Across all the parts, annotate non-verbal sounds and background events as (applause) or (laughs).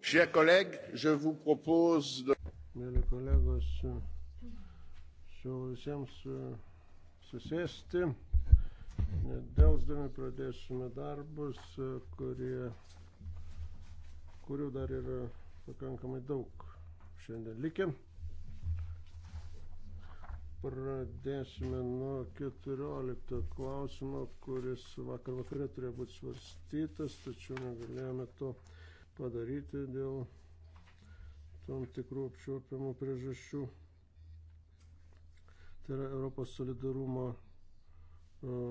Chers collègues, je vous propose de... Mėly kolegos, siūlau visiems e, susėsti. Nedelsdami pradėsime darbus, e, kurie, kurių dar yra pakankamai daug šiandien likę. Pradėsime nuo 14 klausimo, kuris vakar vakarė turėjo būti svarstytas, tačiau negalėjome to padaryti dėl tam tikrų apčiuopiamų priežasčių. Tai yra Europos solidarumo e,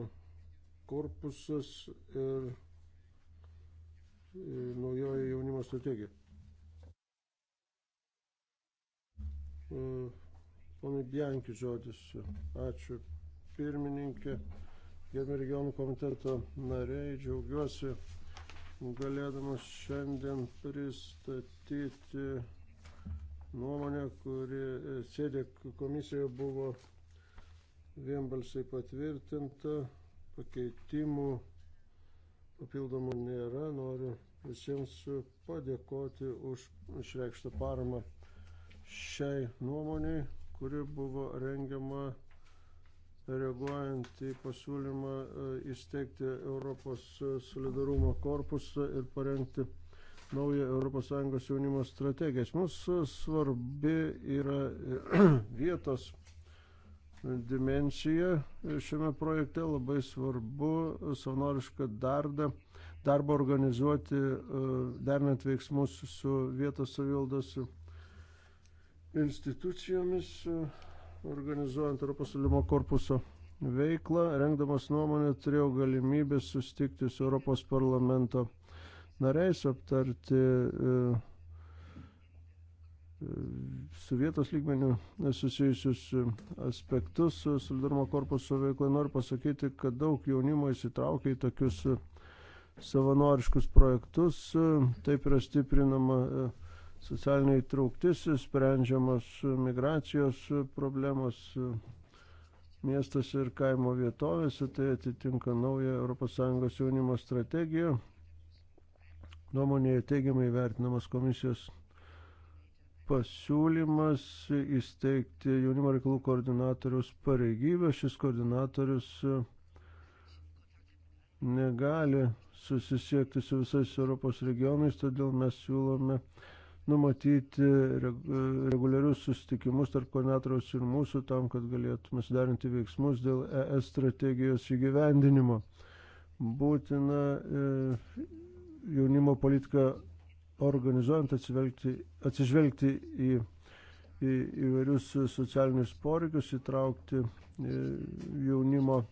korpusas ir e, naujoji jaunimo strategija e, Ponai Bianki žodis. Ačiū pirmininkė, gerbė regionų komiteto nariai, džiaugiuosi galėdamas šiandien pristatyti nuomonę, kuri sėdė komisijoje buvo vienbalsiai patvirtinta, pakeitimų papildomų nėra, noriu visiems padėkoti už išreikštą paramą šiai nuomoniai kuri buvo rengiama reaguojant į pasiūlymą e, įsteigti Europos solidarumo korpusą ir parengti naują ES jaunimo strategiją. Mums svarbi yra e, (clears throat) vietos dimensija šiame projekte, labai svarbu savanorišką darbą, darbą organizuoti, e, dernant veiksmus su vietos savivaldos institucijomis, e, organizuojant Europos Limo korpuso veiklą, rengdamas nuomonę, turėjau galimybę sustikti su Europos parlamento nariais, aptarti e, e, su vietos lygmeniu susijusius aspektus solidarumo korpuso veiklai. Noriu pasakyti, kad daug jaunimo įsitraukia į tokius savanoriškus projektus, taip yra stiprinama socialinė įtrauktis, sprendžiamos migracijos problemos miestuose ir kaimo vietovėse, tai atitinka naują ES jaunimo strategiją. Nuomonėje teigiamai vertinamas komisijos pasiūlymas įsteigti jaunimo reikalų koordinatorius pareigybę. Šis koordinatorius negali susisiekti su visais Europos regionais, todėl mes siūlome uh, numatyti reguliarius susitikimus tarp koordinatoriaus ir mūsų tam, kad galėtume sudarinti veiksmus dėl ES strategijos įgyvendinimo. Būtina e, jaunimo politiką organizuojant atsižvelgti, atsižvelgti į, į įvairius socialinius poreikius, įtraukti e, jaunimo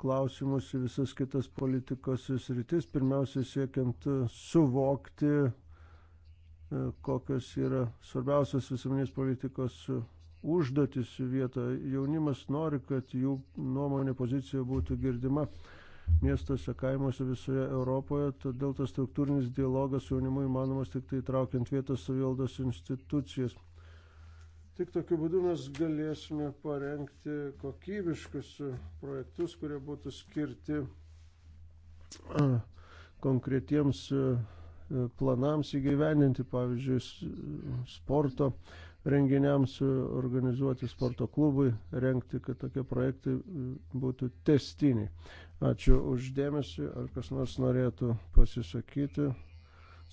klausimus į visas kitas politikos sritis, pirmiausia siekiant suvokti E, kokios yra svarbiausios visuomenės politikos užduotis vietoje. Jaunimas nori, kad jų nuomonė pozicija būtų girdima miestuose, kaimuose, visoje Europoje, todėl tas struktūrinis dialogas su jaunimu įmanomas tik tai traukiant vietos savivaldos institucijas. Tik tokiu būdu mes galėsime parengti kokybiškus projektus, kurie būtų skirti e, konkretiems e, planams įgyveninti, pavyzdžiui, sporto renginiams organizuoti, sporto klubui renkti, kad tokie projektai būtų testiniai. Ačiū uždėmesi, ar kas nors norėtų pasisakyti,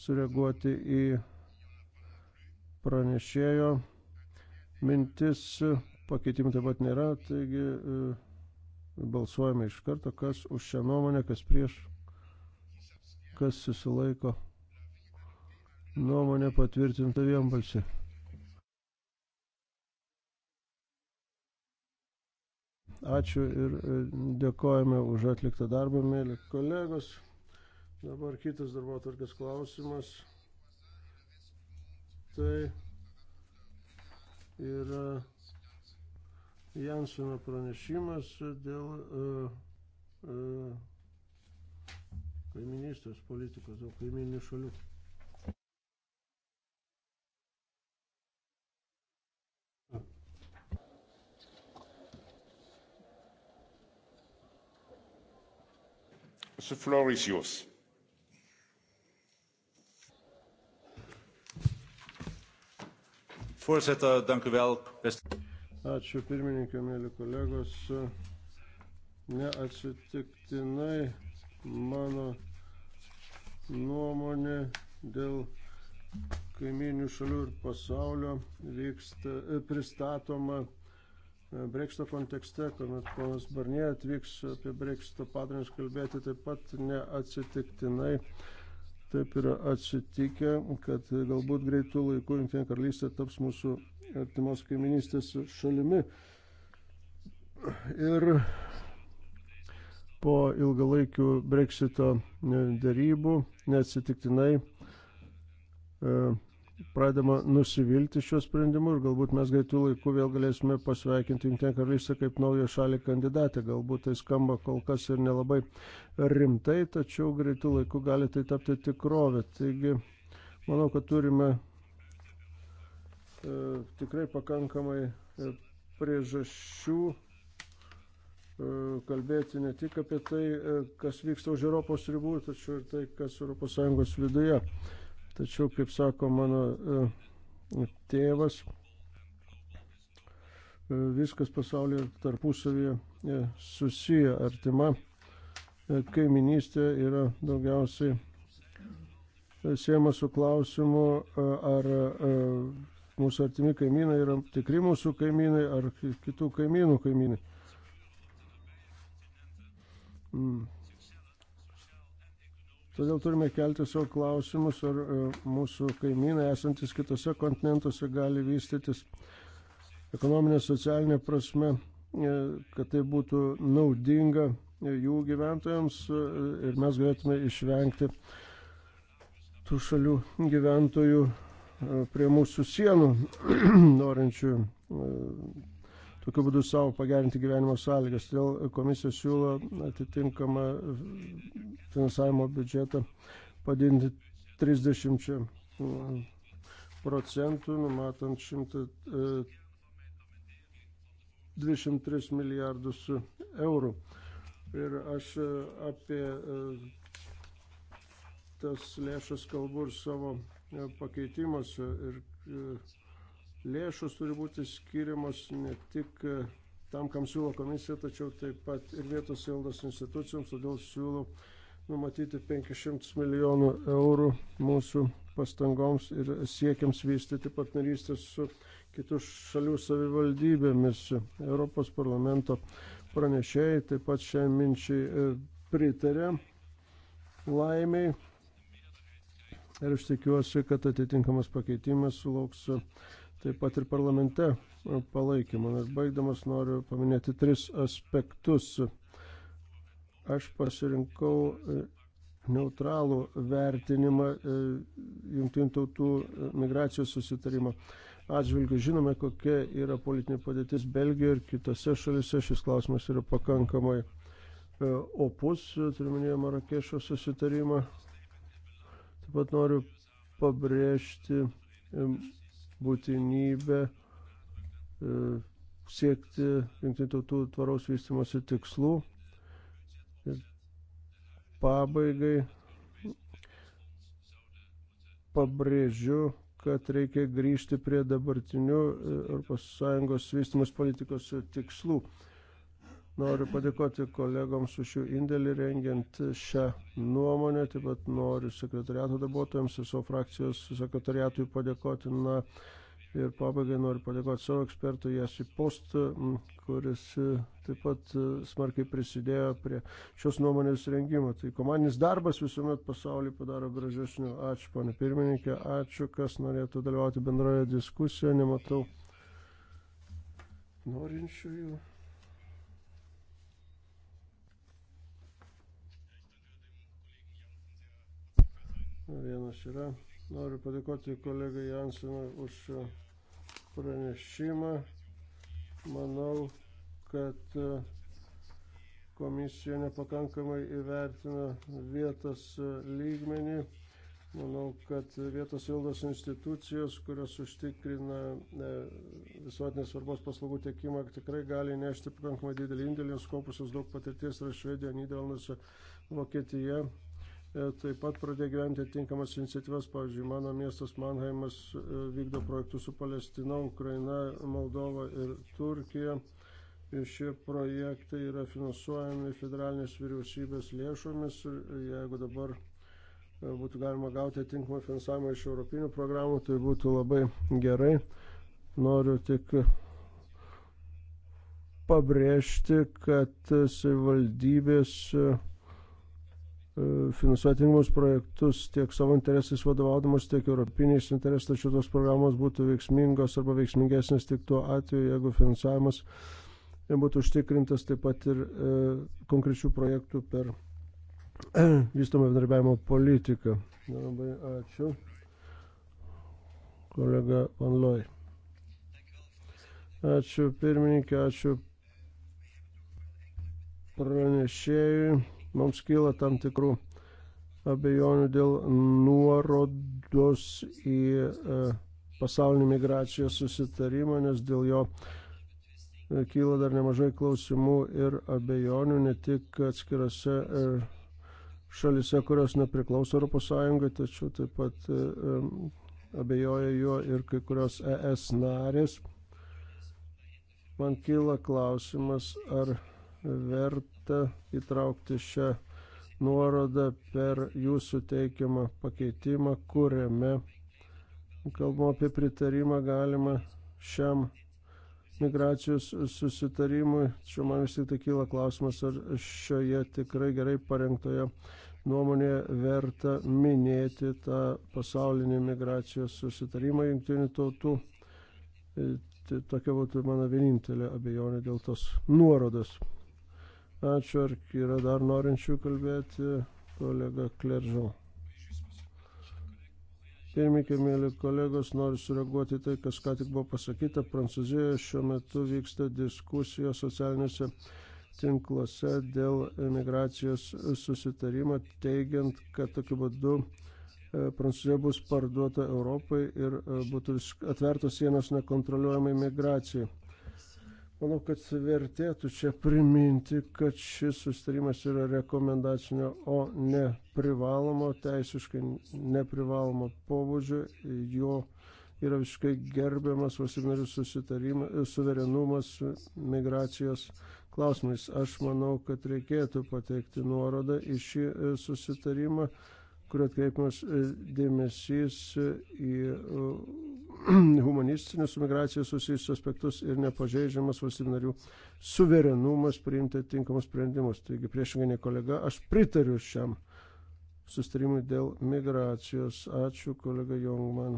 sureaguoti į pranešėjo mintis, pakeitimų taip pat nėra, taigi e, balsuojame iš karto, kas už šią nuomonę, kas prieš, kas susilaiko. Nuomonė patvirtinta vienbalsiai. Ačiū ir e, dėkojame už atliktą darbą, mėly kolegos. Dabar kitas darbo tvarkės klausimas. Tai yra Jansino pranešimas dėl uh, uh, kaiminystės politikos, dėl kaiminių šalių. the floor is yours. Voorzitter, dank u wel. Best... Ačiū pirmininkė, mėly kolegos. Neatsitiktinai mano nuomonė dėl kaiminių šalių ir pasaulio vyksta, pristatoma Brexito kontekste, kuomet ponas Barnė atvyks apie Brexito padarinius kalbėti taip pat neatsitiktinai. Taip yra atsitikę, kad galbūt greitų laikų Junktinė karalystė taps mūsų artimos kaiminystės šalimi. Ir po ilgalaikių breksito darybų neatsitiktinai e, pradedama nusivilti šiuo sprendimu ir galbūt mes greitų laikų vėl galėsime pasveikinti Junktinę karalystę kaip naują šalį kandidatę. Galbūt tai skamba kol kas ir nelabai rimtai, tačiau greitų laikų gali tai tapti tikrovė. Taigi, manau, kad turime e, tikrai pakankamai e, priežasčių e, kalbėti ne tik apie tai, e, kas vyksta už Europos ribų, tačiau ir tai, kas ES viduje. Tačiau, kaip sako mano e, tėvas, e, viskas pasaulyje tarpusavyje e, susiję. Artima kaiminystė yra daugiausiai siejama su klausimu, ar mūsų artimi kaimynai yra tikri mūsų kaimynai ar kitų kaimynų kaimynai. Mm. Todėl turime kelti savo klausimus, ar e, mūsų kaimynai esantis kitose kontinentuose gali vystytis ekonominė, socialinė prasme, e, kad tai būtų naudinga e, jų gyventojams ir mes galėtume išvengti tų šalių gyventojų prie mūsų sienų, (clears throat) norinčių tokiu būdu savo pagerinti gyvenimo sąlygas. Todėl komisija siūlo atitinkamą finansavimo biudžetą padidinti 30 procentų, numatant 123 e, milijardus eurų. Ir aš e, apie e, tas lėšas kalbu ir savo pakeitimuose. Ir, Lėšos turi būti skiriamos ne tik e, tam, kam siūlo komisija, tačiau taip pat ir vietos savivaldos institucijoms, todėl siūlau numatyti 500 milijonų eurų mūsų pastangoms ir siekiams vystyti partnerystės su kitų šalių savivaldybėmis. Europos parlamento pranešėjai taip pat šiai minčiai e, pritarė laimiai ir aš tikiuosi, kad atitinkamas pakeitimas sulauks taip pat ir parlamente palaikymą. Ir baigdamas noriu paminėti tris aspektus. Aš pasirinkau e, neutralų vertinimą e, jungtinių tautų migracijos susitarimo atžvilgių. Žinome, kokia yra politinė padėtis Belgijoje ir kitose šalise. Šis klausimas yra pakankamai e, opus, turiminėjo Marakešo susitarimą. Taip pat noriu pabrėžti būtinybę e, siekti jungtinių tautų tvaraus vystimosi tikslų. Ir pabaigai pabrėžiu, kad reikia grįžti prie dabartinių ES vystimus politikos tikslų. Noriu padėkoti kolegoms už jų indėlį rengiant šią nuomonę. Taip pat noriu sekretariato darbuotojams ir savo frakcijos sekretariatui padėkoti. Na, ir pabaigai noriu padėkoti savo ekspertui Jasi Post, kuris taip pat smarkiai prisidėjo prie šios nuomonės rengimo. Tai komandinis darbas visuomet pasaulį padaro gražesniu. Ačiū, ponė pirmininkė. Ačiū, kas norėtų dalyvauti bendroje diskusijoje. Nematau norinčiųjų. Vienas yra. Noriu padėkoti kolegai Jansinui už pranešimą. Manau, kad e, komisija nepakankamai įvertina vietos e, lygmenį. Manau, kad vietos valdos institucijos, kurios užtikrina e, visuotinės svarbos paslaugų tiekimą, tikrai gali nešti pakankamai didelį indėlį, skaupusios daug patirties yra Švedija, Niderlanduose, Vokietija. E, taip pat pradėjo gyventi tinkamas iniciatyvas, pavyzdžiui, mano miestas Manheimas e, vykdo projektus su Palestina, Ukraina, Moldova ir Turkija. Ir šie projektai yra finansuojami federalinės vyriausybės lėšomis ir jeigu dabar e, būtų galima gauti atinkamą finansavimą iš europinių programų, tai būtų labai gerai. Noriu tik pabrėžti, kad savivaldybės uh, E, finansuoti atitinkamus projektus tiek savo interesais vadovaudamas, tiek europiniais interesais, tačiau tos programos būtų veiksmingos arba veiksmingesnės tik tuo atveju, jeigu finansavimas būtų užtikrintas taip pat ir e, konkrečių projektų per (clears throat) vystomą bendarbiavimo politiką. Labai ačiū. Kolega Van Loj. Ačiū pirmininkė, ačiū pranešėjui mums kyla tam tikrų abejonių dėl nuorodos į e, pasaulinį migracijos susitarimą, nes dėl jo e, kyla dar nemažai klausimų ir abejonių ne tik atskirose e, šalise, kurios nepriklauso ES, tačiau taip pat abejoja juo ir kai kurios ES narės. Man kyla klausimas, ar verta įtraukti šią nuorodą per jūsų teikiamą pakeitimą, kuriame kalbama apie pritarimą galima šiam migracijos susitarimui. Čia man vis tik tai kyla klausimas, ar šioje tikrai gerai parengtoje nuomonėje verta minėti tą pasaulinį migracijos susitarimą jungtinių tautų. E, tai tokia būtų mano vienintelė abejonė dėl tos nuorodos. Ačiū, ar yra dar norinčių kalbėti kolega Kleržau. Pirmininkė, mėly kolegos, noriu sureaguoti tai, kas ką tik buvo pasakyta. Prancūzijoje šiuo metu vyksta diskusija socialiniuose tinkluose dėl migracijos susitarimo, teigiant, kad tokiu būdu e, Prancūzija bus parduota Europai ir e, būtų atvertos sienos nekontroliuojamai migracijai. Manau, kad vertėtų čia priminti, kad šis sustarimas yra rekomendacinio, o ne privalomo, teisiškai neprivalomo pobūdžio. Jo yra visiškai gerbiamas valstybinarių suverenumas migracijos klausimais. Aš manau, kad reikėtų pateikti nuorodą į šį e, susitarimą kurio atkreipimas e, dėmesys e, į e, (clears throat) humanistinius migracijos susijusius aspektus ir nepažeidžiamas valstybinarių suverenumas priimti tinkamus sprendimus. Taigi priešingai nei kolega, aš pritariu šiam sustarimui dėl migracijos. Ačiū kolega Jongman.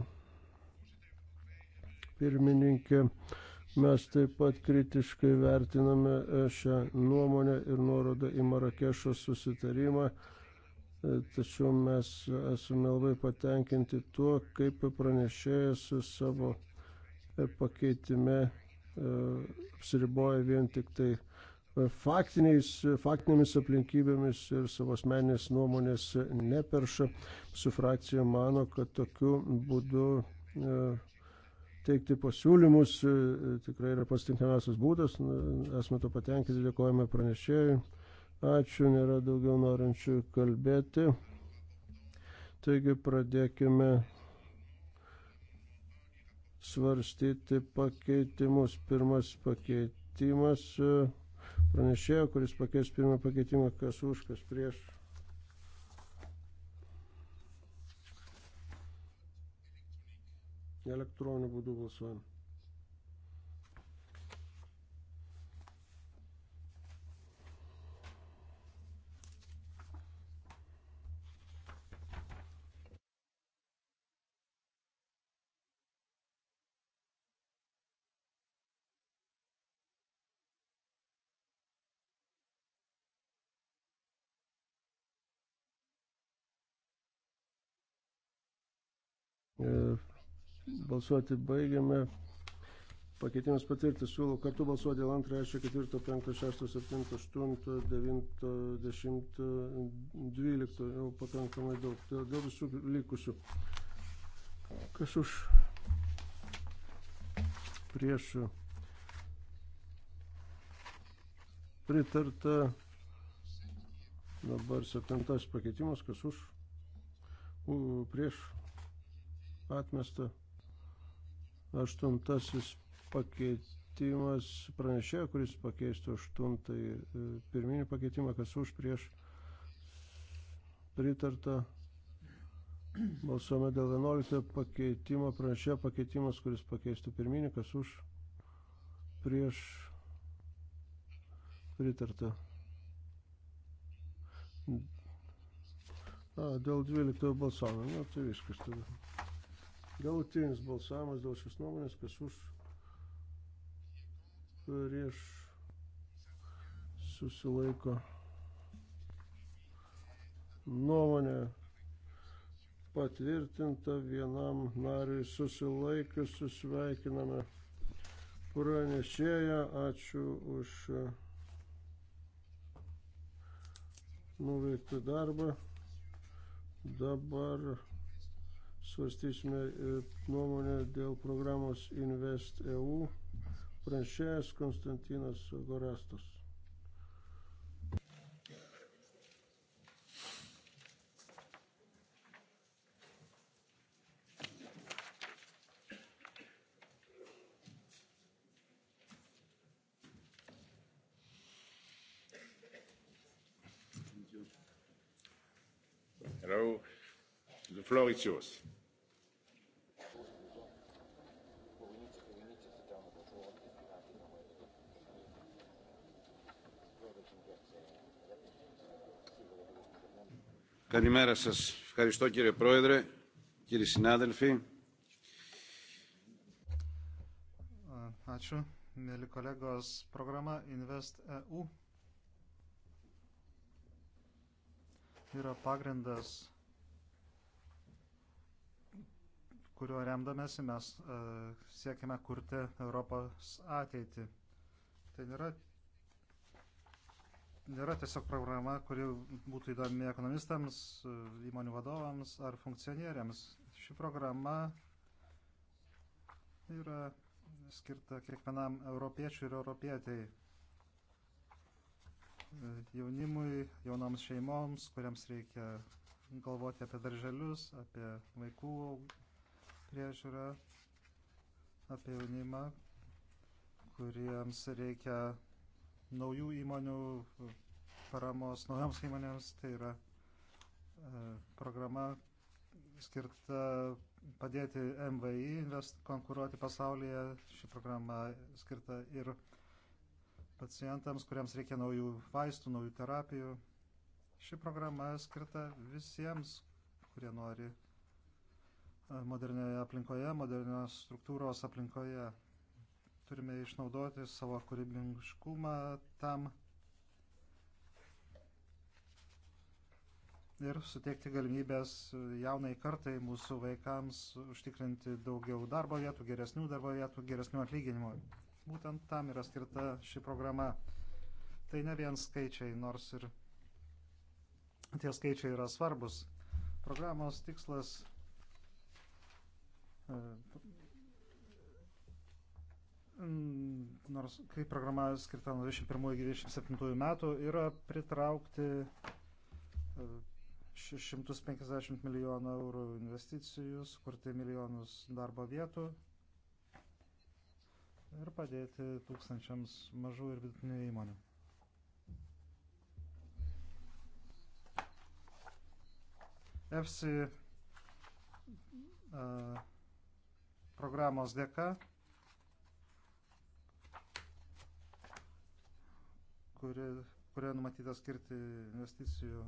Pirmininkė, mes taip pat kritiškai vertiname šią nuomonę ir nuorodą į Marakešo susitarimą E, tačiau mes esame labai patenkinti tuo, kaip pranešėjas savo e, pakeitime e, apsiriboja vien tik tai faktinėmis aplinkybėmis ir savo asmeninės nuomonės neperša. Su frakcija mano, kad tokiu būdu teikti pasiūlymus tikrai yra pastinkamiausias būdas. Esame to patenkinti, dėkojame pranešėjui. Ačiū, nėra daugiau norinčių kalbėti. Taigi pradėkime svarstyti pakeitimus. Pirmas pakeitimas e, pranešėjo, kuris pakeis pirmą pakeitimą, kas už, kas prieš. Elektroniniu būdu balsuojame. Balsuoti baigiame. Pakeitimas patvirtintas. Siūlau kartu balsuoti dėl 2, 3, 4, 5, 6, 7, 8, 9, 10, 12. Jau pakankamai daug. Dėl, dėl visų likusių. Kas už? Prieš. Pritarta. Dabar septintas pakeitimas. Kas už? U, prieš. Atmesta. Aštuntasis pakeitimas pranešėjo, kuris pakeistų aštuntąjį e, pirminį pakeitimą, kas už prieš pritarta. Balsuome dėl 11 pakeitimo, pranešėjo pakeitimas, kuris pakeistų pirminį, kas už prieš pritarta. A, dėl 12 balsavimo, nu, tai viskas tada. Galutinis balsavimas dėl šios nuomonės, kas už prieš susilaiko nuomonė patvirtinta vienam nariui susilaikius, susveikiname pranešėją, ačiū už nuveiktą darbą. Dabar svarstysime e, nuomonę dėl programos Invest EU. Pranešėjas Konstantinas Gorastas. Hello. The floor is yours. Καλημέρα σας. Ευχαριστώ κύριε Πρόεδρε, κύριοι συνάδελφοι. Ačiū, mėly kolegos. Programa InvestEU yra pagrindas, kuriuo remdamėsi mes e, siekime kurti Europos ateitį. Tai nėra nėra tiesiog programa, kuri būtų įdomi ekonomistams, įmonių vadovams ar funkcionieriams. Ši programa yra skirta kiekvienam europiečiui ir europietei, jaunimui, jaunoms šeimoms, kuriams reikia galvoti apie darželius, apie vaikų priežiūrą, apie jaunimą, kuriems reikia naujų įmonių paramos naujoms įmonėms. Tai yra e, programa skirta padėti MVI invest, konkuruoti pasaulyje. Ši programa skirta ir pacientams, kuriems reikia naujų vaistų, naujų terapijų. Ši programa skirta visiems, kurie nori e, modernioje aplinkoje, modernios struktūros aplinkoje turime išnaudoti savo kūrybingiškumą tam ir suteikti galimybės jaunai kartai mūsų vaikams užtikrinti daugiau darbo vietų, geresnių darbo vietų, geresnių atlyginimų. Būtent tam yra skirta ši programa. Tai ne vien skaičiai, nors ir tie skaičiai yra svarbus. Programos tikslas e, Mm, nors kai programa skirta nuo 21-27 metų, yra pritraukti 650 e, milijonų eurų investicijų, skurti milijonus darbo vietų ir padėti tūkstančiams mažų ir vidutinių įmonių. EFSI programos dėka kurioje kuri numatyta skirti investicijų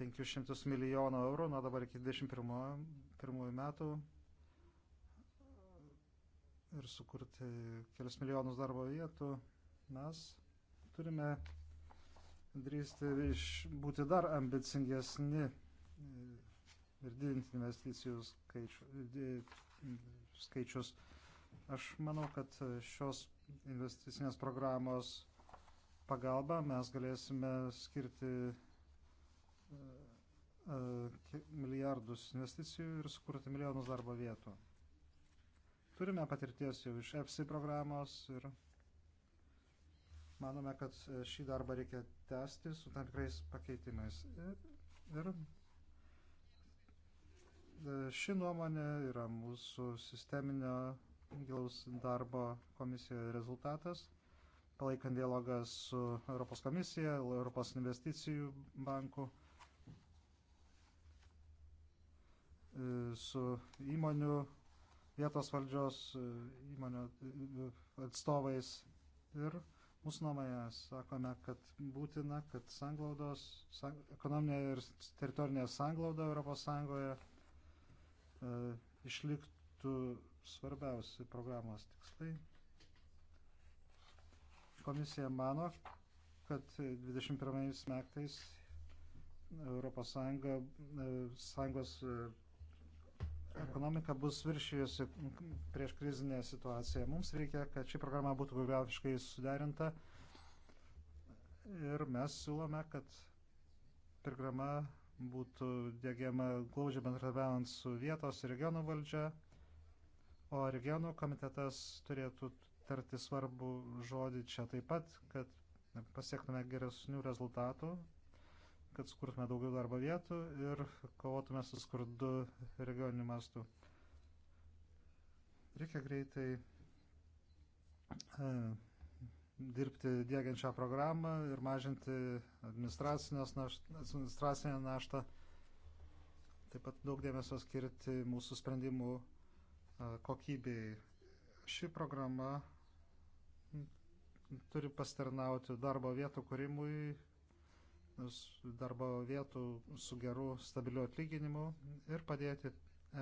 500 milijonų eurų, nuo dabar iki 2021 metų ir sukurti kelias milijonus darbo vietų, mes turime drįsti iš, būti dar ambicingesni ir didinti investicijų skaičių, di, skaičius. Aš manau, kad šios investicinės programos pagalba mes galėsime skirti e, e, milijardus investicijų ir sukurti milijonus darbo vietų. Turime patirties jau iš EFSI programos ir manome, kad šį darbą reikia tęsti su tam tikrais pakeitimais. Ir e, ši nuomonė yra mūsų sisteminio gilaus darbo komisijoje rezultatas palaikant dialogą su Europos komisija, Europos investicijų banku, e, su įmonių, vietos valdžios e, įmonių e, atstovais. Ir mūsų nuomonėje sakome, kad būtina, kad sanglaudos, sang, ekonominė ir teritorinė sanglauda Europos Sąjungoje e, išliktų svarbiausi programos tikslai. Komisija mano, kad 21 metais Europos Sąjunga, e, Sąjungos e, ekonomika bus viršijusi prieš krizinę situaciją. Mums reikia, kad ši programa būtų geografiškai suderinta ir mes siūlome, kad programa būtų dėgiama glaudžiai bendradarbiaujant su vietos ir regionų valdžia, o regionų komitetas turėtų tarti svarbu žodį čia taip pat, kad pasiektume geresnių rezultatų, kad skurtume daugiau darbo vietų ir kovotume su skurdu regioniniu mastu. Reikia greitai e, dirbti dėgiančią programą ir mažinti administracinę naštą. Taip pat daug dėmesio skirti mūsų sprendimų e, kokybei. Ši programa turi pastarnauti darbo vietų kūrimui, darbo vietų su geru stabiliu atlyginimu ir padėti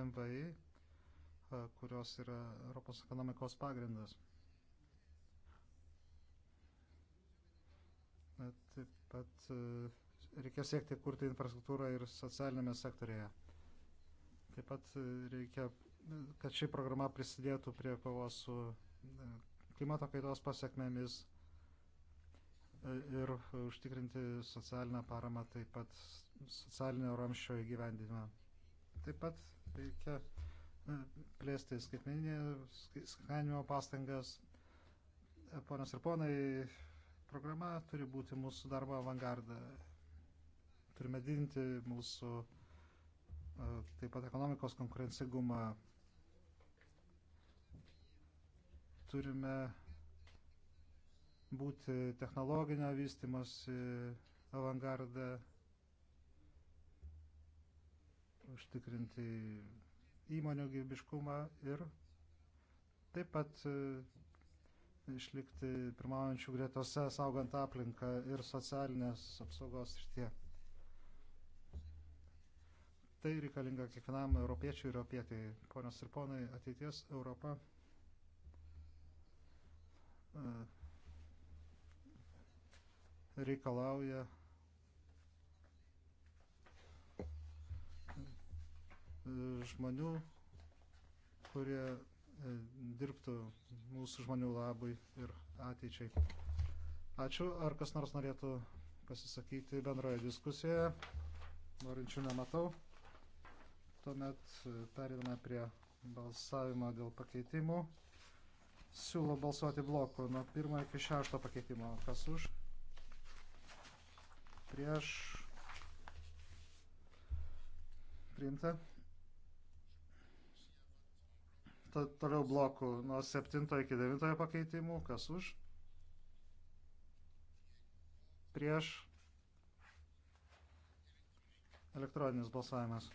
MVI, kurios yra Europos ekonomikos pagrindas. Taip pat reikia siekti kurti infrastruktūrą ir socialinėme sektorėje. Taip pat reikia, kad ši programa prisidėtų prie kovos su klimato kaitos pasiekmėmis e, ir užtikrinti socialinę paramą, taip pat socialinio ramščio įgyvendinimą. Taip pat reikia e, plėsti skaitmeninio pastangas. E, ponios ir ponai, programa turi būti mūsų darbo avangardą. Turime didinti mūsų taip pat ekonomikos konkurencingumą turime būti technologinio vystimosi avangardą, užtikrinti įmonių gyvybiškumą ir taip pat e, išlikti pirmaujančių gretose, saugant aplinką ir socialinės apsaugos srityje. Tai reikalinga kiekvienam europiečiui ir europietijai. Ponios ir ponai, ateities Europa E, reikalauja e, žmonių, kurie e, dirbtų mūsų žmonių labui ir ateičiai. Ačiū. Ar kas nors norėtų pasisakyti bendroje diskusijoje? Norinčių nematau. Tuomet periname prie balsavimo dėl pakeitimų. Siūlau balsuoti bloku nuo pirmo iki šešto pakeitimo. Kas už? Prieš. Priimta. To, toliau blokų nuo 7 iki 9 pakeitimų. Kas už? Prieš. Elektroninis balsavimas.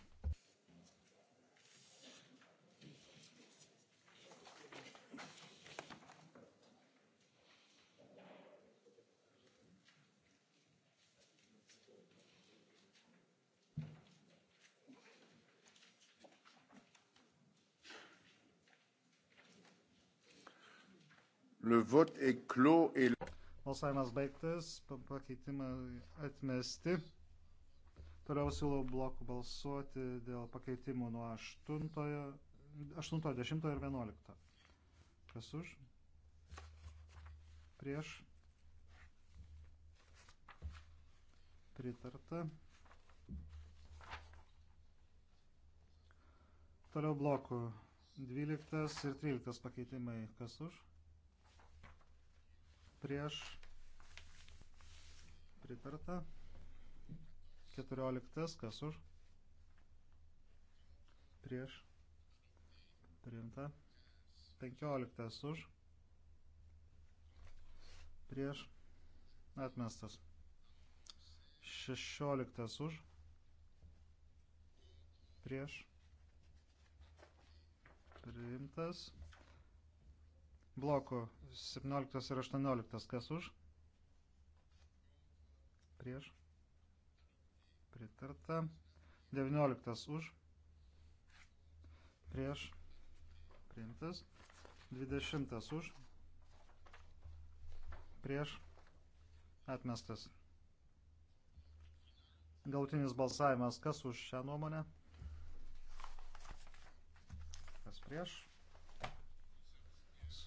Le vote est clos et... Balsavimas baigtas, pakeitimai atmesti. Toliau siūlau blokų balsuoti dėl pakeitimų nuo 8, 8 10 ir 11. Kas už? Prieš? Pritarta. Toliau blokų 12 ir 13 pakeitimai. Kas už? prieš pritarta. 14 kas už prieš priimta. 15 už prieš atmestas. 16 už prieš priimtas blokų 17 ir 18. Kas už? Prieš. Pritarta. 19 už. Prieš. Priimtas. 20 už. Prieš. Atmestas. Gautinis balsavimas. Kas už šią nuomonę? Kas prieš?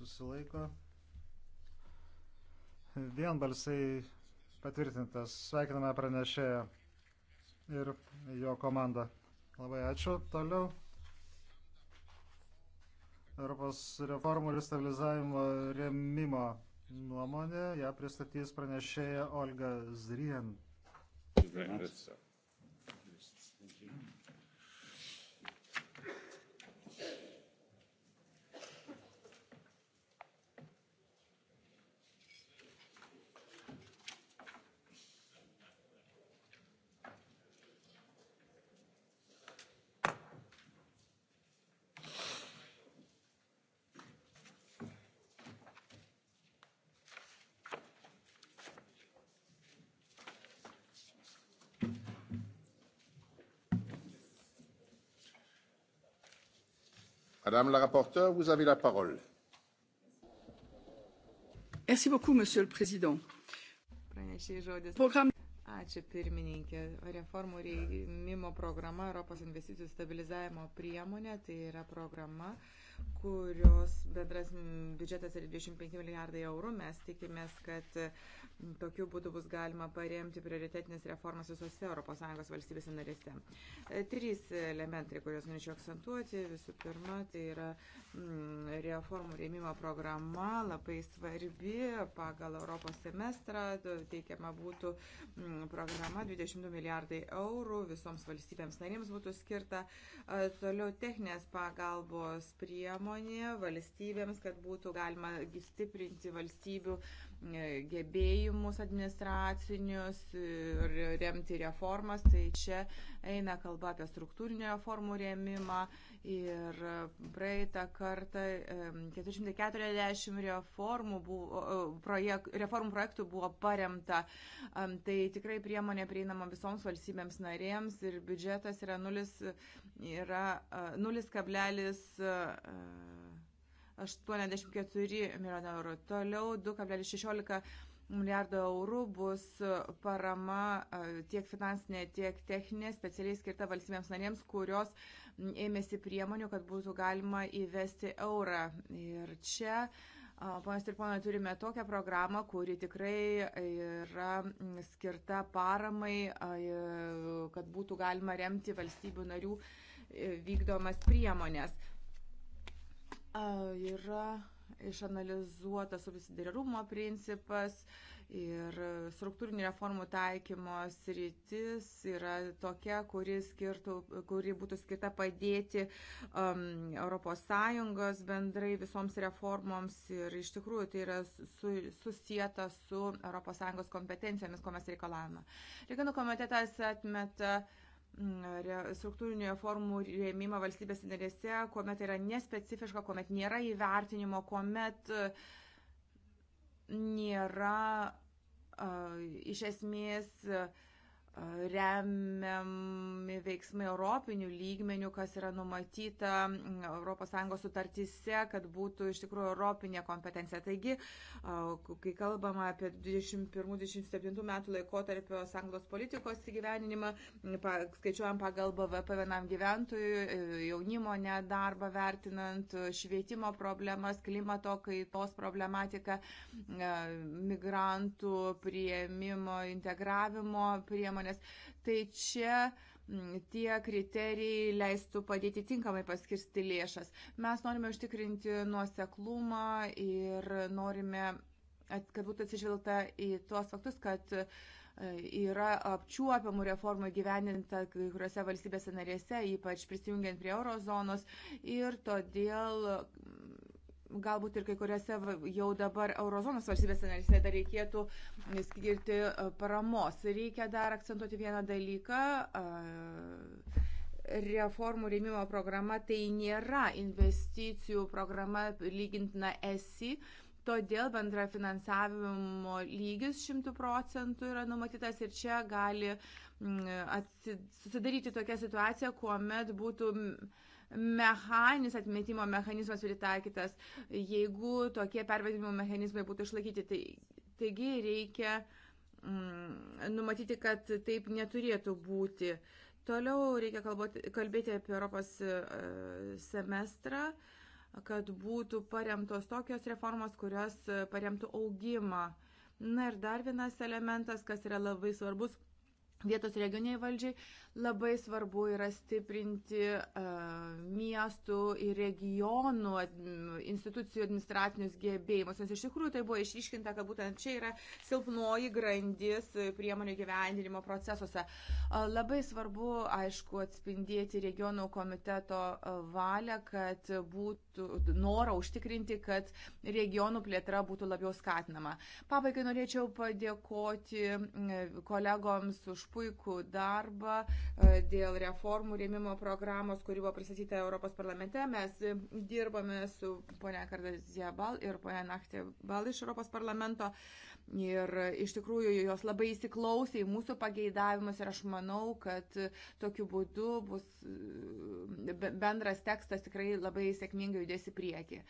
susilaiko. Vienbalsiai patvirtintas. Sveikiname pranešėją ir jo komandą. Labai ačiū. Toliau. Europos reformų ir stabilizavimo remimo nuomonė. Ja pristatys pranešėja Olga Zrien. Ačiū. Madame la rapporteure, vous avez la parole. Merci beaucoup, Monsieur le Président. Pranešiai žodis. Program... Ačiū pirmininkė. Reformų reimimo programa Europos investicijų stabilizavimo priemonė tai yra programa, uh, kurios bendras biudžetas yra 25 milijardai eurų. Mes tikimės, kad tokiu būdu bus galima paremti prioritetinės reformas visose ES valstybėse narėse. E, trys elementai, kuriuos norėčiau akcentuoti. Visų pirma, tai yra reformų rėmimo programa, labai svarbi pagal Europos semestrą, teikiama būtų programa 22 milijardai eurų, visoms valstybėms narėms būtų skirta. E, toliau techninės pagalbos prie priemonė valstybėms, kad būtų galima stiprinti valstybių e, gebėjimus administracinius ir e, remti reformas. Tai čia eina kalba apie struktūrinio reformų rėmimą, Ir e, praeitą kartą 440 e, reformų, buvo, projek, reformų projektų buvo paremta. Tai tikrai priemonė prieinama visoms valstybėms narėms ir biudžetas yra 0,84 e, milijonų eurų. Toliau 2,16 milijardo eurų bus e, parama e, tiek finansinė, tiek techninė, specialiai skirta valstybėms narėms, kurios ėmėsi priemonių, kad būtų galima įvesti eurą. Ir čia Ponas ir ponai, turime tokią programą, kuri tikrai yra skirta paramai, kad būtų galima remti valstybių narių e, vykdomas priemonės. Yra išanalizuotas subsidiarumo principas ir struktūrinių reformų taikymo sritis yra tokia, kuri, skirtų, kuri būtų skirta padėti um, ES bendrai visoms reformoms ir iš tikrųjų tai yra su, susijęta su ES kompetencijomis, ko mes reikalavome. Reiganų komitetas atmeta uh, struktūrinių reformų rėmimą valstybės narėse, kuomet yra nespecifiška, kuomet nėra įvertinimo, kuomet e, nėra uh, iš esmės uh, remiami veiksmai europinių lygmenių, kas yra numatyta mm, ES sutartyse, kad būtų iš tikrųjų europinė kompetencija. Taigi, kai kalbama apie 21-27 metų laikotarpio sanglos politikos įgyveninimą, skaičiuojam pagal BVP vienam gyventojui, e, jaunimo nedarbą vertinant, švietimo problemas, klimato kaitos problematiką, e, migrantų prieimimo, integravimo priemonę priemonės. Tai čia tie kriterijai leistų padėti tinkamai paskirsti lėšas. Mes norime užtikrinti nuoseklumą ir norime, kad būtų atsižvelgta į tuos faktus, kad e, yra apčiuopiamų reformų gyveninta kai kuriuose valstybėse narėse, ypač prisijungiant prie eurozonos. Ir todėl galbūt ir kai kuriuose jau dabar eurozonos valstybėse narise dar reikėtų skirti e, paramos. Reikia dar akcentuoti vieną dalyką. E, reformų rėmimo programa tai nėra investicijų programa lygintina ESI. Todėl bendra finansavimo lygis 100 procentų yra numatytas ir čia gali mm, susidaryti tokia situacija, kuomet būtų uh, mechaninis atmetimo mechanizmas pritaikytas, jeigu tokie pervedimo mechanizmai būtų išlaikyti. Tai, taigi reikia mm, numatyti, kad taip neturėtų būti. Toliau reikia kalboti, kalbėti apie Europos e, semestrą, kad būtų paremtos tokios reformos, kurios paremtų augimą. Na ir dar vienas elementas, kas yra labai svarbus Vietos regioniai valdžiai labai svarbu yra stiprinti uh, miestų ir regionų institucijų administracinius gebėjimus, nes iš tikrųjų tai buvo išryškinta, kad būtent čia yra silpnoji grandis priemonių gyvendinimo procesuose. Uh, labai svarbu, aišku, atspindėti regionų komiteto e, valią, kad būtų norą užtikrinti, kad regionų plėtra būtų labiau skatinama. Pabaigai norėčiau padėkoti kolegoms už puikų darbą e, dėl reformų rėmimo programos, kuri buvo pristatyta Europos parlamente. Mes dirbame su ponia Kardazija Bal ir ponia Nachtė Bal iš Europos parlamento. Uh, Ir iš tikrųjų jos labai įsiklausė į mūsų pageidavimus ir aš manau, kad tokiu būdu bus e, bendras tekstas tikrai labai sėkmingai judės į priekį.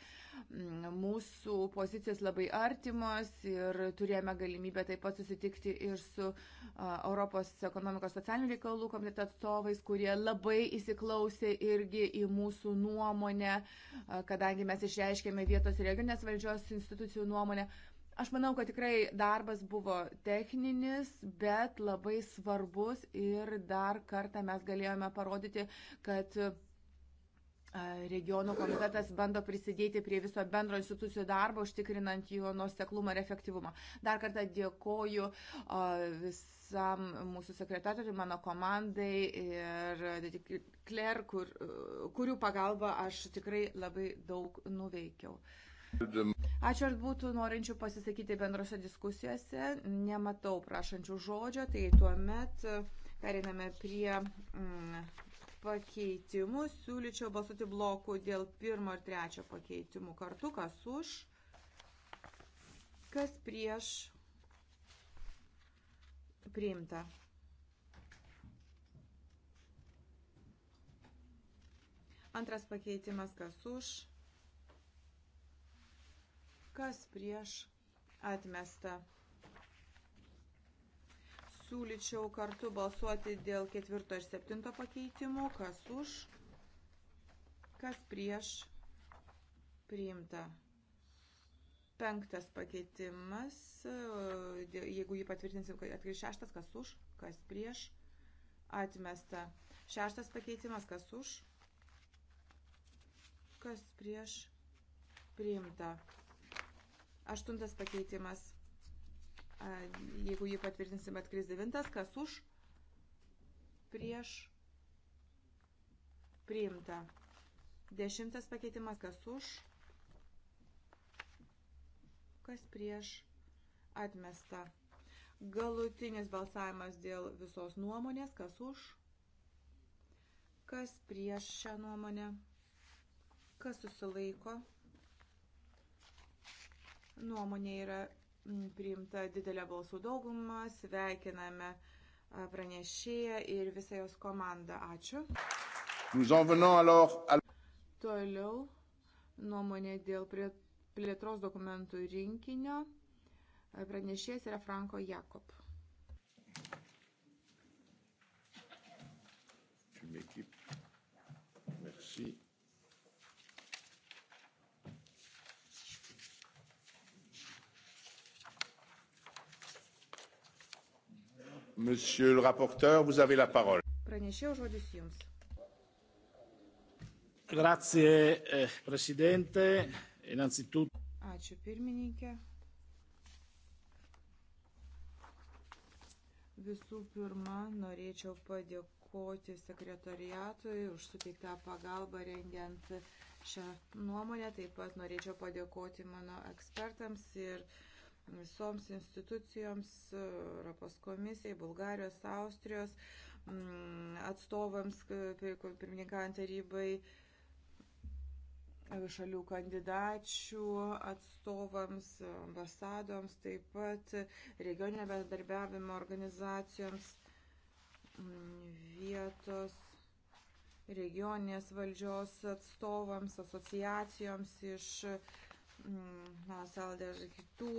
Mm, mūsų pozicijos labai artimos ir turėjome galimybę taip pat susitikti ir su Europos ekonomikos socialinių reikalų komiteto atstovais, kurie labai įsiklausė irgi į mūsų nuomonę, kadangi mes išreiškėme vietos ir regionės valdžios institucijų nuomonę. Aš manau, kad tikrai darbas buvo techninis, bet labai svarbus ir dar kartą mes galėjome parodyti, kad e, regionų komitetas bando prisidėti prie viso bendro institucijų darbo, užtikrinant jų nuoseklumą ir efektyvumą. Dar kartą dėkoju e, visam mūsų sekretoriui, mano komandai ir Kler, kur, e, kurių pagalba aš tikrai labai daug nuveikiau. Ačiū, ar būtų norinčių pasisakyti bendrose diskusijose. Nematau prašančių žodžio, tai tuomet e, periname prie mm, pakeitimų. Siūlyčiau balsuoti blokų dėl pirmo ir trečio pakeitimų kartu, kas už, kas prieš priimta. Antras pakeitimas, kas už kas prieš atmesta. Siūlyčiau kartu balsuoti dėl ketvirto ir septinto pakeitimo, kas už, kas prieš priimta. Penktas pakeitimas, jeigu jį patvirtinsim, atkris šeštas, kas už, kas prieš atmesta. Šeštas pakeitimas, kas už, kas prieš priimta. Aštuntas pakeitimas. Jeigu jį patvirtinsim atkris devintas, kas už, prieš, priimta. Dešimtas pakeitimas, kas už, kas prieš, atmesta. Galutinis balsavimas dėl visos nuomonės, kas už, kas prieš šią nuomonę, kas susilaiko. Nuomonė yra mm, priimta didelė balsų dauguma. Sveikiname pranešėją ir visą jos komandą. Ačiū. Toliau nuomonė dėl plėtros dokumentų rinkinio. Pranešėjas yra Franko Jakob. Make it Monsieur le rapporteur, vous avez la parole. Pranešėjau žodis jums. Grazie, eh, Presidente. Innanzitutto. Ačiū pirmininkė. Visų pirma, norėčiau padėkoti sekretariatui už suteiktą pagalbą rengiant šią nuomonę. Taip pat norėčiau padėkoti mano ekspertams ir uh, visoms institucijoms, e, Europos komisijai, Bulgarijos, Austrijos atstovams, pirmininkant tarybai, e, šalių kandidačių atstovams, ambasadoms, taip pat regioninio bendarbiavimo organizacijoms, vietos regioninės valdžios atstovams, asociacijoms iš Salda ir kitų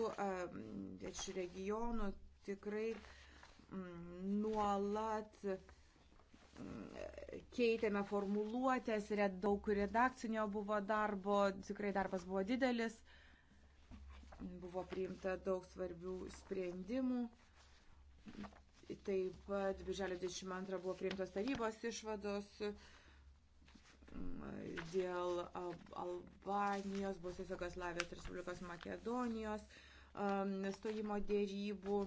piečių regionų tikrai mm, nuolat mm, keitėme formuluotės ir daug redakcinio buvo darbo, tikrai darbas buvo didelis, buvo priimta daug svarbių sprendimų. Taip pat birželio 22 buvo priimtos tarybos išvados, dėl Albanijos, Bosnijos Jugoslavijos Respublikos Makedonijos um, stojimo dėrybų.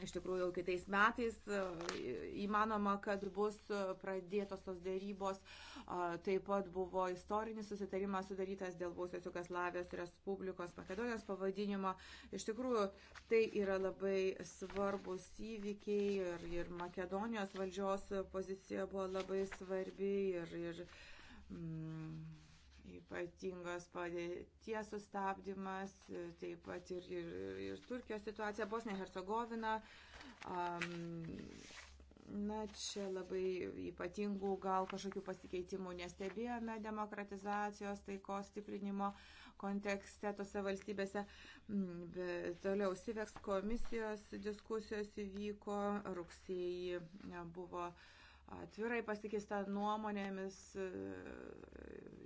Iš tikrųjų, jau kitais metais uh, įmanoma, kad bus uh, pradėtos tos dėrybos. Uh, taip pat buvo istorinis susitarimas sudarytas dėl Būsios Jugoslavijos Respublikos Makedonijos pavadinimo. Iš tikrųjų, tai yra labai svarbus įvykiai ir, ir Makedonijos valdžios pozicija buvo labai svarbi. Ir, ir, Mm, ypatingos padėties sustabdymas, taip pat ir, ir, ir Turkijos situacija, Bosnija, Hercegovina. Um, na, čia labai ypatingų gal kažkokių pasikeitimų nestebėjome demokratizacijos, taikos stiprinimo kontekste tose valstybėse. Mm, Bet toliau SIVEX komisijos diskusijos įvyko, rugsėjį e, buvo uh, atvirai pasikeista nuomonėmis e,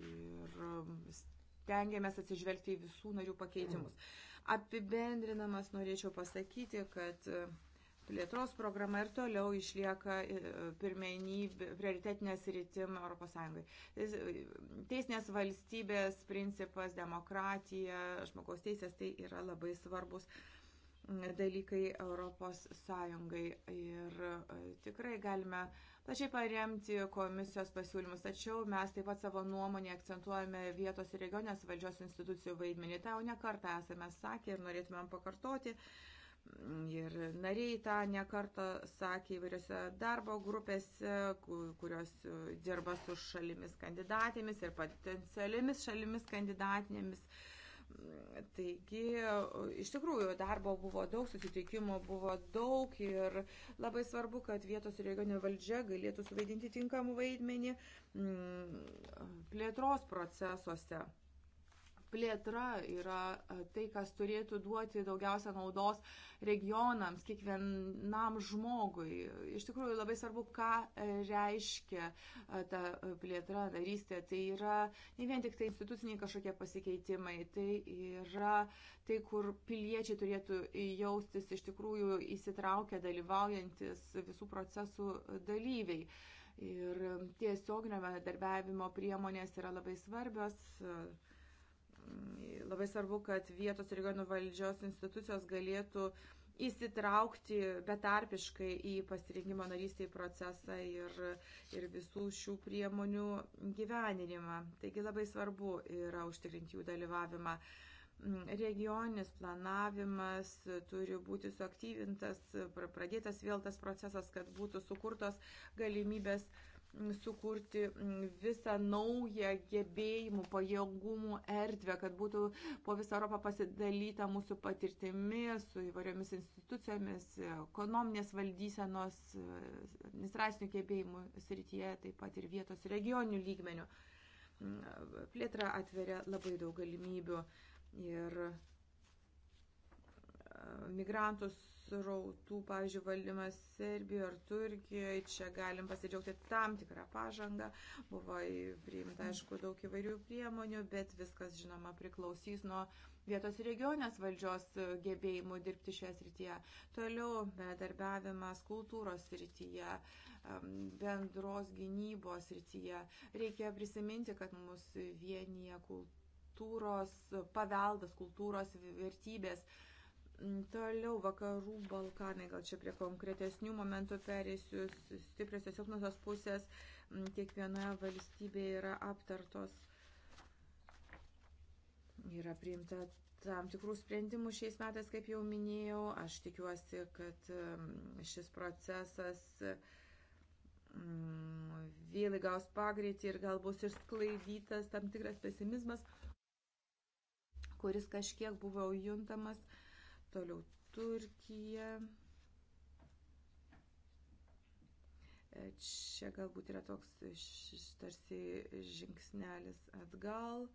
ir um, tengiamės atsižvelgti į visų narių pakeitimus. Apibendrinamas norėčiau pasakyti, kad e, plėtros programa ir toliau išlieka e, pirmenybė, prioritetinės rytim ES. Teisinės valstybės principas, demokratija, žmogaus teisės tai yra labai svarbus dalykai ES. Ir tikrai galime uh, plačiai paremti komisijos pasiūlymus, tačiau mes taip pat savo nuomonį akcentuojame vietos ir regionės valdžios institucijų vaidmenį. Tau ne kartą esame sakę ir norėtumėm pakartoti. Ir nariai tą nekartą sakė įvairiose darbo grupėse, kurios dirba su šalimis kandidatėmis ir potencialėmis šalimis kandidatėmis. Uh, Taigi, iš tikrųjų, darbo buvo daug, susitikimo buvo daug ir labai svarbu, kad vietos ir regioninė valdžia galėtų suvaidinti tinkamų vaidmenį mm, plėtros procesuose plėtra yra e, tai, kas turėtų duoti daugiausia naudos regionams, kiekvienam žmogui. Iš tikrųjų labai svarbu, ką e, reiškia e, ta plėtra, narystė. Tai yra ne vien tik tai instituciniai kažkokie pasikeitimai, tai yra tai, kur piliečiai turėtų jaustis iš tikrųjų įsitraukę, dalyvaujantis visų procesų dalyviai. Ir tiesioginio bendradarbiavimo priemonės yra labai svarbios. Uh, Labai svarbu, kad vietos regionų valdžios institucijos galėtų įsitraukti betarpiškai į pasirinkimo narystį procesą ir, ir visų šių priemonių gyveninimą. Taigi labai svarbu yra užtikrinti jų dalyvavimą. Regioninis planavimas turi būti suaktyvintas, pradėtas vėl tas procesas, kad būtų sukurtos galimybės uh, sukurti mm, visą naują gebėjimų, pajėgumų erdvę, kad būtų po visą Europą pasidalyta mūsų patirtimi su įvairiomis institucijomis, ekonominės valdysenos, administracinių gebėjimų srityje, taip pat ir vietos regioninių lygmenių. Mm, plėtra atveria labai daug galimybių ir e, migrantus srautų, pavyzdžiui, valdymas Serbijoje ar Turkijoje. Čia galim pasidžiaugti tam tikrą pažangą. Buvo priimta, aišku, daug įvairių priemonių, bet viskas, žinoma, priklausys nuo vietos regionės valdžios gebėjimų dirbti šioje srityje. Toliau bendarbiavimas kultūros srityje, bendros gynybos srityje. Reikia prisiminti, kad mus vienyje kultūros paveldas, kultūros vertybės. Toliau vakarų Balkanai, gal čia prie konkretesnių momentų perėsiu, stipriosios silpnosios pusės kiekvienoje valstybėje yra aptartos, yra priimta tam tikrų sprendimų šiais metais, kaip jau minėjau. Aš tikiuosi, kad šis procesas vėl įgaus pagreitį ir gal bus išsklaidytas tam tikras pesimizmas, kuris kažkiek buvo juntamas Toliau Turkija. E, čia galbūt yra toks tarsi žingsnelis atgal.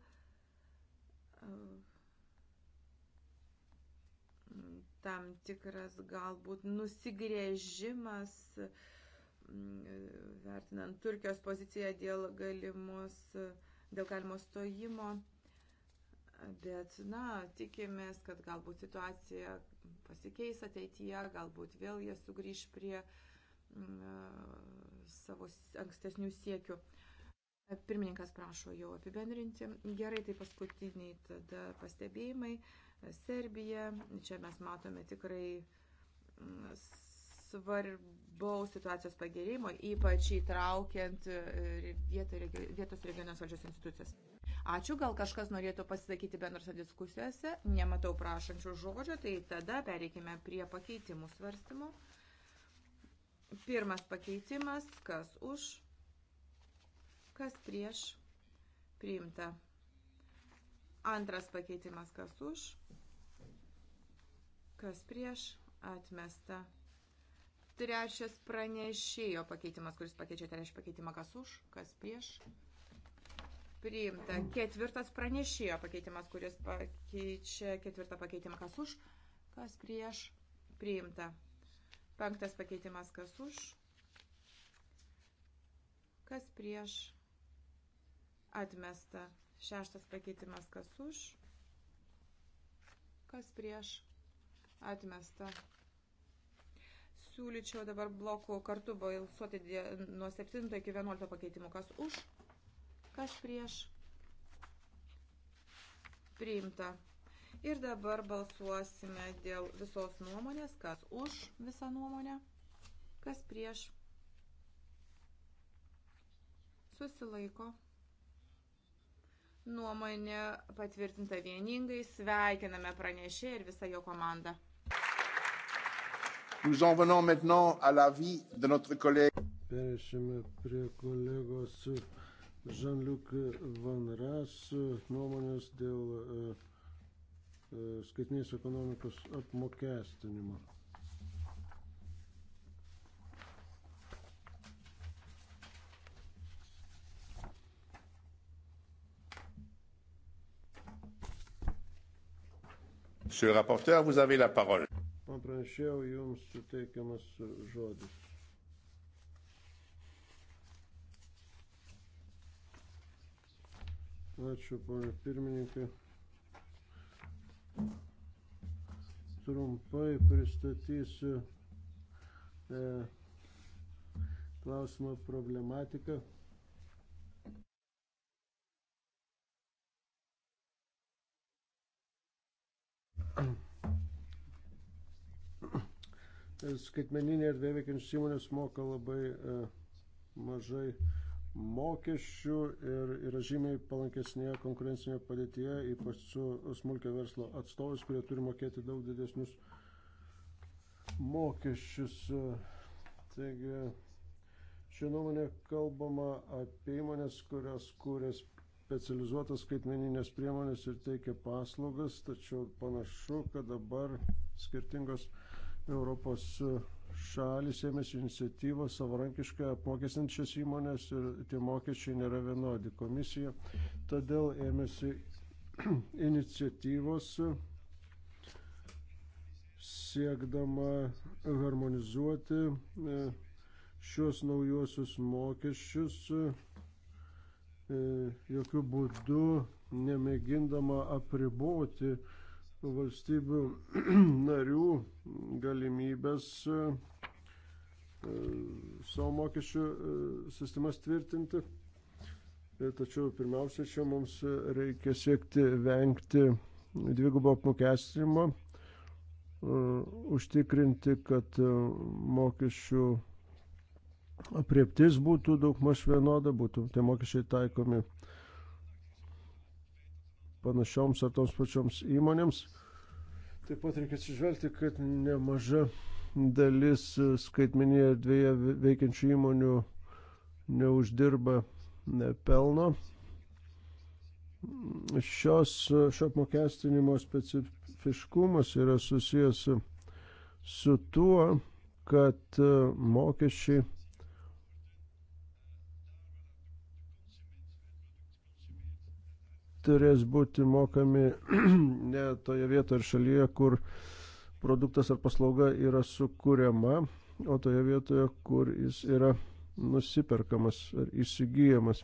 E, tam tikras galbūt nusigrėžimas, mm, e, vertinant Turkijos poziciją dėl galimos, dėl galimo stojimo. Bet, na, tikimės, kad galbūt situacija pasikeis ateityje, galbūt vėl jie sugrįž prie mm, e, savo ankstesnių siekių. Pirmininkas prašo jau apibendrinti. Gerai, tai paskutiniai tada pastebėjimai. Serbija, čia mes matome tikrai mm, svarbaus situacijos pagerėjimo, ypač įtraukiant e, vietos regionės valdžios institucijas. Ačiū, gal kažkas norėtų pasisakyti bendrose diskusijose. Nematau prašančių žodžio, tai tada pereikime prie pakeitimų svarstymų. Pirmas pakeitimas, kas už, kas prieš, priimta. Antras pakeitimas, kas už, kas prieš, atmesta. Trečias pranešėjo pakeitimas, kuris pakeičia trečią pakeitimą, kas už, kas prieš, atmesta priimta. Ketvirtas pranešėjo pakeitimas, kuris pakeičia ketvirtą pakeitimą. Kas už, kas prieš, priimta. Penktas pakeitimas, kas už, kas prieš, atmesta. Šeštas pakeitimas, kas už, kas prieš, atmesta. Siūlyčiau dabar blokų kartu balsuoti nuo 7 iki 11 pakeitimų, kas už, kas prieš priimta. Ir dabar balsuosime dėl visos nuomonės, kas už visą nuomonę, kas prieš susilaiko. Nuomonė patvirtinta vieningai, sveikiname pranešė ir visą jo komandą. Nous en venons maintenant à l'avis de notre collègue. Perėsime prie kolegos Žanliuk Van Ras e, nuomonės dėl e, e, skaitinės ekonomikos apmokestinimo. Monsieur le rapporteur, vous avez la parole. Pranešėjau, jums suteikiamas žodis. Ačiū, ponė pirmininkė. Trumpai pristatysiu e, klausimo problematiką. Skaitmeninė erdvė veikiančios įmonės moka labai e, mažai mokesčių ir yra žymiai palankesnėje konkurencinėje padėtyje, ypač su smulkio verslo atstovais, kurie turi mokėti daug didesnius mokesčius. Taigi, šią nuomonę kalbama apie įmonės, kurios kūrė specializuotas skaitmeninės priemonės ir teikia paslaugas, tačiau panašu, kad dabar skirtingos Europos šalis ėmėsi iniciatyvos savarankiškai apmokestinti šias įmonės ir tie mokesčiai nėra vienodi. Komisija todėl ėmėsi (clears throat) iniciatyvos siekdama harmonizuoti e, šios naujosius mokesčius, e, jokių būdų nemėgindama apriboti valstybių (clears throat) narių galimybės E, savo mokesčių e, sistemas tvirtinti. E, tačiau pirmiausia, čia mums reikia siekti vengti dvigubo apmokestinimo, užtikrinti, kad mokesčių aprieptis būtų daugmaž vienoda, būtų tie mokesčiai taikomi panašioms ar toms pačioms įmonėms. Taip pat reikia atsižvelgti, kad nemaža dalis skaitmeninėje erdvėje veikiančių įmonių neuždirba pelno. Šios, šio apmokestinimo specifiškumas yra susijęs su, su tuo, kad e, mokesčiai turės būti mokami (clears throat) ne toje vietoje ar šalyje, kur uh, produktas ar paslauga yra sukūriama, o toje vietoje, kur jis yra nusiperkamas ar įsigijamas.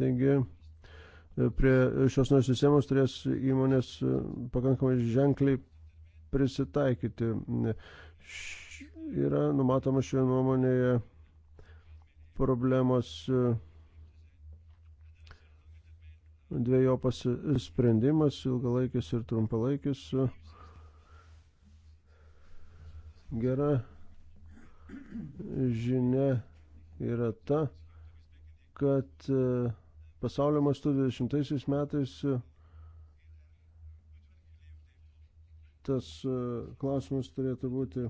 Taigi, prie šios naujos sistemos turės įmonės pakankamai ženkliai prisitaikyti. Yra numatoma šioje nuomonėje problemos dviejopas sprendimas, ilgalaikis ir trumpalaikis. Gera žinia yra ta, kad e, pasaulio mastu 20 metais e, tas e, klausimas turėtų būti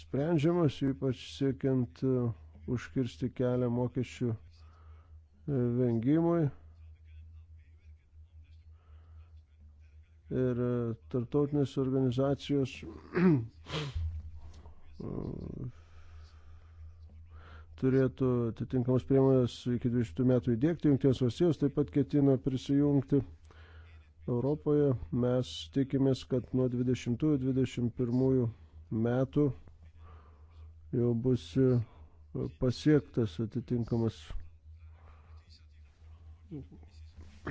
sprendžiamas, ypač siekiant užkirsti kelią mokesčių vengimui ir e, tarptautinės organizacijos (clears throat) e, turėtų atitinkamas priemonės iki 20 metų įdėkti. Junktinės valstijos taip pat ketina prisijungti Europoje. Mes tikimės, kad nuo 20-21 metų jau bus e, pasiektas atitinkamas (clears throat)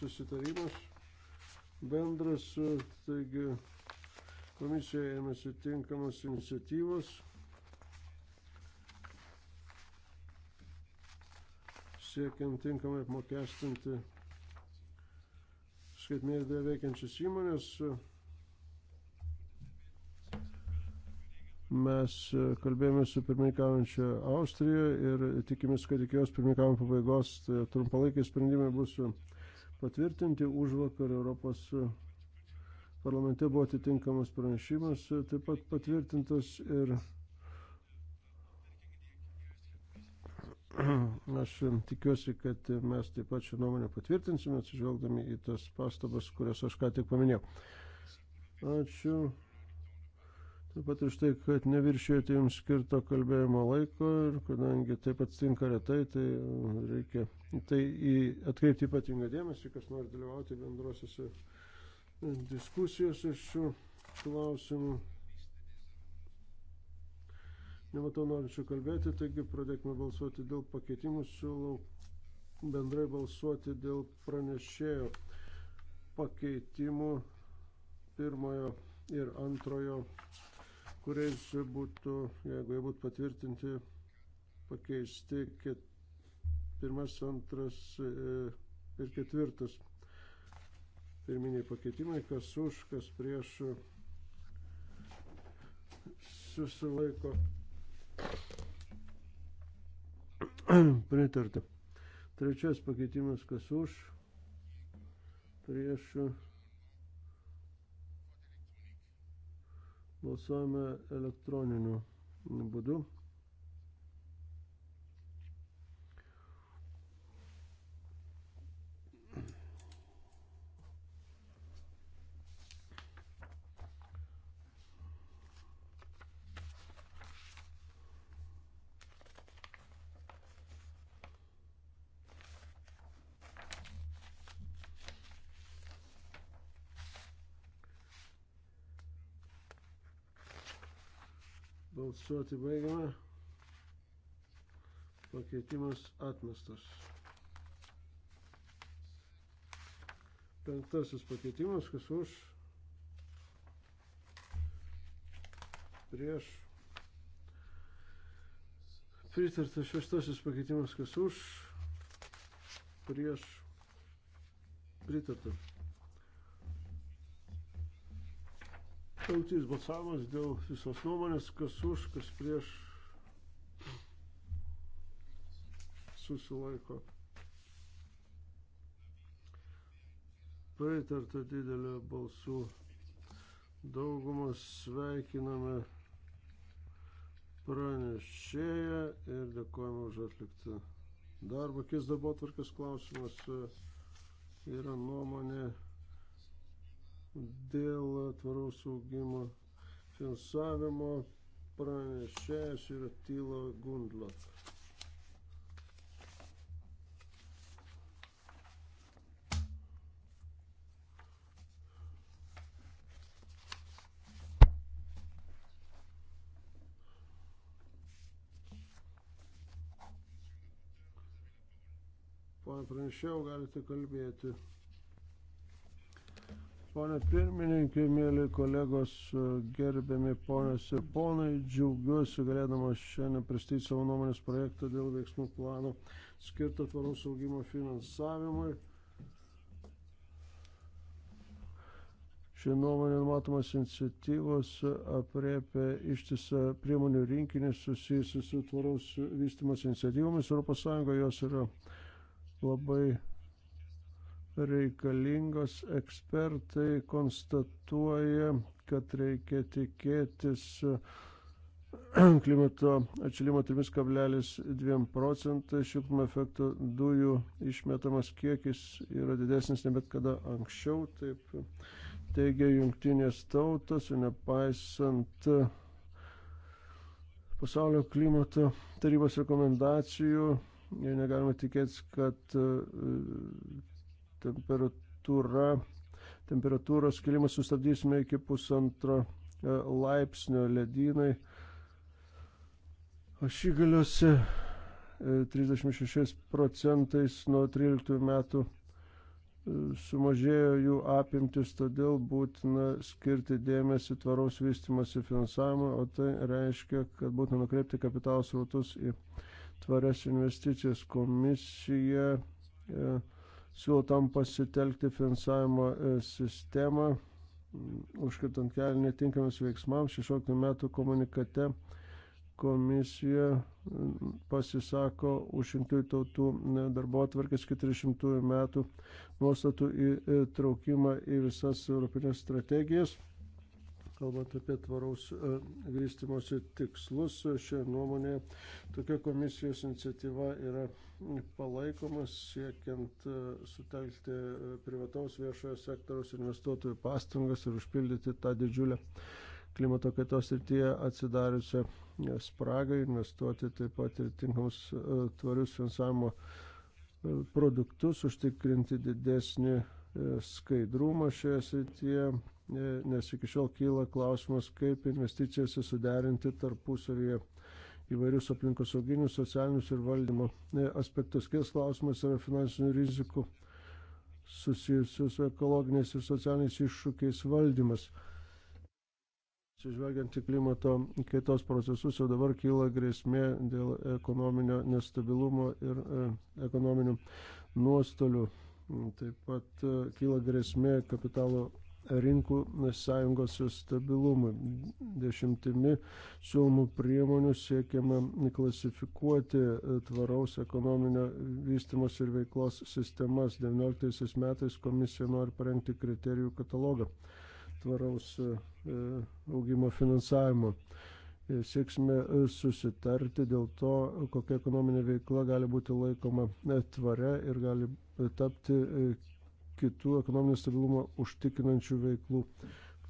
susitarimas bendras, e, taigi komisija ėmėsi tinkamos iniciatyvos. siekiant tinkamai apmokestinti skaitmės dėl veikiančias įmonės. Mes e, kalbėjome su pirmininkaujančia Austrija ir tikimės, kad iki jos pirmininkavimo pabaigos tai trumpalaikiai sprendimai bus patvirtinti. Už vakar Europos parlamente buvo atitinkamas pranešimas, taip pat patvirtintas ir aš tikiuosi, kad mes taip pat šią nuomonę patvirtinsime, atsižvelgdami į tas pastabas, kurias aš ką tik paminėjau. Ačiū. Taip pat už tai, kad neviršėjote jums skirto kalbėjimo laiko ir kadangi taip atsitinka retai, tai um, reikia tai į, atkreipti ypatingą dėmesį, kas nori dalyvauti bendrosiuose e, diskusijose šių klausimų. Nematau norinčių kalbėti, taigi pradėkime balsuoti dėl pakeitimų, siūlau bendrai balsuoti dėl pranešėjo pakeitimų pirmojo ir antrojo kuriais būtų, jeigu jie būtų patvirtinti, pakeisti ket, pirmas, antras e, ir ketvirtas pirminiai pakeitimai, kas už, kas prieš susilaiko (clears throat) pritarta. Trečias pakeitimas, kas už, prieš Balsuojame elektroniniu būdu. Balsuoti baigiame. Pakeitimas atmestas. Penktasis pakeitimas, kas už prieš. Pritartas šeštasis pakeitimas, kas už prieš. Pritartas. Galutinis balsavimas dėl visos nuomonės, kas už, kas prieš susilaiko. Pritarta didelė balsų daugumas sveikiname pranešėją ir dėkojame už atliktą darbą. Kis darbo tvarkės klausimas e, yra nuomonė dėl tvaraus augimo finansavimo pranešėjas yra Tyla Gundlot. Pane pranešėjau, galite kalbėti. Pone pirmininkė, mėly kolegos, gerbiami ponės ir ponai, džiaugiuosi galėdamas šiandien pristatyti savo nuomonės projektą dėl veiksmų plano skirto tvaraus augimo finansavimui. Ši nuomonė numatomas iniciatyvos apriepia ištisą priemonių rinkinį susijusius su tvaraus vystimas iniciatyvomis Europos Sąjungoje, jos yra labai reikalingos. Ekspertai konstatuoja, kad reikia tikėtis (clears throat) klimato atšilimo 3,2 procentai šiltnamio efekto dujų išmetamas kiekis yra didesnis nei bet kada anksčiau, taip teigia jungtinės tautos ir nepaisant pasaulio klimato tarybos rekomendacijų, negalima tikėtis, kad temperatūra, temperatūros kilimą sustabdysime iki pusantro e, laipsnio ledynai. Ašigaliuose 36 e, procentais nuo 13 metų e, sumažėjo jų apimtis, todėl būtina skirti dėmesį tvaraus vystimosi finansavimui, o tai reiškia, kad būtina nukreipti kapitalos rautus į tvarias investicijas. Komisija e, siūlo tam pasitelkti finansavimo e, sistemą, mm, užkirtant kelią netinkamus veiksmams. 16 metų komunikate komisija mm, pasisako už šimtųjų tautų darbo atvarkės 400 metų nuostatų įtraukimą e, į visas europinės strategijas kalbant apie tvaraus e, vystimosi tikslus. Šioje nuomonėje tokia komisijos iniciatyva yra palaikomas siekiant e, sutelkti e, privataus viešojo sektoriaus investuotojų pastangas ir užpildyti tą didžiulę klimato kaitos srityje atsidariusią spragą, investuoti taip pat ir tinkamus tvarius finansavimo produktus, užtikrinti didesnį skaidrumą šioje srityje, nes iki šiol kyla klausimas, kaip investicijas suderinti tarpusavyje įvairius aplinkosauginius, socialinius ir valdymo e, aspektus. Kies klausimas yra finansinių rizikų susijusių su ekologiniais ir socialiniais iššūkiais valdymas. Atsižvelgiant į klimato kaitos procesus, jau dabar kyla grėsmė dėl ekonominio nestabilumo ir e, ekonominių nuostolių. Taip pat e, kyla grėsmė kapitalo rinkų sąjungos stabilumui. Dešimtimi siūlomų priemonių siekiama klasifikuoti e, tvaraus ekonominio vystimos ir veiklos sistemas. 19 metais komisija nori parengti kriterijų katalogą tvaraus e, e, augimo finansavimo sieksime susitarti dėl to, kokia ekonominė veikla gali būti laikoma tvaria ir gali tapti kitų ekonominio stabilumą užtikrinančių veiklų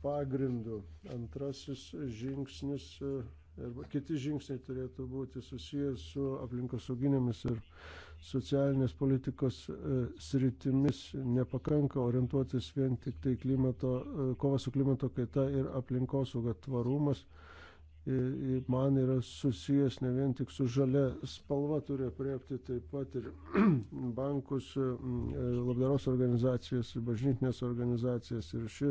pagrindų. Antrasis žingsnis e, arba kiti žingsniai turėtų būti susijęs su aplinkosauginėmis ir socialinės politikos e, sritimis. Nepakanka orientuotis vien tik tai klimato, e, kova su klimato kaita ir aplinkosauga tvarumas man yra susijęs ne vien tik su žalia spalva, turi apriepti taip pat ir (clears throat) bankus, e, labdaros organizacijas, bažnytinės organizacijas ir ši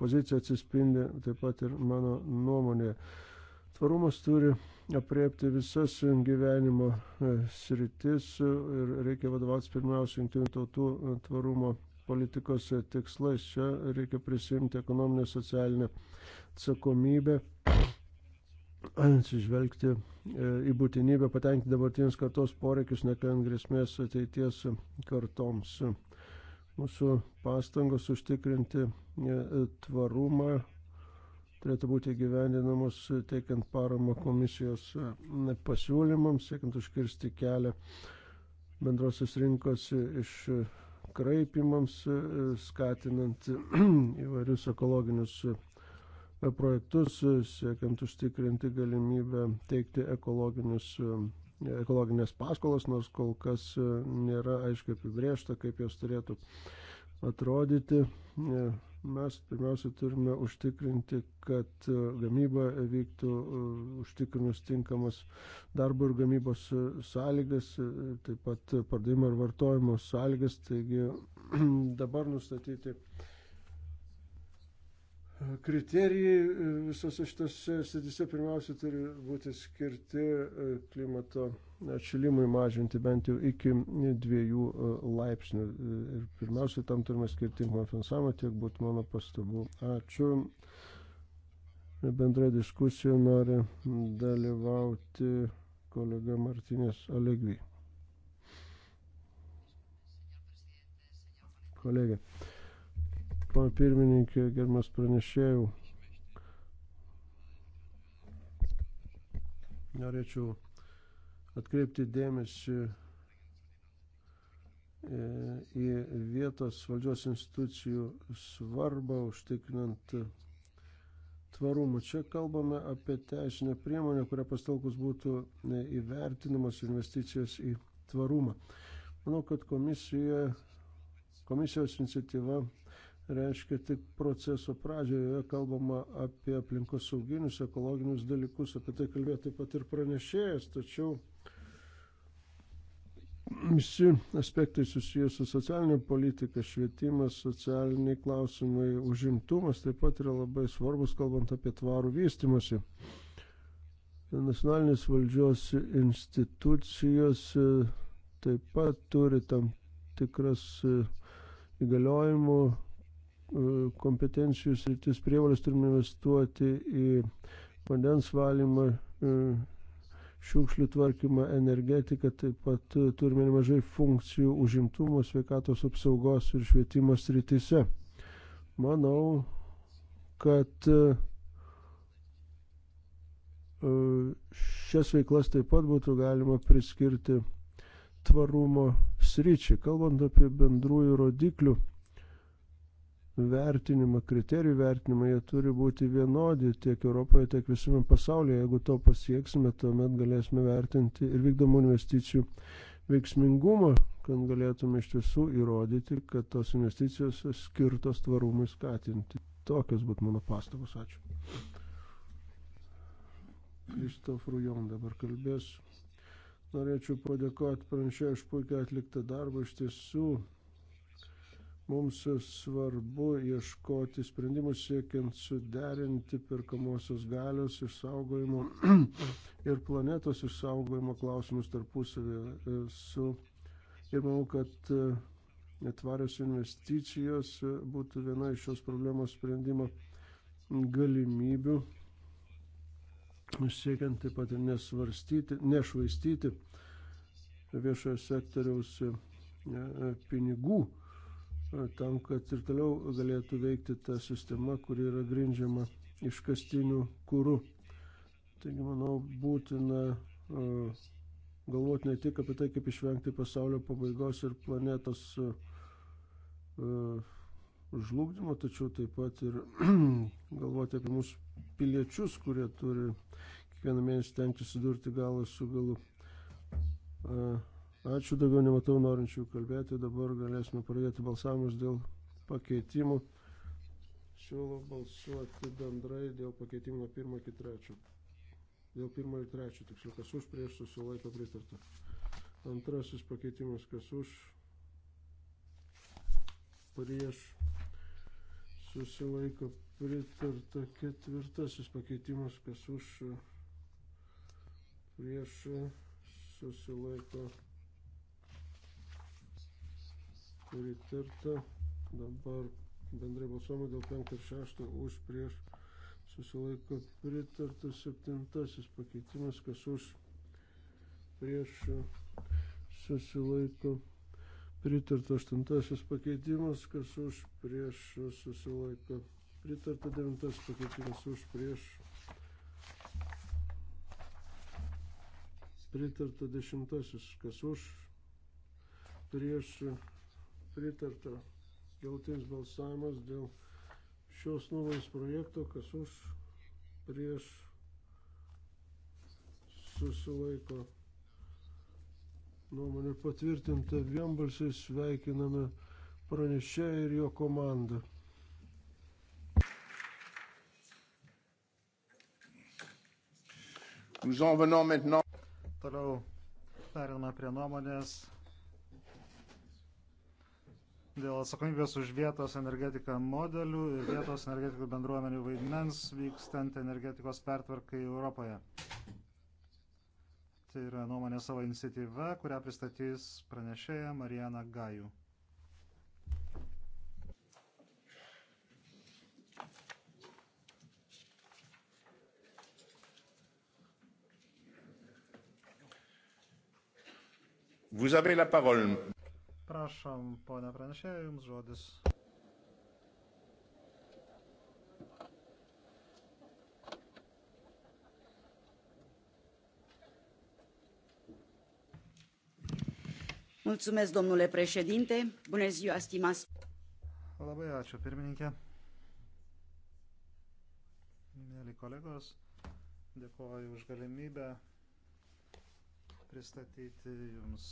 pozicija atsispindi taip pat ir mano nuomonė. Tvarumas turi apriepti visas gyvenimo e, sritis ir reikia vadovautis pirmiausia jungtinių tautų e, tvarumo politikos tikslais. Čia reikia prisimti ekonominę socialinę atsakomybę atsižvelgti e, į būtinybę patenkinti dabartinius kartos poreikius, nekant grėsmės ateities kartoms. Mūsų pastangos užtikrinti e, tvarumą turėtų būti gyvendinamos teikiant paramą komisijos e, pasiūlymams, siekiant užkirsti kelią bendrosios rinkos iškraipimams, skatinant (clears throat) įvairius ekologinius projektus, siekiant užtikrinti galimybę teikti ekologinius ekologinės paskolas, nors kol kas nėra aiškiai apibriešta, kaip jos turėtų atrodyti. Mes pirmiausia turime užtikrinti, kad gamyba vyktų užtikrinus tinkamas darbo ir gamybos sąlygas, taip pat pardavimo ir vartojimo sąlygas. Taigi (clears throat) dabar nustatyti kriterijai e, visose šitose srityse pirmiausia turi būti skirti e, klimato atšilimui mažinti bent jau iki dviejų e, laipsnių. Ir pirmiausia, tam turime skirti kompensavimą, tiek būtų mano pastabų. Ačiū. Bendra diskusija nori dalyvauti kolega Martinės Alegvi. Kolegė. Pana pirmininkė, gerbiamas pranešėjau. Norėčiau atkreipti dėmesį e, į vietos valdžios institucijų svarbą užtikrinant tvarumą. Čia kalbame apie teisinę priemonę, kurią pastelkus būtų e, įvertinamos investicijos į tvarumą. Manau, kad komisija, komisijos iniciatyva reiškia tik proceso pradžioje kalbama apie aplinkos sauginius, ekologinius dalykus, apie tai kalbėjo taip pat ir pranešėjas, tačiau visi aspektai susijęs su socialinė politika, švietimas, socialiniai klausimai, užimtumas taip pat yra labai svarbus, kalbant apie tvarų vystimasi. Nacionalinės valdžios institucijos e, taip pat turi tam tikras e, įgaliojimų E, kompetencijų sritis prievalės turime investuoti į vandens valymą, e, šiukšlių tvarkymą, energetiką, taip pat turime nemažai funkcijų užimtumo, sveikatos apsaugos ir švietimo srityse. Manau, kad e, šias veiklas taip pat būtų galima priskirti tvarumo sryčiai. Kalbant apie bendrųjų rodiklių vertinimą, kriterijų vertinimą, jie turi būti vienodi tiek Europoje, tiek visame pasaulyje. Jeigu to pasieksime, tuomet galėsime vertinti ir vykdomų investicijų veiksmingumą, kad galėtume iš tiesų įrodyti, kad tos investicijos skirtos tvarumui skatinti. Tokios būtų mano pastabos. Ačiū. Kristof Rujon dabar kalbės. Norėčiau padėkoti pranešėjai už puikiai atliktą darbą. Iš tiesų, Mums svarbu ieškoti sprendimų siekiant suderinti pirkamosios galios išsaugojimo (clears throat) ir planetos išsaugojimo klausimus tarpusavėje su. Ir manau, kad netvarios investicijos būtų viena iš šios problemos sprendimo galimybių, siekiant taip pat ir nesvarstyti, nešvaistyti viešojo sektoriaus e, e, pinigų tam, kad ir toliau galėtų veikti ta sistema, kuri yra grindžiama iškastiniu kūru. Taigi, manau, būtina galvoti ne tik apie tai, kaip išvengti pasaulio pabaigos ir planetos žlugdymo, tačiau taip pat ir (clears throat) galvoti apie mūsų piliečius, kurie turi kiekvieną mėnesį tenkti sudurti galą su galu. Ačiū, daugiau nematau norinčių kalbėti. Dabar galėsime pradėti balsavimus dėl pakeitimų. Siūlau balsuoti bendrai dėl pakeitimo nuo 1 iki 3. Dėl 1 ir 3, tiksliau, kas už prieš susilaiko pritarta. Antrasis pakeitimas, kas už prieš susilaiko pritarta. Ketvirtasis pakeitimas, kas už prieš susilaiko pritarta pritarta. Dabar bendrai balsuojama dėl 5 ir 6 už prieš susilaiko pritarta. Septintasis pakeitimas, kas už prieš susilaiko pritarta. Aštuntasis pakeitimas, kas už prieš susilaiko pritarta. Devintasis pakeitimas už prieš. Pritarta dešimtasis, kas už prieš pritarta galtinis balsavimas dėl šios nuomonės projekto, kas už prieš susilaiko nuomonė patvirtinta vienbalsiai sveikiname pranešėją ir jo komandą. Nous en venons maintenant. Toliau periname prie nuomonės dėl atsakomybės už vietos energetiką modelių ir vietos energetikų bendruomenių vaidmens vykstant energetikos pertvarkai Europoje. Tai yra nuomonė savo iniciatyva, kurią pristatys pranešėja Marijana Gajų. Vous avez la parole. Prašom, ponia pranešėja, jums žodis. Mulțumesc, domnule președinte. Bună ziua, stimați. Labai ačiū, pirmininkė. Mėly kolegos, dėkoju už galimybę pristatyti jums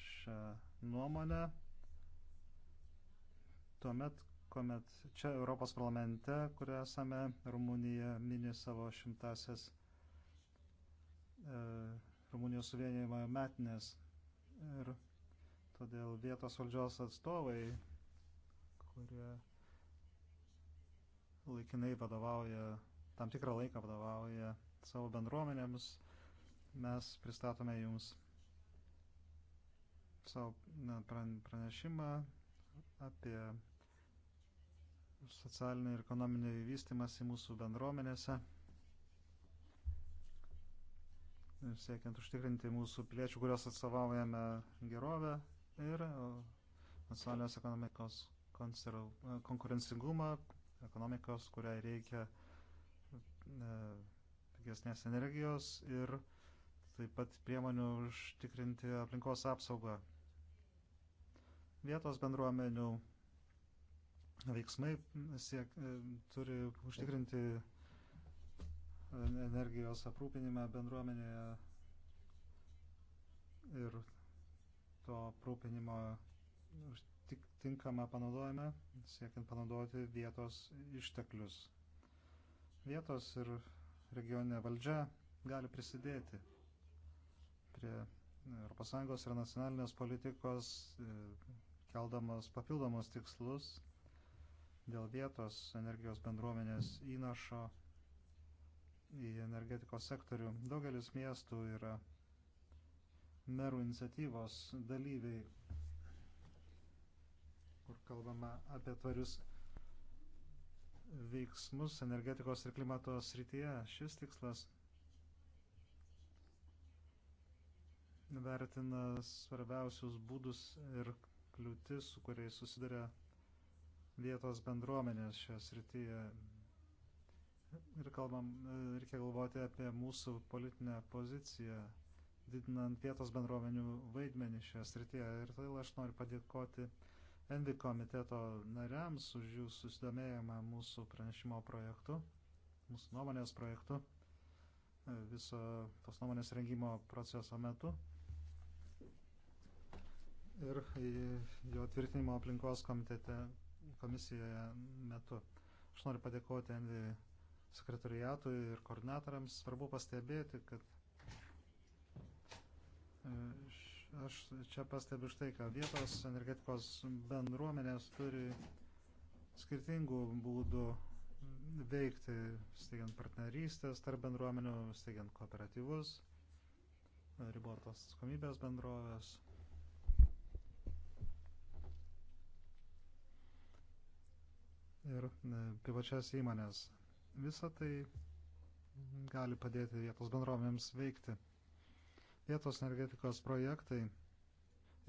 šią nuomonę tuomet, kuomet čia Europos parlamente, kur esame, Rumunija mini savo šimtasias e, Rumunijos suvienijimo metinės. Ir todėl vietos valdžios atstovai, kurie laikinai vadovauja, tam tikrą laiką vadovauja savo bendruomenėms, mes pristatome jums savo pranešimą apie socialinį ir ekonominį vystimąsi mūsų bendruomenėse ir siekiant užtikrinti mūsų piliečių, kurios atstovaujame gerovę ir nacionalinės ekonomikos konkurencingumą, ekonomikos, kuriai reikia e, pigesnės energijos ir uh, taip pat priemonių užtikrinti aplinkos apsaugą. Vietos bendruomenių veiksmai siek, turi užtikrinti energijos aprūpinimą bendruomenėje ir to aprūpinimo tinkamą panaudojimą, siekiant panaudoti vietos išteklius. Vietos ir regioninė valdžia gali prisidėti prie ES ir nacionalinės politikos, e, keldamas papildomus tikslus dėl vietos energijos bendruomenės įnašo į energetikos sektorių. Daugelis miestų yra merų iniciatyvos dalyviai, kur kalbama apie tvarius veiksmus energetikos ir klimato srityje. Šis tikslas vertina svarbiausius būdus ir kliūtis, su kuriais susiduria vietos bendruomenės šioje srityje. Ir kalbam, reikia galvoti apie mūsų politinę poziciją, didinant vietos bendruomenių vaidmenį šioje srityje. Ir todėl aš noriu padėkoti Envi komiteto nariams už jų susidomėjimą mūsų pranešimo projektu, mūsų nuomonės projektu viso tos nuomonės rengimo proceso metu ir jo tvirtinimo aplinkos komitete komisijoje metu. Aš noriu padėkoti Endi sekretariatui ir koordinatoriams. Svarbu pastebėti, kad e, aš čia pastebiu štai, ką vietos energetikos bendruomenės turi skirtingų būdų veikti, steigiant partnerystės tarp bendruomenių, steigiant kooperatyvus, ribotos atsakomybės bendrovės. ir e, privačias įmonės. Visa tai gali padėti vietos bendrovėms veikti. Vietos energetikos projektai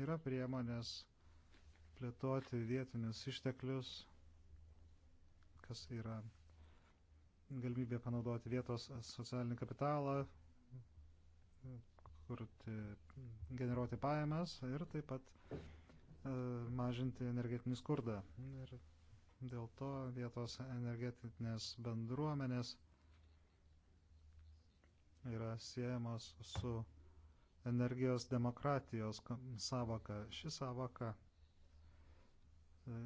yra priemonės plėtoti vietinius išteklius, kas yra galimybė panaudoti vietos socialinį kapitalą, kurti, generuoti pajamas ir taip pat e, mažinti energetinį skurdą. Ir Dėl to vietos energetinės bendruomenės yra siejamos su energijos demokratijos savoka. Ši savoka e,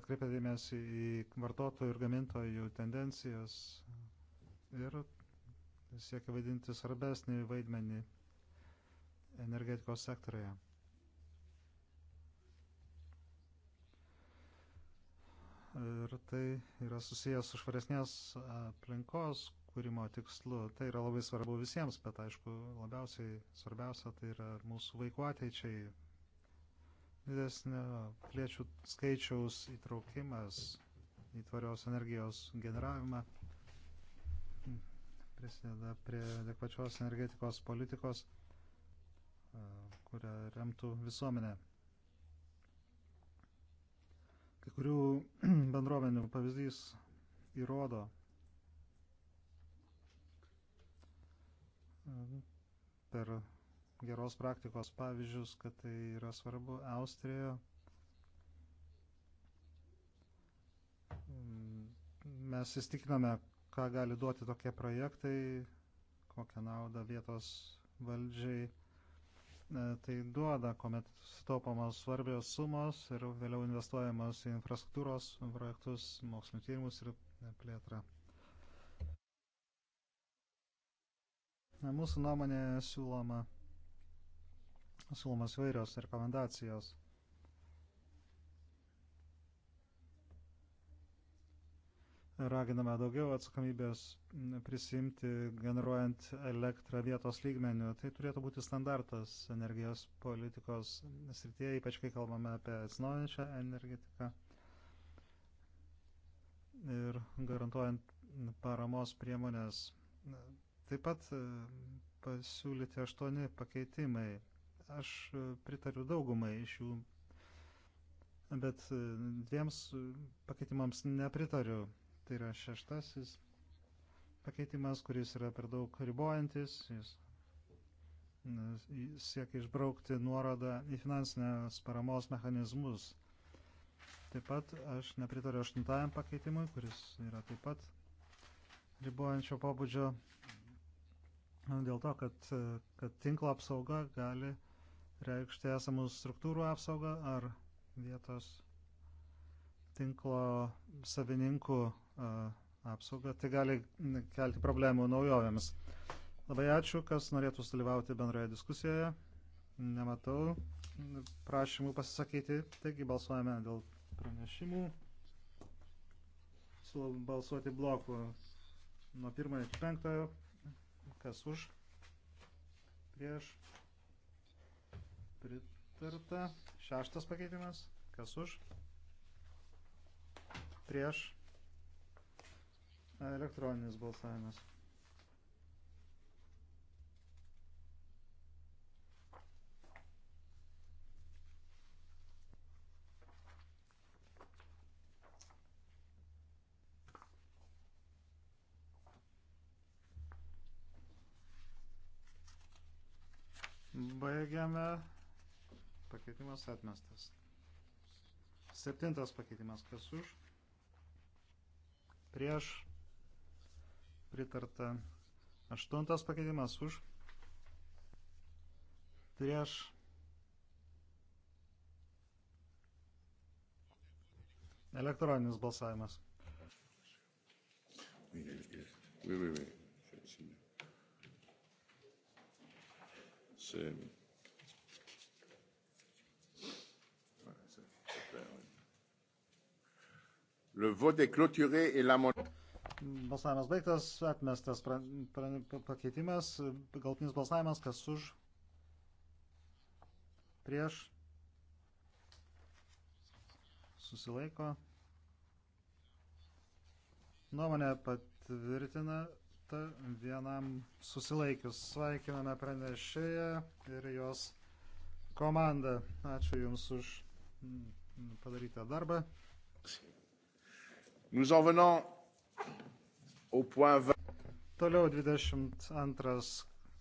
atkreipia dėmesį į vartotojų ir gamintojų tendencijas ir siekia vaidinti svarbesnį vaidmenį energetikos sektorėje. ir tai yra susijęs su švaresnės aplinkos kūrimo tikslu. Tai yra labai svarbu visiems, bet aišku, labiausiai svarbiausia tai yra mūsų vaikų ateičiai didesnio piliečių skaičiaus įtraukimas į tvarios energijos generavimą prisideda prie adekvačios energetikos politikos, kurią remtų visuomenė. Kai kurių (clears throat) bendrovinių pavyzdys įrodo, per geros praktikos pavyzdžius, kad tai yra svarbu Austrijoje. Mes įstikiname, ką gali duoti tokie projektai, kokią naudą vietos valdžiai E, tai duoda, kuomet sutaupamos svarbios sumos ir vėliau investuojamos į infrastruktūros projektus, mokslinio tyrimus ir e, plėtrą. E, mūsų nuomonė siūloma, siūlomas vairios rekomendacijos. raginame daugiau atsakomybės prisimti, generuojant elektrą vietos lygmenių. Tai turėtų būti standartas energijos politikos srityje, ypač kai kalbame apie atsinaujančią energetiką ir garantuojant paramos priemonės. Taip pat e, pasiūlyti aštuoni pakeitimai. Aš e, pritariu daugumai iš jų, bet e, dviems pakeitimams nepritariu Tai yra šeštasis pakeitimas, kuris yra per daug ribojantis. Jis siekia išbraukti nuorodą į finansinės paramos mechanizmus. Taip pat aš nepritariu aštuntajam pakeitimui, kuris yra taip pat ribojančio pobūdžio dėl to, kad, kad tinklo apsauga gali reikšti esamų struktūrų apsaugą ar vietos tinklo savininkų apsaugą, tai gali kelti problemų naujovėms. Labai ačiū, kas norėtų sudalyvauti bendroje diskusijoje. Nematau prašymų pasisakyti, taigi balsuojame dėl pranešimų. Siūlau balsuoti blokų nuo 1 iki 5, kas už, prieš, pritarta, šeštas pakeitimas, kas už, prieš, Elektroninis balsavimas. Baigiame. Pakeitimas atmestas. Septintas pakeitimas kas už. Prieš pritarta. Aštuntas pakeitimas už, prieš. Elektroninis balsavimas. Oui, oui, oui. C'est... Le vote est clôturé et l'amendement. Balsavimas baigtas, atmestas pra, pra, pakeitimas, galtinis balsavimas, kas už, prieš, susilaiko. Nuomonė patvirtina ta, vienam susilaikius. Sveikiname pranešėją ir jos komandą. Ačiū Jums už padarytą darbą. Nous en venons Toliau 22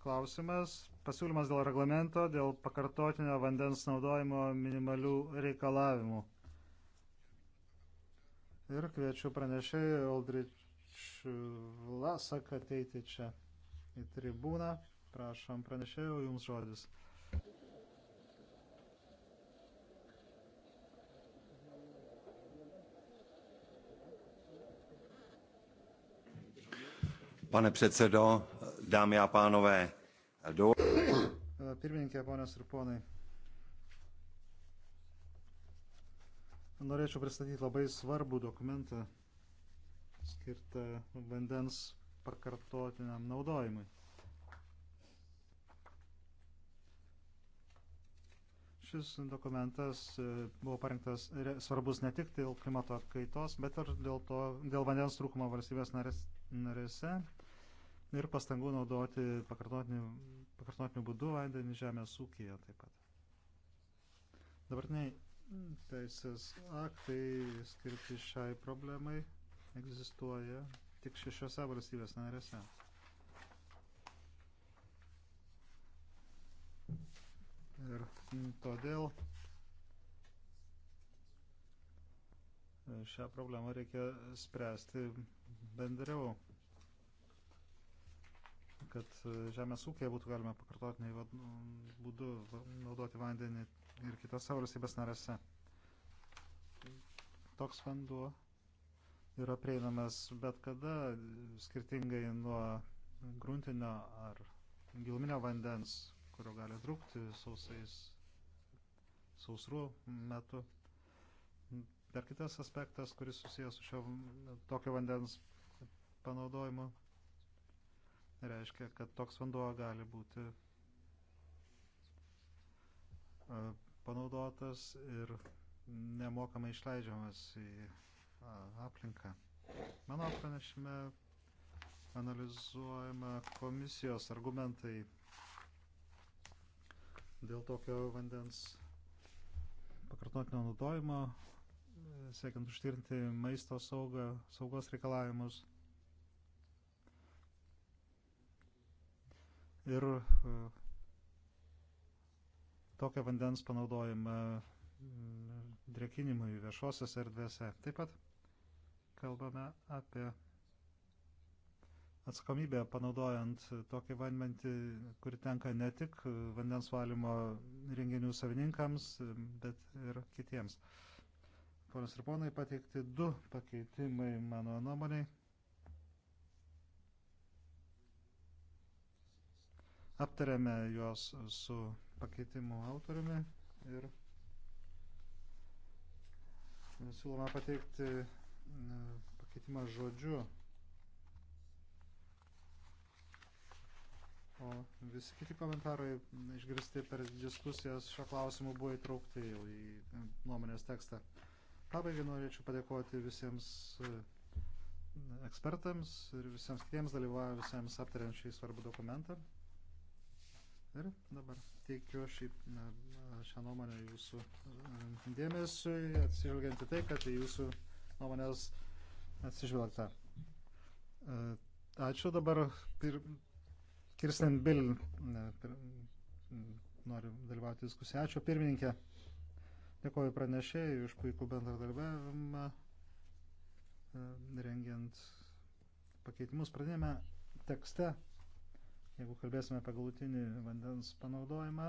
klausimas. Pasiūlymas dėl reglamento, dėl pakartotinio vandens naudojimo minimalių reikalavimų. Ir kviečiu pranešėjai Aldrič Vlasak ateiti čia į tribūną. Prašom pranešėjų, jums žodis. Pane předsedo, dámy a pánové, do... Pirmininkė, ponios ir ponai. Norėčiau pristatyti labai svarbų dokumentą skirtą vandens pakartotiniam naudojimui. Šis dokumentas e, buvo parinktas svarbus ne tik dėl klimato kaitos, bet ir dėl, to, dėl vandens trūkumo valstybės narėse ir pastangų naudoti pakartotiniu, pakartotiniu būdu vandenį žemės ūkyje taip pat. Dabartiniai teisės aktai skirti šiai problemai egzistuoja tik šešiose valstybės narėse. Ir todėl šią problemą reikia spręsti bendriau kad e, žemės ūkėje būtų galima pakartotinai nu, būdu naudoti vandenį ir kitose valstybės narėse. Toks vanduo yra prieinamas bet kada, skirtingai nuo gruntinio ar giluminio vandens, kurio gali trūkti sausais, sausrų metu. Dar kitas aspektas, kuris susijęs su šio tokio vandens panaudojimu reiškia, kad toks vanduo gali būti e, panaudotas ir nemokamai išleidžiamas į aplinką. Mano pranešime analizuojama komisijos argumentai dėl tokio vandens pakartotinio naudojimo, siekiant užtikrinti maisto saugą, saugos reikalavimus. ir e, tokią vandens panaudojimą e, drekinimui viešosios erdvėse. Taip pat kalbame apie atsakomybę panaudojant tokį vandenį, kuri tenka ne tik vandens valymo renginių savininkams, bet ir kitiems. Ponas ir ponai, pateikti du pakeitimai mano nuomonėje Aptarėme juos su pakeitimu autoriumi ir siūloma pateikti pakeitimą žodžiu. O visi kiti komentarai išgirsti per diskusijas šio klausimu buvo įtraukti jau į nuomonės tekstą. Pabaigai norėčiau padėkoti visiems e, ekspertams ir visiems kitiems dalyvavusiems aptariant šį svarbų dokumentą. Ir dabar teikiu šį, šią nuomonę jūsų e, dėmesiui, atsižvelgiant į tai, kad į jūsų nuomonės atsižvelgta. E, ačiū dabar. Pir... Kirsten Bill pir... noriu dalyvauti diskusiją. Ačiū pirmininkė. Dėkuoju pranešėjai už puikų bendradarbiavimą e, rengiant pakeitimus. Pradėjome tekste Jeigu kalbėsime apie galutinį vandens panaudojimą,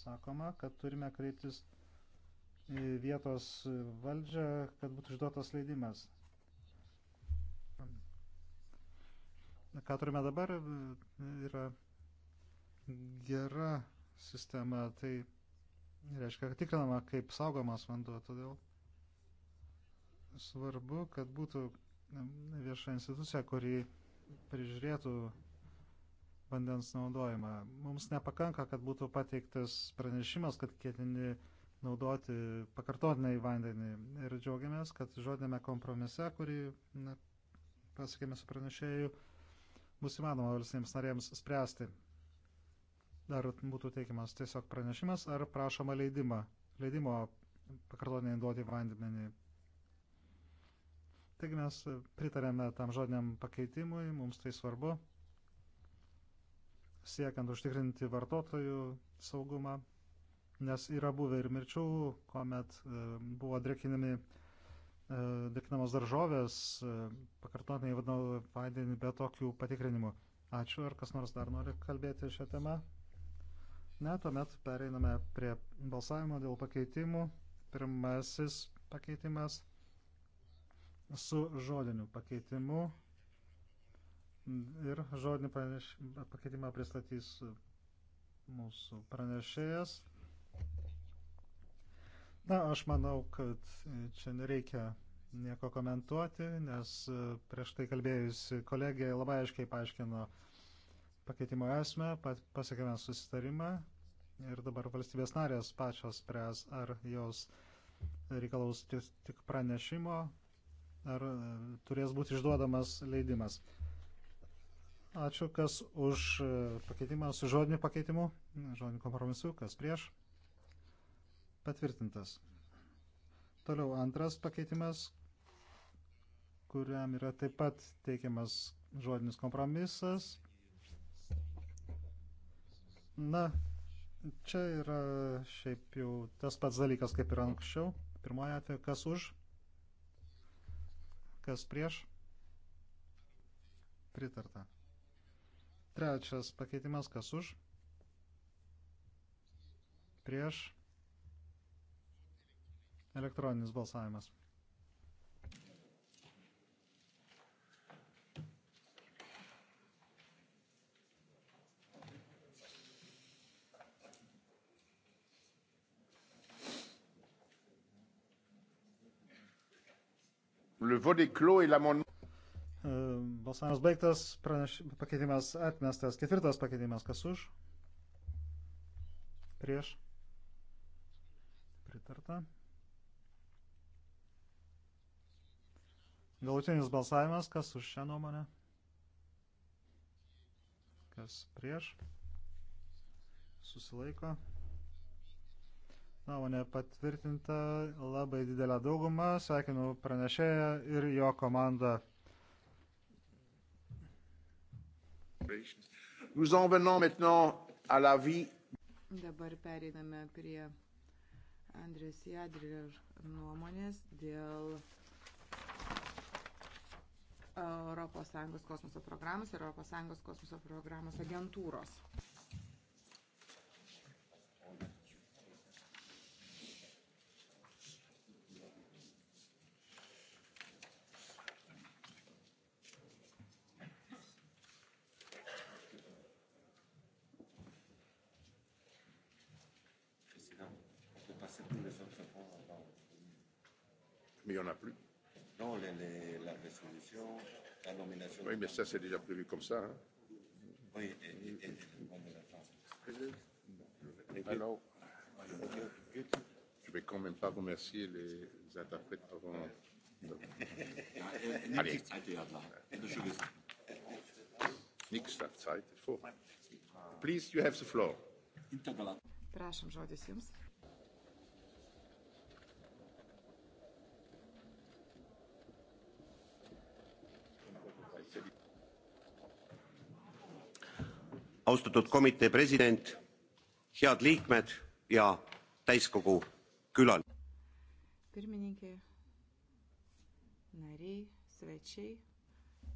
sakoma, kad turime kreiptis į vietos valdžią, kad būtų išduotas leidimas. Ką turime dabar, yra gera sistema, tai reiškia, kad tikrinama, kaip saugomas vanduo, todėl svarbu, kad būtų vieša institucija, kuri prižiūrėtų vandens naudojimą. Mums nepakanka, kad būtų pateiktas pranešimas, kad ketini naudoti pakartotinai vandenį. Ir džiaugiamės, kad žodėme kompromise, kurį na, pasakėme su pranešėju, bus įmanoma valstybėms narėms spręsti. Dar būtų teikiamas tiesiog pranešimas ar prašoma leidimą, leidimo pakartotinai duoti vandenį. Taigi mes pritarėme tam žodiniam pakeitimui, mums tai svarbu siekiant užtikrinti vartotojų saugumą, nes yra buvę ir mirčių, kuomet e, buvo drekinami e, drėkinamos daržovės, e, pakartotinai vadinau vandenį be tokių patikrinimų. Ačiū, ar kas nors dar nori kalbėti šią temą? Ne, tuomet pereiname prie balsavimo dėl pakeitimų. Pirmasis pakeitimas su žodiniu pakeitimu Ir žodinį praneš... pakeitimą pristatys mūsų pranešėjas. Na, aš manau, kad čia nereikia nieko komentuoti, nes prieš tai kalbėjusi kolegija labai aiškiai paaiškino pakeitimo esmę, pasiekėme susitarimą ir dabar valstybės narės pačios spręs, ar jos reikalaus tik pranešimo, ar turės būti išduodamas leidimas. Ačiū, kas už e, pakeitimą, su žodiniu pakeitimu, žodiniu kompromisu, kas prieš. Patvirtintas. Toliau antras pakeitimas, kuriam yra taip pat teikiamas žodinis kompromisas. Na, čia yra šiaip jau tas pats dalykas kaip ir anksčiau. Pirmoji atveju, kas už, kas prieš. Pritarta. Trečias pakeitimas, kas už? Prieš. Elektroninis balsavimas. Le vote est clos et l'amendement. Balsavimas baigtas, praneš, pakeitimas atmestas. Ketvirtas pakeitimas, kas už? Prieš. Pritarta. Galutinis balsavimas, kas už šią nuomonę? Kas prieš? Susilaiko. Nuomonė patvirtinta labai didelę daugumą. Sveikinu pranešėją ir jo komandą. Nous en venons maintenant à l'avis. Dabar pereiname prie Andrės Jadrė nuomonės dėl ES kosmoso programos ir ES kosmoso programos agentūros. nomination, la nomination. Oui, mais ça, c'est déjà prévu comme ça. Hein. Oui, et, et, et bon, attends. Alors, je vais quand même pas remercier les interprètes avant. (laughs) Allez. Niks dar Zeit. Please, you have the floor. Prašom žodis jums. austatud komitee president head liikmed ja täiskogu külaline. pirmininkė nariai svečiai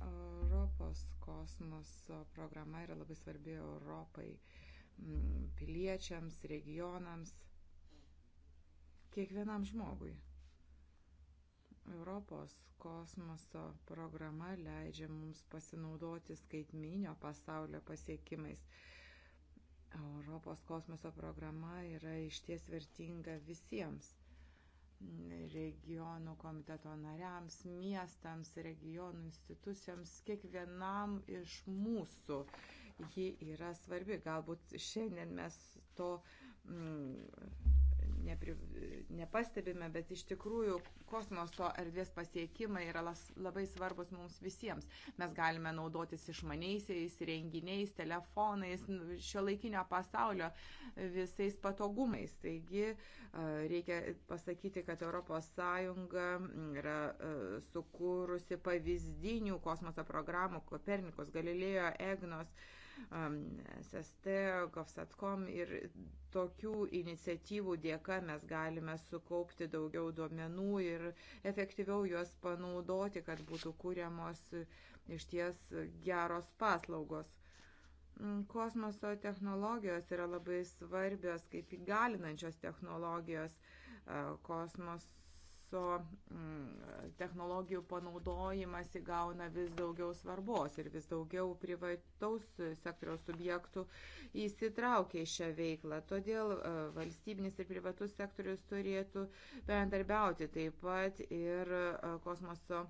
europos kosmoso programa yra labai svarbi europai mm, piliečiams regionams kiekvienam žmogui Europos kosmoso programa leidžia mums pasinaudoti skaitminio pasaulio pasiekimais. Europos kosmoso programa yra išties vertinga visiems regionų komiteto nariams, miestams, regionų institucijoms, kiekvienam iš mūsų. Ji yra svarbi. Galbūt šiandien mes to mm, nepri, nepastebime, bet iš tikrųjų kosmoso erdvės pasiekimai yra las, labai svarbus mums visiems. Mes galime naudotis išmaniaisiais renginiais, telefonais, šio laikinio pasaulio e, visais patogumais. Taigi e, reikia pasakyti, kad ES yra e, sukūrusi pavyzdinių kosmoso programų Kopernikos, Galilėjo, Egnos Um, SST, GovSatcom ir tokių iniciatyvų dėka mes galime sukaupti daugiau duomenų ir efektyviau juos panaudoti, kad būtų kūriamos iš ties geros paslaugos. Mm, kosmoso technologijos yra labai svarbios kaip įgalinančios technologijos. Uh, kosmos kosmoso mm, technologijų panaudojimas įgauna vis daugiau svarbos ir vis daugiau privataus sektoriaus subjektų įsitraukia į šią veiklą. Todėl e, valstybinis ir privatus sektorius turėtų bendarbiauti taip pat ir e, kosmoso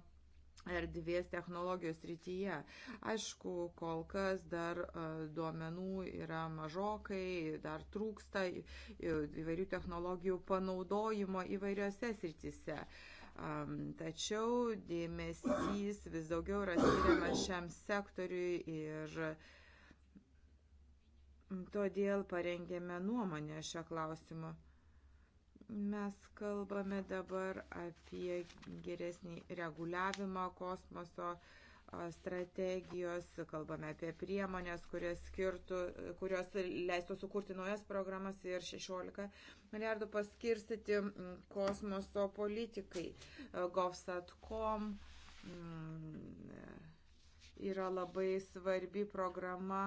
erdvės technologijos rytyje. Aišku, kol kas dar e, duomenų yra mažokai, dar trūksta įvairių technologijų panaudojimo įvairiose srityse. Tačiau dėmesys vis daugiau yra skiriamas šiam sektoriui ir todėl parengėme nuomonę šio klausimu. Mes kalbame dabar apie geresnį reguliavimą kosmoso strategijos, kalbame apie priemonės, kurios, skirtų, kurios leistų sukurti naujas programas ir 16 milijardų paskirstyti kosmoso politikai. Govsat.com yra labai svarbi programa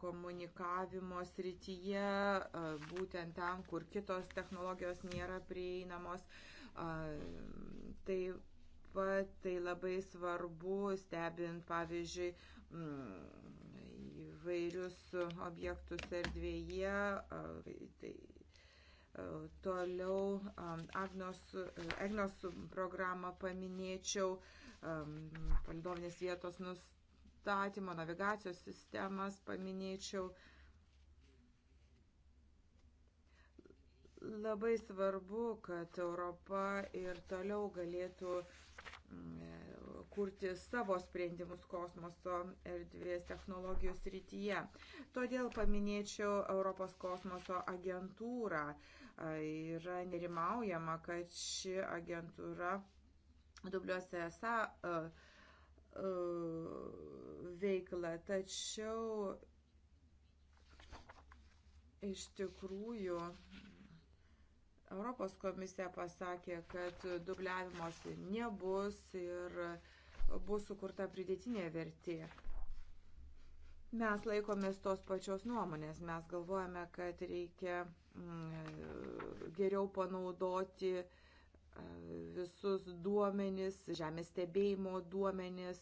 komunikavimo srityje, būtent ten, kur kitos technologijos nėra prieinamos. Tai pat tai labai svarbu stebint, pavyzdžiui, mm, įvairius objektus erdvėje. Tai toliau Agnos, Agnos programą paminėčiau, palidovinės vietos nustatymą statymo, navigacijos sistemas paminėčiau. Labai svarbu, kad Europa ir toliau galėtų mm, kurti savo sprendimus kosmoso erdvės technologijų srityje. Todėl paminėčiau Europos kosmoso agentūrą. Yra nerimaujama, kad ši agentūra dubliuose esą uh, E, veiklą. Tačiau iš tikrųjų Europos komisija pasakė, kad dubliavimosi nebus ir bus sukurta pridėtinė vertė. Mes laikomės tos pačios nuomonės, mes galvojame, kad reikia mm, geriau panaudoti uh, visus duomenis, žemės stebėjimo duomenis,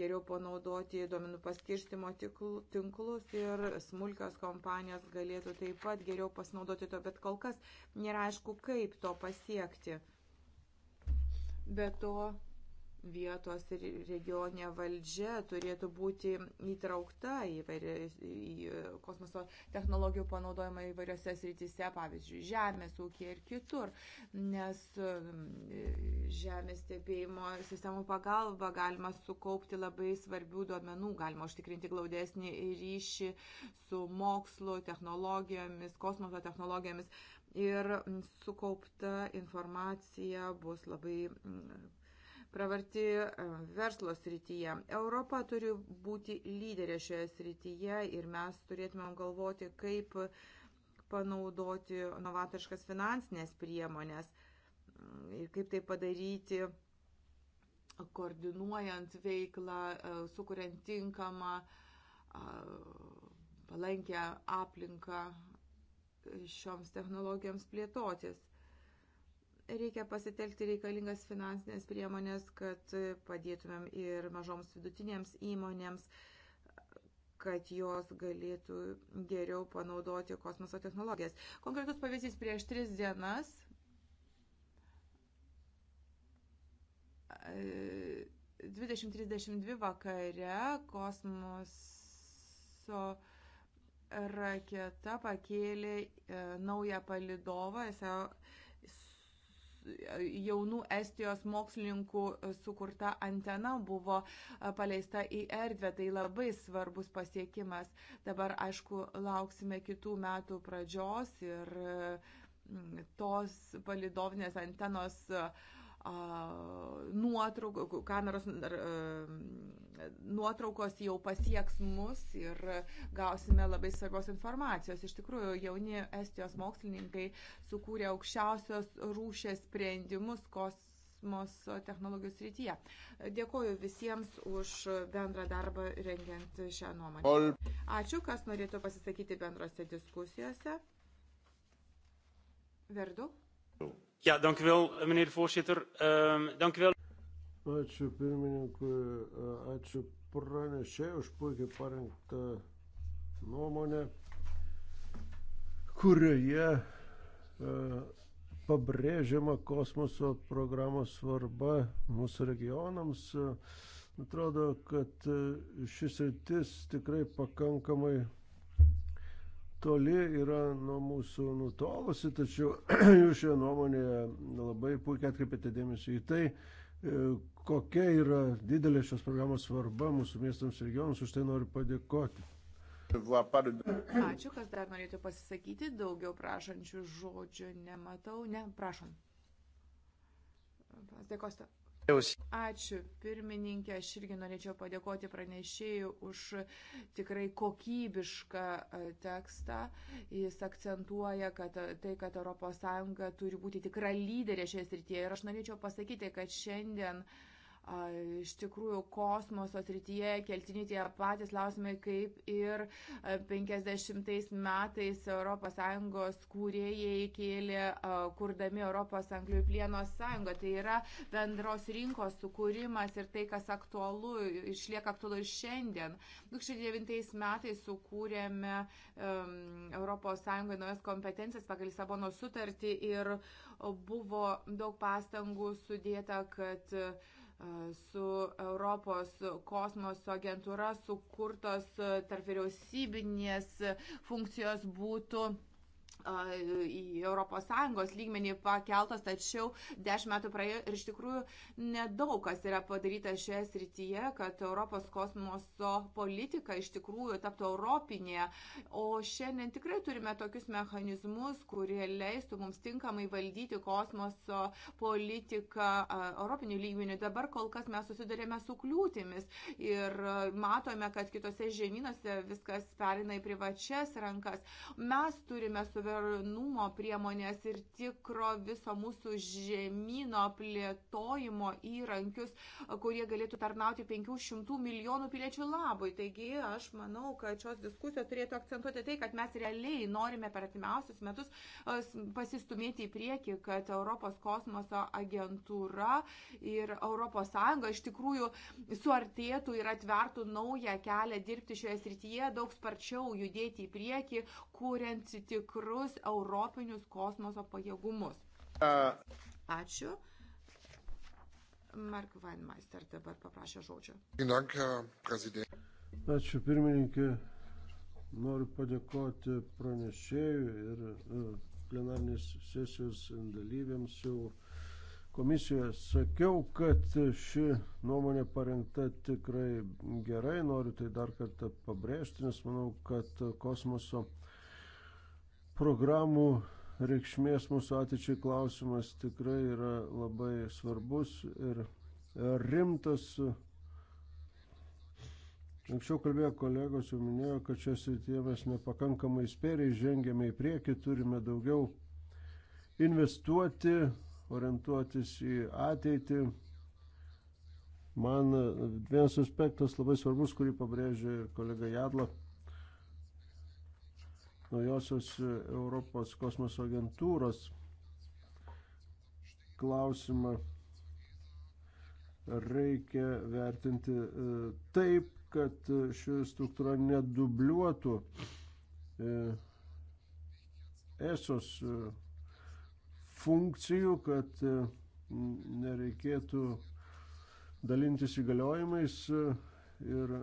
geriau panaudoti duomenų paskirstimo tinklus ir smulkios kompanijos galėtų taip pat geriau pasinaudoti to, bet kol kas nėra aišku, kaip to pasiekti. Be to, vietos ir regionė valdžia turėtų būti įtraukta į, vairi, į kosmoso technologijų panaudojimą įvairiose srityse, pavyzdžiui, žemės ūkija ir kitur, nes um, žemės stebėjimo sistemų pagalba galima sukaupti labai svarbių duomenų, galima užtikrinti glaudesnį ryšį su mokslu, technologijomis, kosmoso technologijomis ir sukaupta informacija bus labai pravarti e, verslo srityje. Europa turi būti lyderė šioje srityje ir mes turėtumėm galvoti, kaip panaudoti novatoriškas finansinės priemonės mm, ir kaip tai padaryti koordinuojant veiklą, e, sukuriant tinkamą, palankę aplinką šioms technologijoms plėtotis reikia pasitelkti reikalingas finansinės priemonės, kad padėtumėm ir mažoms vidutinėms įmonėms, kad jos galėtų geriau panaudoti kosmoso technologijas. Konkretus pavyzdys prieš tris dienas. E, 20.32 vakare kosmoso raketa pakėlė e, naują palidovą SEO jaunų Estijos mokslininkų sukurta antena buvo paleista į erdvę. Tai labai svarbus pasiekimas. Dabar, aišku, lauksime kitų metų pradžios ir tos palidovinės antenos uh, nuotraukų, kameros e, nuotraukos jau pasieks mus ir gausime labai svarbios informacijos. Iš tikrųjų, jauni Estijos mokslininkai sukūrė aukščiausios rūšės sprendimus kosmoso technologijos rytyje. Dėkoju visiems už bendrą darbą rengiant šią nuomonę. Ačiū, kas norėtų pasisakyti bendrose diskusijose. Verdu. Ja, dank u wel, meneer de voorzitter. Um, dank u wel. Ačiū pirmininkui, e, ačiū pranešėjai už puikiai parengtą nuomonę, kurioje uh, pabrėžiama kosmoso programos svarba mūsų regionams. E, atrodo, kad šis rytis tikrai pakankamai toli yra nuo mūsų nutolusi, tačiau (clears throat) jūs šioje nuomonėje labai puikiai atkreipėte dėmesį į tai, e, kokia yra didelė šios programos svarba mūsų miestams ir regionams, už tai noriu padėkoti. Ačiū, kas dar norėtų pasisakyti, daugiau prašančių žodžių nematau. Ne, prašom. Dėkoju. Ačiū pirmininkė, aš irgi norėčiau padėkoti pranešėjų už tikrai kokybišką e, tekstą. Jis akcentuoja, kad e, tai, kad ES turi būti tikra lyderė šioje srityje. Ir aš norėčiau pasakyti, kad šiandien uh, Iš tikrųjų, kosmoso srityje keltini tie patys klausimai, kaip ir 50 metais ES kūrėjai kėlė, kurdami Europos anglių plieno sąjungą. Tai yra bendros rinkos sukūrimas ir tai, kas aktualu, išlieka aktualu ir šiandien. 2009 metais sukūrėme um, ES naujas kompetencijas pagal Lisabono sutartį ir buvo daug pastangų sudėta, kad uh, E, su Europos kosmoso agentūra sukurtos e, tarp vyriausybinės funkcijos būtų į ES lygmenį pakeltas, tačiau dešimt metų praėjo ir iš tikrųjų nedaug kas yra padaryta šioje srityje, kad Europos kosmoso politika iš tikrųjų taptų europinė. O šiandien tikrai turime tokius mechanizmus, kurie leistų mums tinkamai valdyti kosmoso politiką europinių lygmenių. Dabar kol kas mes susidurėme su kliūtimis ir matome, kad kitose žemynuose viskas perina į privačias rankas. Mes turime suverenumą darnumo priemonės ir tikro viso mūsų žemynų plėtojimo įrankius, kurie galėtų tarnauti 500 milijonų piliečių labui. Taigi aš manau, kad šios diskusijos turėtų akcentuoti tai, kad mes realiai norime per atimiausius metus e, pasistumėti į priekį, kad Europos kosmoso agentūra ir Europos Sąjunga iš tikrųjų suartėtų ir atvertų naują kelią dirbti šioje srityje, daug sparčiau judėti į priekį, kuriant tikrus bendrus europinius kosmoso pajėgumus. Ačiū. Mark Weinmeister dabar paprašė žodžio. Ačiū pirmininkė. Noriu padėkoti pranešėjui ir e, plenarnės sesijos dalyviams jau komisijoje sakiau, kad ši nuomonė parengta tikrai gerai. Noriu tai dar kartą pabrėžti, nes manau, kad kosmoso programų reikšmės mūsų ateičiai klausimas tikrai yra labai svarbus ir rimtas. Anksčiau kalbėjo kolegos, jau minėjo, kad čia srityje mes nepakankamai spėriai žengėme į priekį, turime daugiau investuoti, orientuotis į ateitį. Man vienas aspektas labai svarbus, kurį pabrėžė ir kolega Jadla naujosios e, Europos kosmoso agentūros klausimą reikia vertinti e, taip, kad e, ši struktūra nedubliuotų esos funkcijų, kad nereikėtų dalintis įgaliojimais ir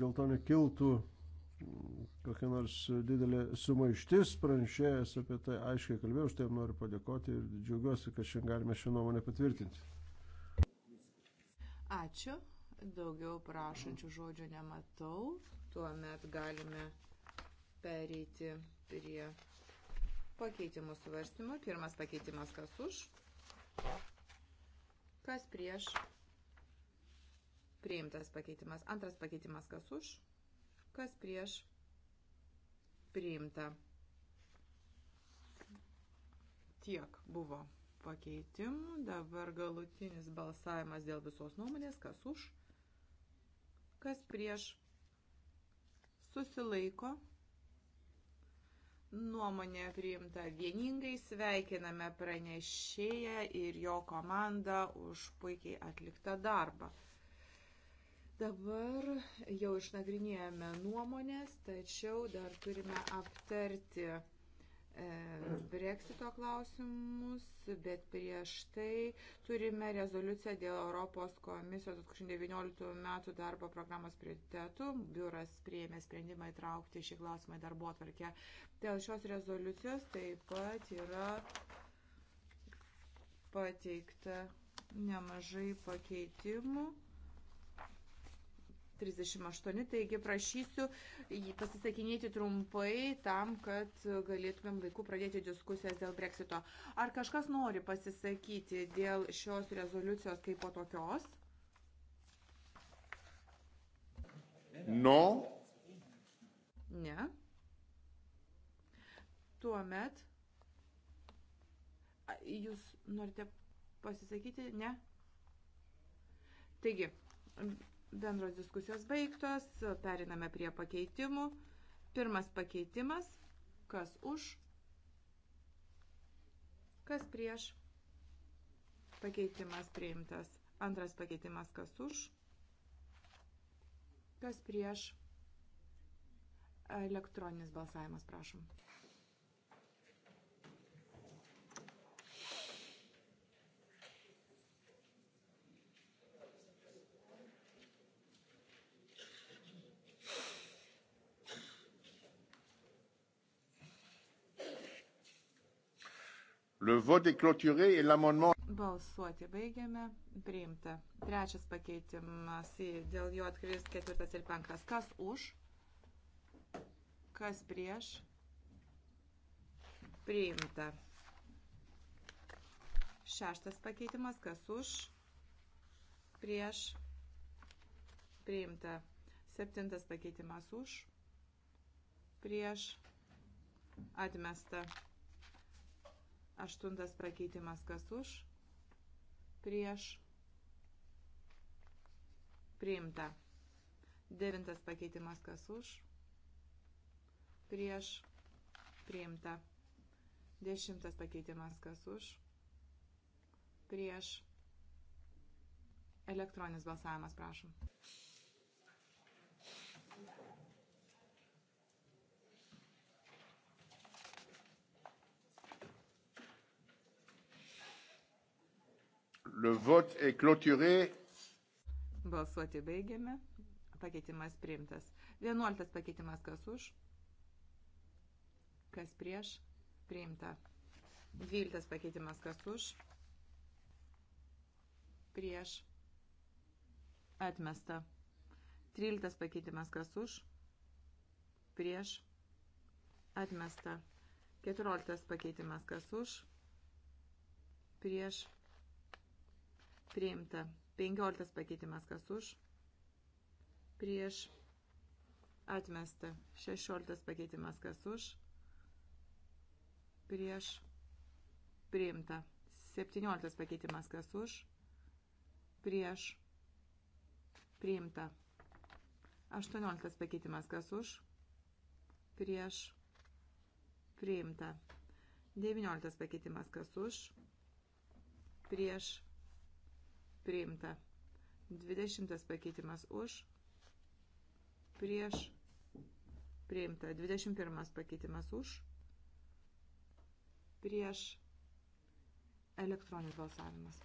dėl to nekiltų mm, kokia nors didelė sumaištis, pranešėjas apie tai aiškiai kalbėjau, už tai noriu padėkoti ir džiaugiuosi, kad šiandien galime šią nuomonę patvirtinti. Ačiū, daugiau prašančių žodžio nematau, tuomet galime pereiti prie pakeitimų svarstymo. Pirmas pakeitimas kas už, kas prieš Priimtas pakeitimas. Antras pakeitimas kas už, kas prieš. Priimta. Tiek buvo pakeitimų. Dabar galutinis balsavimas dėl visos nuomonės. Kas už, kas prieš. Susilaiko. Nuomonė priimta vieningai, sveikiname pranešėją ir jo komandą už puikiai atliktą darbą. Dabar jau išnagrinėjome nuomonės, tačiau dar turime aptarti e, Brexito klausimus, bet prieš tai turime rezoliuciją dėl Europos komisijos 2019 metų darbo programos prioritetų. Biuras prieėmė sprendimą įtraukti šį klausimą į darbo atvarkę. Dėl šios rezoliucijos taip pat yra pateikta nemažai pakeitimų. 38, taigi prašysiu pasisakinėti trumpai tam, kad galėtumėm laiku pradėti diskusijas dėl breksito. Ar kažkas nori pasisakyti dėl šios rezoliucijos kaip po tokios? No. Ne. Tuomet. Jūs norite pasisakyti? Ne. Taigi, Bendros diskusijos baigtos, periname prie pakeitimų. Pirmas pakeitimas, kas už, kas prieš. Pakeitimas priimtas. Antras pakeitimas, kas už, kas prieš. Elektroninis balsavimas, prašom. Le vote est clôturé et l'amendement. Balsuoti baigiame. Priimta. Trečias pakeitimas. Dėl jo atkris ketvirtas ir penktas. Kas už? Kas prieš? Priimta. Šeštas pakeitimas. Kas už? Prieš? Priimta. Septintas pakeitimas už? Prieš? Atmesta. Aštuntas pakeitimas kas už, prieš, priimta. Devintas pakeitimas kas už, prieš, priimta. Dešimtas pakeitimas kas už, prieš. Elektroninis balsavimas, prašom. Le vote est clôturé. Balsuoti baigėme. Pakeitimas priimtas. 11 pakeitimas kas už? Kas prieš? Priimta. 12 pakeitimas kas už? Prieš. Atmesta. 13 pakeitimas kas už? Prieš. Atmesta. 14 pakeitimas kas už? Prieš priimta. 15 pakeitimas kas už, prieš atmesta. 16 pakeitimas kas už, prieš priimta. 17 pakeitimas kas už, prieš priimta. 18 pakeitimas kas už, prieš priimta. 19 pakeitimas kas už, prieš priimta priimta. 20 pakeitimas už, prieš, priimta. 21 pakeitimas už, prieš, elektroninis balsavimas.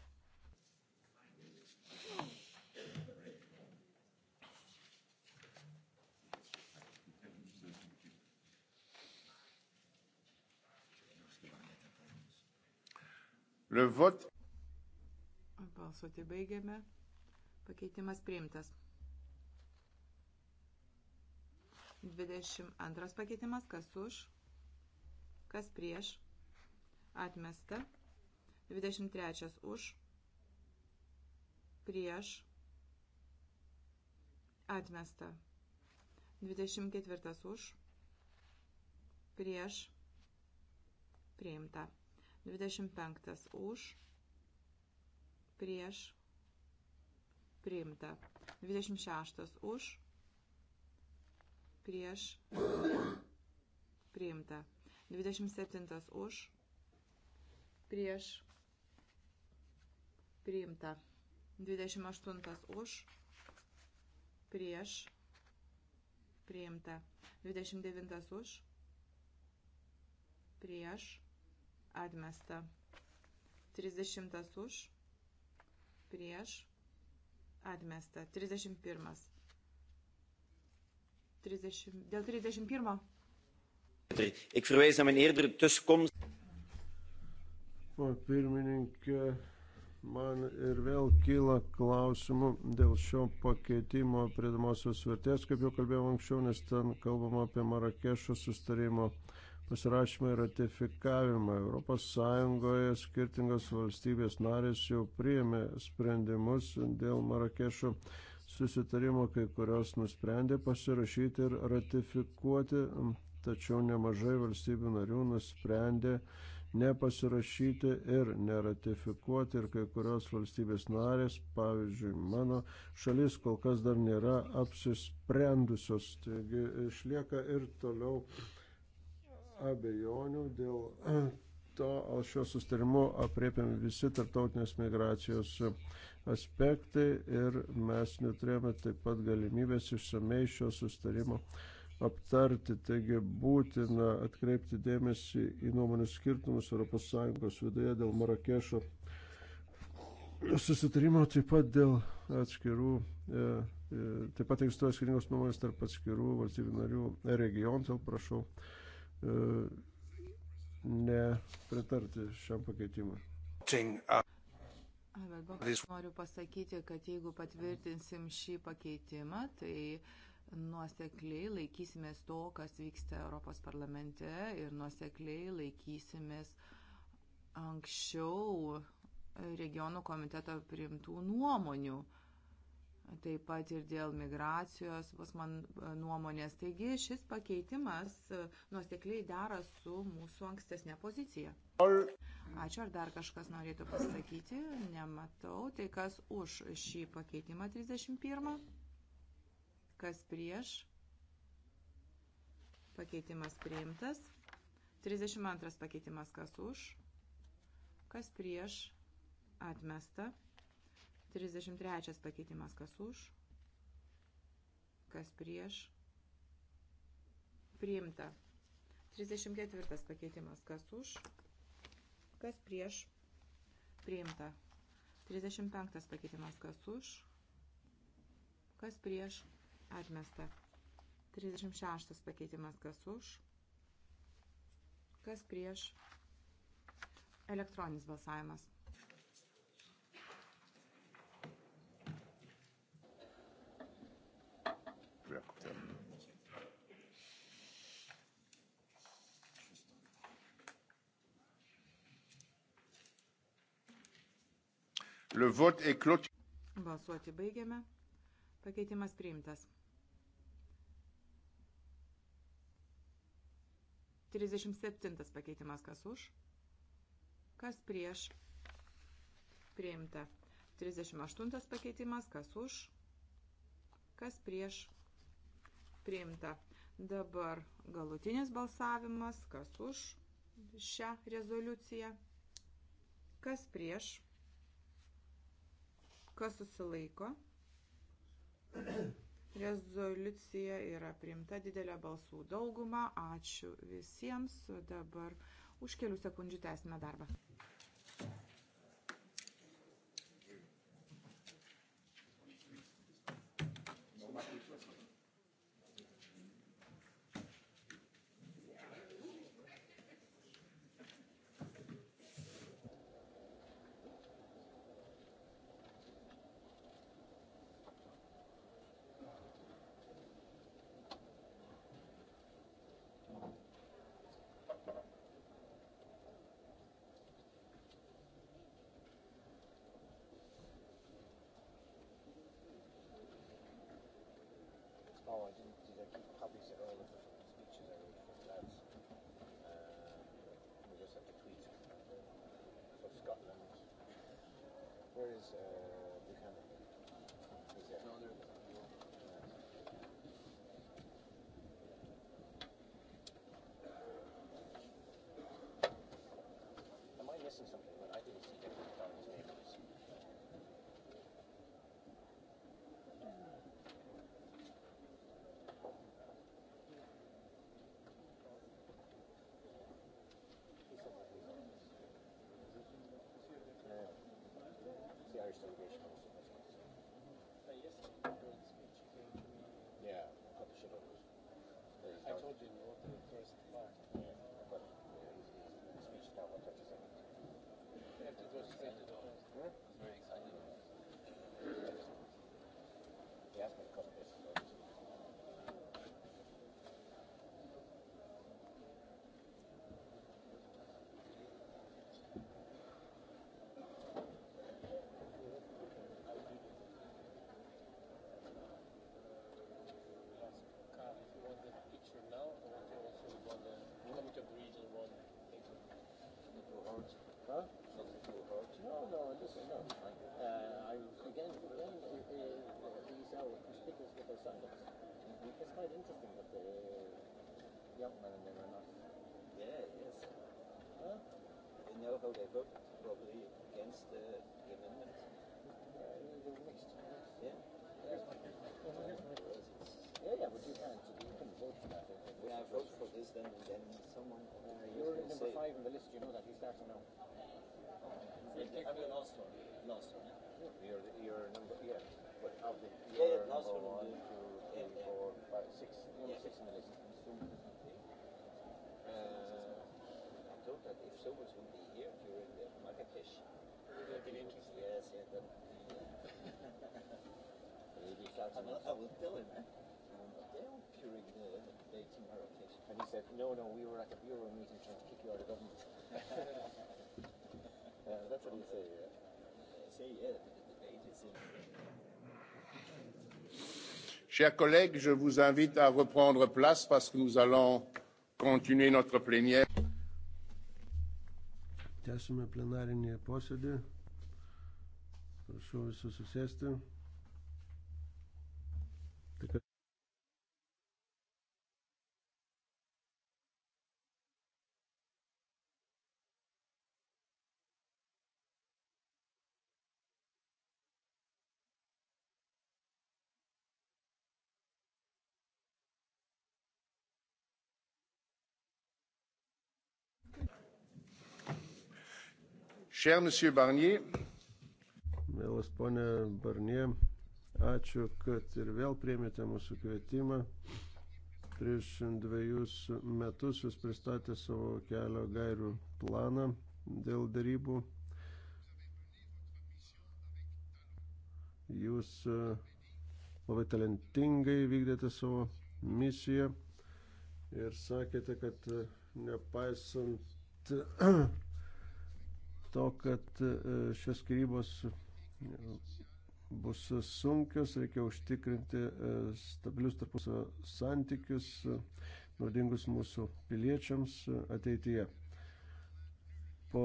Le vote Balsuoti baigiame. Pakeitimas priimtas. 22 pakeitimas, kas už, kas prieš, atmesta. 23 už, prieš, atmesta. 24 už, prieš, priimta. 25 už, prieš prieš priimta. 26 už prieš priimta. 27 už prieš priimta. 28 už prieš priimta. 29 už prieš atmesta. 30 už prieš, atmesta. 31. 30, dėl 31. Tai ik verwijs naar mijn eerdere tussenkomst. Pirmininkė, man ir vėl kyla klausimų dėl šio pakeitimo pridamosios vertės, kaip jau kalbėjau anksčiau, nes ten kalbama apie Marakešo sustarimo uh, pasirašymą ir ratifikavimą. ES skirtingos valstybės narės jau priėmė sprendimus dėl Marakešo susitarimo, kai kurios nusprendė pasirašyti ir ratifikuoti, tačiau nemažai valstybių narių nusprendė nepasirašyti ir neratifikuoti ir kai kurios valstybės narės, pavyzdžiui, mano šalis kol kas dar nėra apsisprendusios, taigi išlieka ir toliau uh, abejonių dėl eh, to, o šiuo sustarimu apriepiam visi tarptautinės migracijos aspektai ir mes neturėjome taip pat galimybės išsamei šio sustarimo aptarti. Taigi būtina atkreipti dėmesį į nuomonių skirtumus ES viduje dėl Marakešo susitarimo, taip pat dėl atskirų, e, e, taip pat egzistuoja skirtingos nuomonės tarp atskirų valstybių narių regionų, prašau E, nepritarti šiam pakeitimui. Noriu pasakyti, kad jeigu patvirtinsim šį pakeitimą, tai nuosekliai laikysimės to, kas vyksta Europos parlamente ir nuosekliai laikysimės anksčiau regionų komiteto priimtų nuomonių. Uh, taip pat ir dėl migracijos, bus man e, nuomonės. Taigi šis pakeitimas e, nuosekliai dera su mūsų ankstesnė pozicija. Ačiū, ar dar kažkas norėtų pasakyti? Nematau. Tai kas už šį pakeitimą 31? Kas prieš? Pakeitimas priimtas. 32 pakeitimas kas už? Kas prieš? Atmesta. 33 pakeitimas kas už, kas prieš, priimta. 34 pakeitimas kas už, kas prieš, priimta. 35 pakeitimas kas už, kas prieš, atmesta. 36 pakeitimas kas už, kas prieš, elektroninis balsavimas. Le vote est clos. Balsuoti baigiame. Pakeitimas priimtas. 37 pakeitimas kas už, kas prieš, priimta. 38 pakeitimas kas už, kas prieš, priimta. Dabar galutinis balsavimas, kas už šią rezoliuciją, kas prieš, Kas susilaiko? Rezoliucija yra priimta didelė balsų dauguma. Ačiū visiems. Dabar už kelių sekundžių tęsime darbą. didn't vote the first part. Yeah, but uh, it's, it's, it's reached now 137. It was 20 dollars. Huh? It's very expensive. So they voted probably against uh, the amendment. Uh, they were mixed. Yeah. Yeah. yeah, yeah, but you can't. You can vote for that. When I vote for this, then then someone. Uh, you're number say, five on the list. You know that. He's starting now. out to myself. I was Dylan, eh? Um, Dale Purig, the, the debating Hurricane. And he said, no, no, we were at a bureau meeting trying to kick you out of government. (laughs) yeah, that's what he say, yeah. Say, yeah, the debate is in. Chers collègues, je vous invite à reprendre place parce que nous allons continuer notre plénière. Tęsime plenarinį posėdį. Prašau visus susėsti. Cher monsieur Barnier. Mielas ponė Barnier, ačiū, kad ir vėl priemėte mūsų kvietimą. Prieš dviejus metus jūs pristatė savo kelio gairių planą dėl darybų. Jūs e, labai talentingai vykdėte savo misiją ir sakėte, kad e, nepaisant to, kad e, šios skirybos bus sunkios, reikia užtikrinti e, stabilius tarpusio santykius, e, naudingus mūsų piliečiams ateityje. Po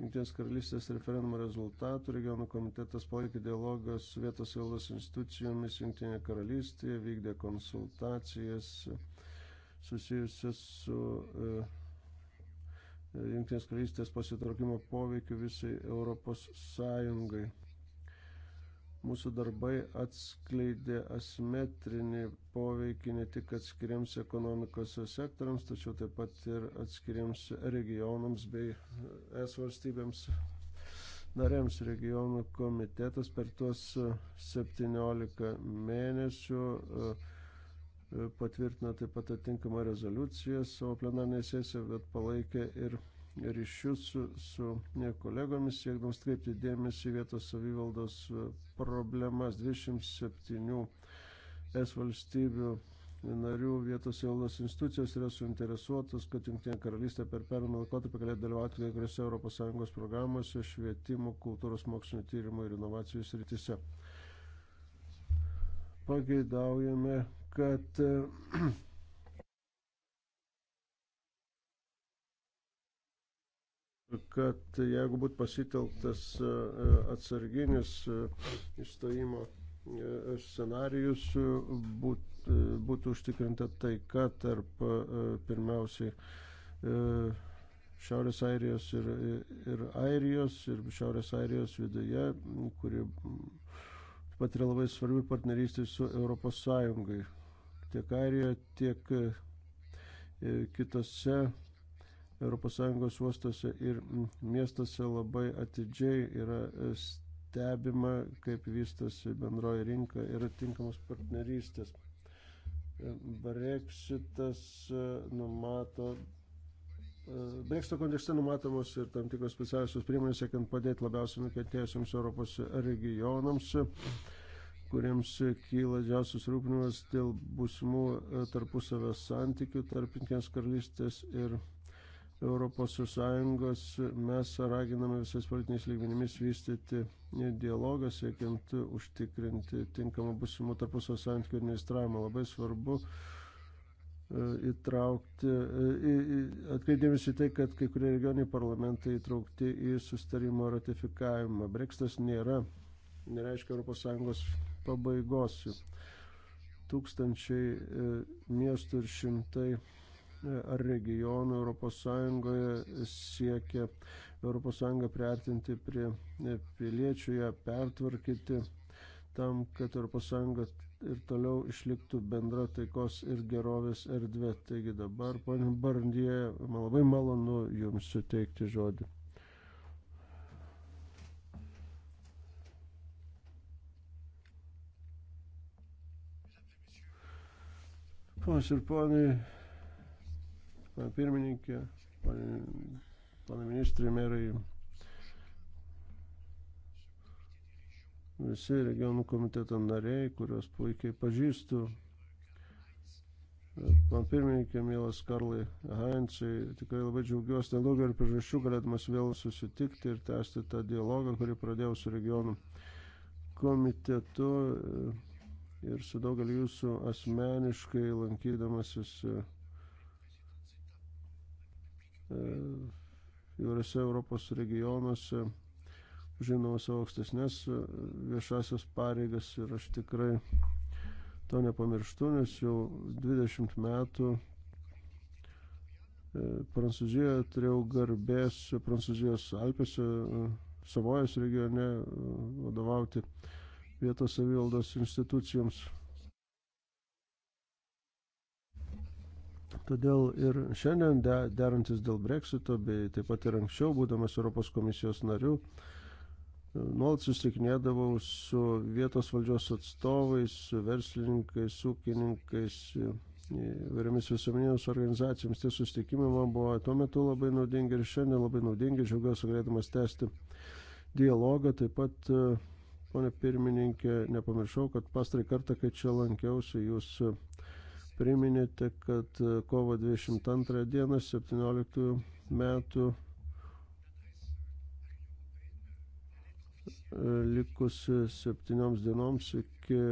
Junktinės karalystės referendumo rezultatų regionų komitetas palaikė dialogą su vietos valdos institucijomis Junktinėje karalystėje, vykdė konsultacijas susijusias su uh, Junktinės karalystės pasitraukimo poveikiu visai Europos Sąjungai. Mūsų darbai atskleidė asimetrinį poveikį ne tik atskiriams ekonomikos sektoriams, tačiau taip pat ir atskiriams regionams bei es valstybėms narėms regionų komitetas per tuos 17 mėnesių uh, patvirtino taip pat atinkamą rezoliuciją savo plenarinėje sesijoje, bet palaikė ir ryšius su, su kolegomis, siekdamas kreipti dėmesį vietos savivaldos problemas 27 es valstybių narių vietos savivaldos institucijos yra suinteresuotos, kad Junktinė karalystė per pernamą laikotarpį galėtų dalyvauti kai kuriuose ES programuose švietimo, kultūros, mokslinio tyrimo ir inovacijų srityse. Pageidaujame, kad e, kad jeigu būtų pasitelktas e, atsarginis įstojimo e, scenarius, būt, būtų užtikrinta taika tarp pirmiausiai Šiaurės Airijos ir, ir Airijos ir Šiaurės Airijos viduje, kuri patiria labai svarbi partnerystė su Europos Sąjungai tiek Airijoje, tiek e, kitose ES uostose ir miestuose labai atidžiai yra e, stebima, kaip vystosi bendroji rinka ir tinkamos partnerystės. E, Brexitas numato Brexito kontekste numatomos ir tam tikros specialiosios priemonės, siekiant padėti labiausiai nukentėjusiems Europos regionams kuriems kyla didžiausias rūpinimas dėl būsimų e, tarpusavio santykių tarp Junktinės karalystės ir ES, mes raginame visais politiniais lygmenimis vystyti dialogą, siekiant užtikrinti tinkamą būsimų tarpusavio santykių administravimą. Labai svarbu e, įtraukti, e, atkreipdėmės į tai, kad kai kurie regioniai parlamentai įtraukti į sustarimo ratifikavimą. Brexitas nėra, nereiškia ES pabaigos. Tūkstančiai e, miestų ir šimtai ar e, regionų ES siekia ES priartinti prie e, piliečių, ją pertvarkyti tam, kad ES ir toliau išliktų bendra taikos ir gerovės erdvė. Taigi dabar, ponė Barndie, man labai malonu Jums suteikti žodį. Ponas ir ponai, pana pirmininkė, pana ministrė, merai, visi regionų komiteto nariai, kuriuos puikiai pažįstu. Man pirmininkė, mielas Karlai Heinzai, tikrai labai džiaugiuosi, dėl daugelio priežasčių galėdamas vėl susitikti ir tęsti tą dialogą, kurį pradėjau su regionu komitetu ir su daugeliu jūsų asmeniškai lankydamasis e, įvairiose Europos regionuose, žinoma savo aukštesnės e, viešasios pareigas ir aš tikrai to nepamirštu, nes jau 20 metų e, Prancūzijoje turėjau garbės Prancūzijos Alpėse, Savojos regione vadovauti uh, vietos savivaldos institucijoms. Todėl ir šiandien derantis dėl breksito, bei taip pat ir anksčiau, būdamas Europos komisijos nariu, nuolat susitikinėdavau su vietos valdžios atstovais, su verslininkais, su ūkininkais, įvairiamis visuomeninėmis organizacijomis. Tie susitikimai man buvo tuo metu labai naudingi ir šiandien labai naudingi, džiaugiuosi galėdamas tęsti dialogą. Taip pat uh, Pone pirmininkė, nepamiršau, kad pastarį kartą, kai čia lankiausi, jūs priminėte, kad e, kovo 22 dieną 17 metų e, likus septynioms dienoms iki e,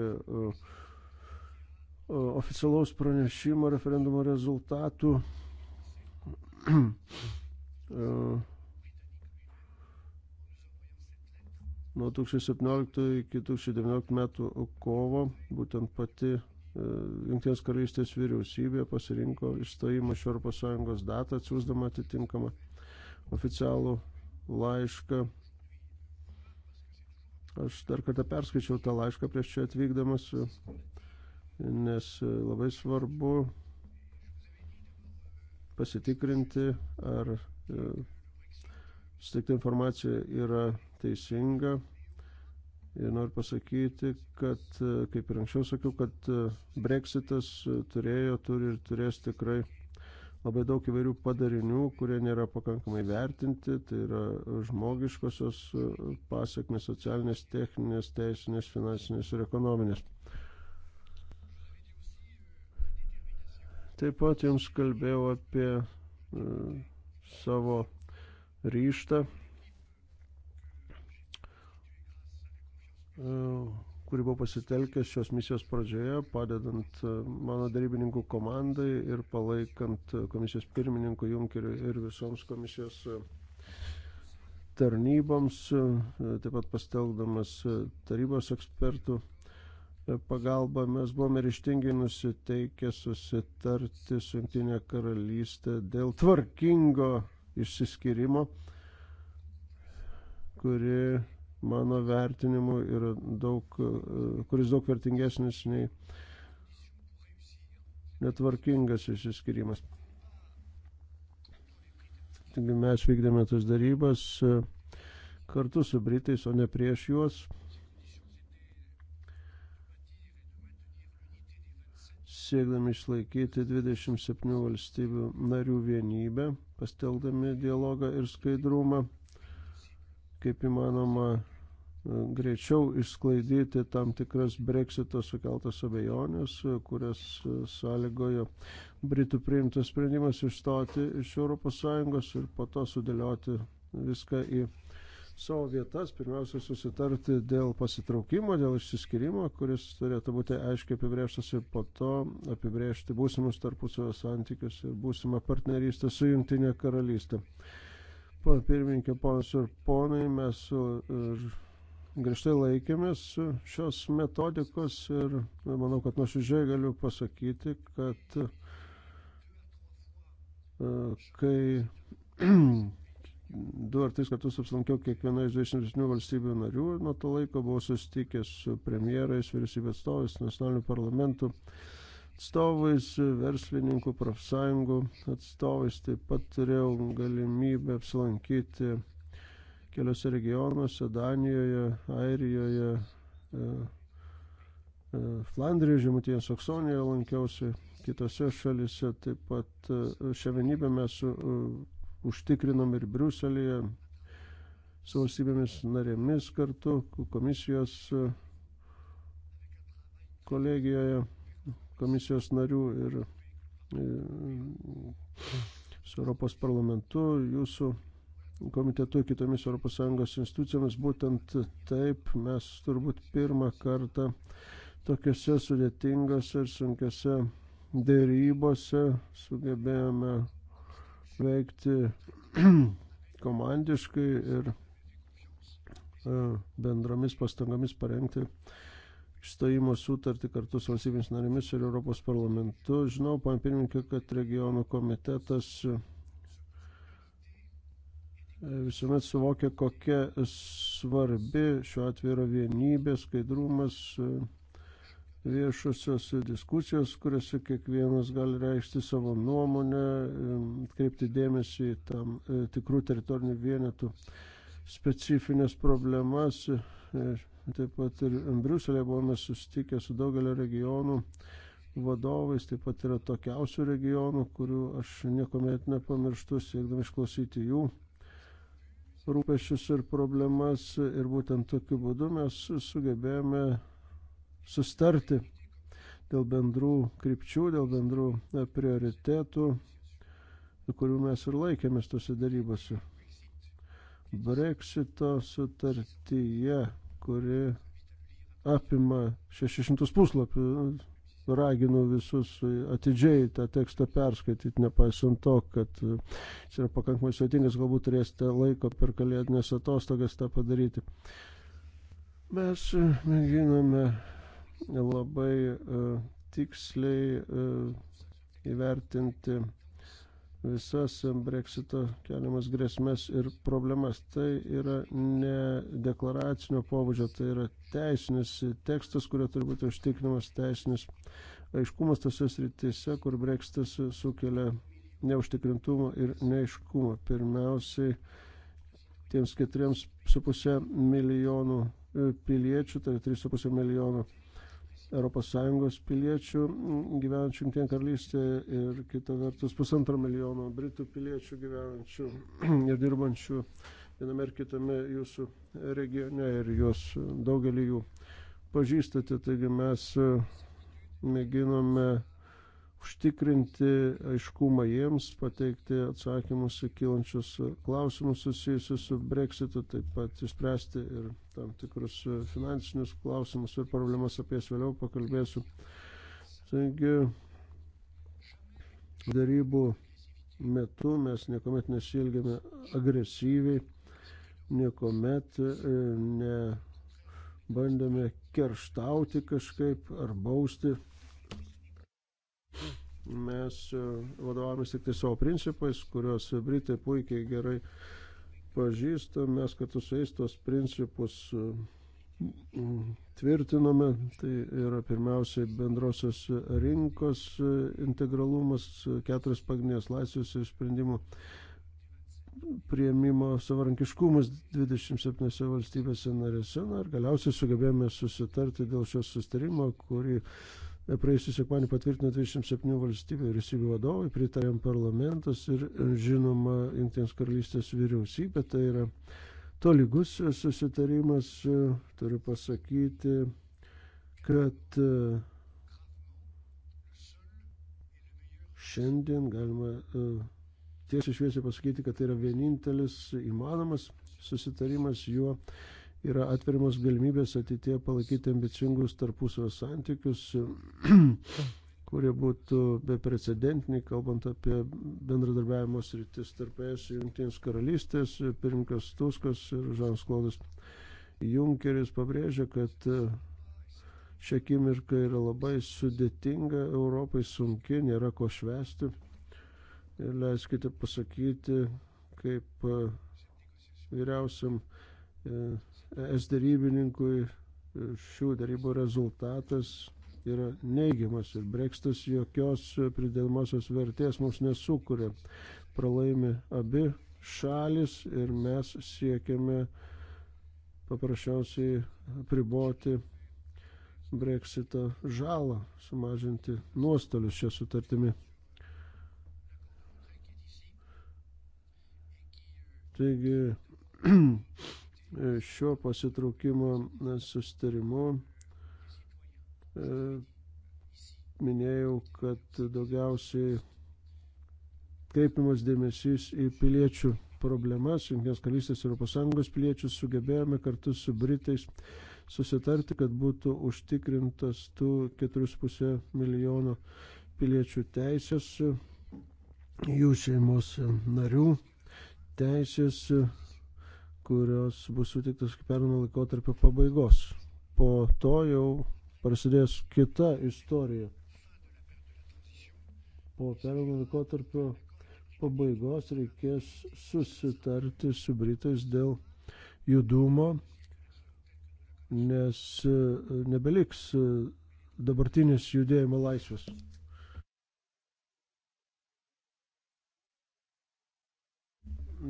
oficialaus pranešimo referendumo rezultatų (clears throat) nuo 2017 iki 2019 metų kovo būtent pati e, Junktinės karalystės vyriausybė pasirinko išstojimo iš Europos Sąjungos datą, atsiūsdama atitinkamą oficialų laišką. Aš dar kartą perskaičiau tą laišką prieš čia atvykdamas, nes labai svarbu pasitikrinti, ar e, sutikta informacija yra teisinga. Ir noriu pasakyti, kad, e, kaip ir anksčiau sakiau, kad e, breksitas e, turėjo, turi ir turės tikrai labai daug įvairių padarinių, kurie nėra pakankamai vertinti. Tai yra žmogiškosios pasiekmes, socialinės, techninės, teisinės, finansinės ir ekonominės. Taip pat jums kalbėjau apie savo ryštą E, kurį buvau pasitelkęs šios misijos pradžioje, padedant e, mano darybininkų komandai ir palaikant e, komisijos pirmininkų Junkeriu ir visoms komisijos tarnyboms, taip pat pasteldamas tarybos ekspertų pagalba. Mes buvome ryštingai nusiteikę susitarti su Junktinė karalystė dėl tvarkingo išsiskirimo, kuri mano vertinimu, yra daug, e, kuris daug vertingesnis nei netvarkingas išsiskirimas. Taigi mes vykdėme tas darybas e, kartu su Britais, o ne prieš juos. siekdami išlaikyti 27 valstybių narių vienybę, pasteldami dialogą ir skaidrumą, kaip įmanoma greičiau išsklaidyti tam tikras breksito sukeltas abejonės, kurias sąlygojo Britų priimtas sprendimas išstoti iš ES ir po to sudėlioti viską į savo vietas, pirmiausia susitarti dėl pasitraukimo, dėl išsiskirimo, kuris turėtų būti aiškiai apibrėžtas ir po to apibrėžti būsimus tarpusavio santykius ir būsimą partnerystę su Junktinė karalystė. Pana pirmininkė, ponas ir ponai, mes su griežtai laikėmės šios metodikos ir manau, kad nuoširdžiai galiu pasakyti, kad e, kai (clears throat) du ar tris kartus apsilankiau kiekvieną iš 20 valstybių narių ir nuo to laiko buvau susitikęs su premjerais, vyriausybės atstovais, nacionalinių parlamentų atstovais, verslininkų, profsąjungų atstovais. Taip pat turėjau galimybę apsilankyti keliose regionuose, Danijoje, Airijoje, e, e, Flandrijoje, Žemutėje, Saksonijoje lankiausi, kitose šalise taip pat e, šią vienybę mes užtikrinom ir Briuselėje su valstybėmis narėmis kartu, komisijos kolegijoje, komisijos narių ir su Europos parlamentu jūsų komitetu, kitomis ES institucijomis. Būtent taip mes turbūt pirmą kartą tokiuose sudėtingose ir sunkiuose dėrybose sugebėjome veikti (clears throat) komandiškai ir e, bendromis pastangomis parengti išstojimo sutartį kartu su valstybėmis narėmis ir Europos parlamentu. Žinau, pan pirmininkė, kad regionų komitetas visuomet suvokia, kokia svarbi šiuo atveju yra vienybė, skaidrumas, viešosios diskusijos, kuriuose kiekvienas gali reikšti savo nuomonę, kreipti dėmesį į tam e, tikrų teritorinių vienetų specifines problemas. E, taip pat ir Briuselėje buvome susitikę su daugelio regionų vadovais, taip pat yra tokiausių regionų, kurių aš niekuomet nepamirštu, siekdami išklausyti jų rūpešius ir problemas ir būtent tokiu būdu mes sugebėjome sustarti dėl bendrų krypčių, dėl bendrų e, prioritėtų, kurių mes ir laikėmės tose darybose. Brexito sutartyje, kuri apima 600 puslapių, raginu visus atidžiai tą tekstą perskaityti, nepaisant to, kad jis yra pakankamai sveitingas, galbūt turėsite laiko per kalėdinės atostogas tą padaryti. Mes mėginame labai e, tiksliai e, įvertinti visas breksito keliamas grėsmės ir problemas. Tai yra ne deklaracinio pobūdžio, tai yra teisinis tekstas, kurio turi būti užtikrinamas teisinis aiškumas tose srityse, kur breksitas sukelia neužtikrintumą ir neiškumą. Pirmiausiai tiems keturiems su pusė milijonų piliečių, tai 3,5 milijono ES piliečių gyvenančių Junktinė karalystė ir kita vertus pusantro milijono Britų piliečių gyvenančių (clears throat) ir dirbančių viename ir kitame jūsų regione ir juos daugelį jų pažįstate. Taigi mes mėginome užtikrinti aiškumą jiems, pateikti atsakymus į kilančius klausimus susijusius su breksitu, taip pat išspręsti ir tam tikrus finansinius klausimus ir problemas apie jas vėliau pakalbėsiu. Taigi, darybų metu mes niekuomet nesilgėme agresyviai, niekuomet e, nebandėme kerštauti kažkaip ar bausti Mes e, vadovavomės tik tai savo principais, kuriuos Britai puikiai gerai pažįsta. Mes kartu su jais tos principus e, tvirtinome. Tai yra pirmiausiai bendrosios rinkos e, integralumas, keturios pagrindinės laisvės ir sprendimų prieimimo savarankiškumas 27 valstybėse narėse. Na ir galiausiai sugebėjome susitarti dėl šios sustarimo, kurį Praėjusiu sekmanį patvirtino 27 valstybių vyriausybių vadovai, pritarėm parlamentas ir žinoma Junktinės karalystės vyriausybė. Tai yra tolygus susitarimas, turiu pasakyti, kad šiandien galima tiesiai šviesiai pasakyti, kad tai yra vienintelis įmanomas susitarimas juo yra atveriamas galimybės ateitie palaikyti ambicingus tarpusavio santykius, (clears throat) kurie būtų beprecedentiniai, kalbant apie bendradarbiavimo sritis tarp ES ir Junktinės karalystės. Pirmkas Tuskas ir Žanas Klodas Junkeris pabrėžia, kad šią akimirką yra labai sudėtinga, Europai sunki, nėra ko švesti. Ir leiskite pasakyti, kaip e, vyriausiam e, es darybininkui e, šių darybų rezultatas yra neigiamas ir breksitas jokios pridėmosios vertės mums nesukuria. Pralaimi abi šalis ir mes siekiame paprasčiausiai priboti breksito žalą, sumažinti nuostolius šią sutartimį. Taigi (clears throat) Šiuo pasitraukimo e, sustarimu e, minėjau, kad daugiausiai kreipiamas dėmesys į piliečių problemas, Junktinės karalystės ir ES piliečius sugebėjome kartu su Britais susitarti, kad būtų užtikrintas tų 4,5 milijono piliečių teisės, jų šeimos narių teisės kurios bus suteiktos iki pernų laikotarpio pabaigos. Po to jau prasidės kita istorija. Po pernų laikotarpio pabaigos reikės susitarti su Britais dėl judumo, nes e, nebeliks e, dabartinės judėjimo laisvės.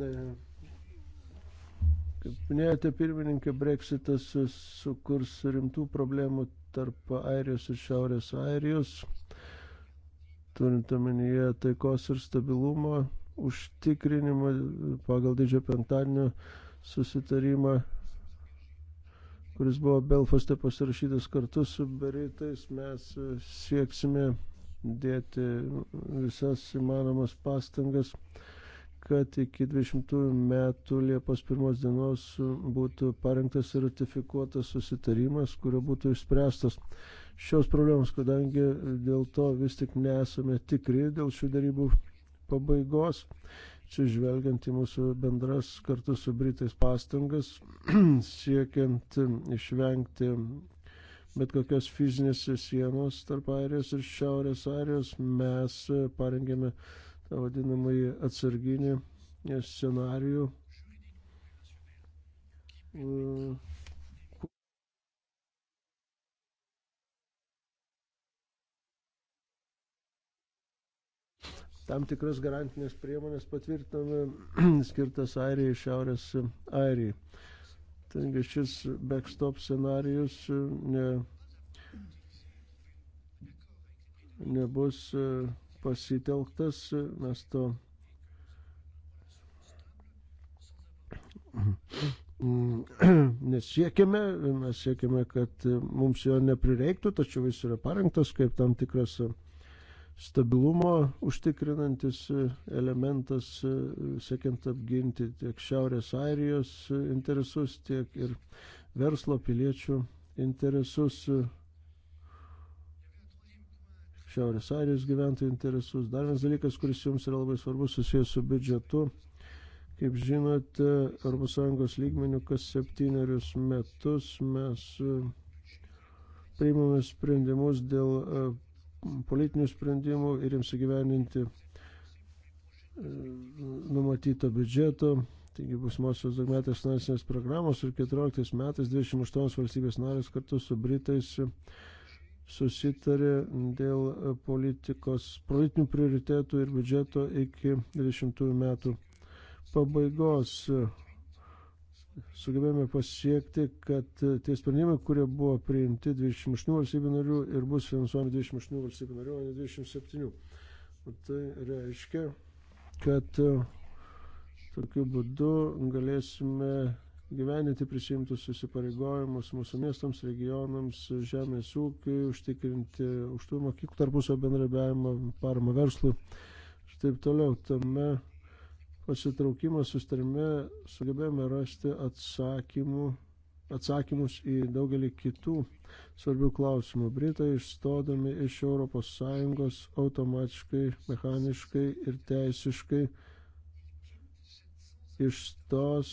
Yeah. Kaip minėjote, pirmininkė, breksitas sukurs rimtų problemų tarp Airijos ir Šiaurės Airijos, turint omenyje taikos ir stabilumo užtikrinimą pagal didžiojo penktadienio susitarimą, kuris buvo Belfaste pasirašytas kartu su Beritais, mes sieksime dėti visas įmanomas pastangas kad iki 20 metų Liepos 1 dienos būtų parengtas ir ratifikuotas susitarimas, kurio būtų išspręstas šios problemos, kadangi dėl to vis tik nesame tikri dėl šių darybų pabaigos. Čia žvelgiant į mūsų bendras kartu su Britais pastangas, (clears throat) siekiant išvengti bet kokios fizinės sienos tarp Airijos ir Šiaurės Airijos, mes parengėme tą vadinamąjį atsarginį scenarijų. Tam tikras garantinės priemonės patvirtiname (clears throat) skirtas Airijai, Šiaurės Airijai. Taigi šis backstop scenarius ne, nebus pasitelktas, mes to nesiekime, mes siekime, kad mums jo neprireiktų, tačiau jis yra parengtas kaip tam tikras stabilumo užtikrinantis elementas, siekiant apginti tiek Šiaurės Airijos interesus, tiek ir verslo piliečių interesus Šiaurės Airijos gyventojų interesus. Dar vienas dalykas, kuris jums yra labai svarbus, susijęs su biudžetu. Kaip žinote, ES lygmenių kas septynerius metus mes e, priimame sprendimus dėl e, politinių sprendimų ir jiems įgyveninti e, numatyto biudžeto. Taigi busimosios dogmetės finansinės programos ir 14 metais 28 valstybės narės kartu su Britais susitarė dėl e, politikos, politinių prioritėtų ir biudžeto iki 20 metų pabaigos. Sugebėjome pasiekti, kad e, tie sprendimai, kurie buvo priimti 28 valstybių narių ir bus finansuojami 28 valstybių narių, o ne 27. Tai reiškia, kad e, tokiu būdu galėsime gyveninti prisimtus susipareigojimus mūsų miestams, regionams, žemės ūkiui, užtikrinti aukštųjų mokyklų tarpusio bendrabiavimą, paramą verslui ir taip toliau. Tame pasitraukimo sustarime sugebėjome rasti atsakymų, atsakymus į daugelį kitų svarbių klausimų. Britai išstodami iš ES automatiškai, mechaniškai ir teisiškai išstos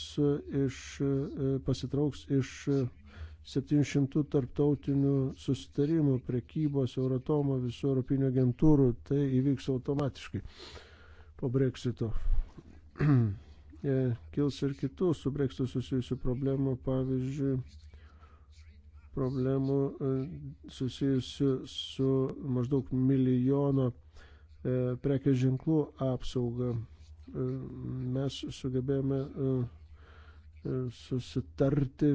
iš, e, pasitrauks iš 700 tarptautinių sustarimų, prekybos, Euratomo, visų Europinių agentūrų, tai įvyks automatiškai po breksito. (clears throat) E, kils ir kitų su breksitu susijusių problemų, pavyzdžiui, problemų e, susijusių su maždaug milijono prekės ženklų apsauga mes sugebėjome e, e, susitarti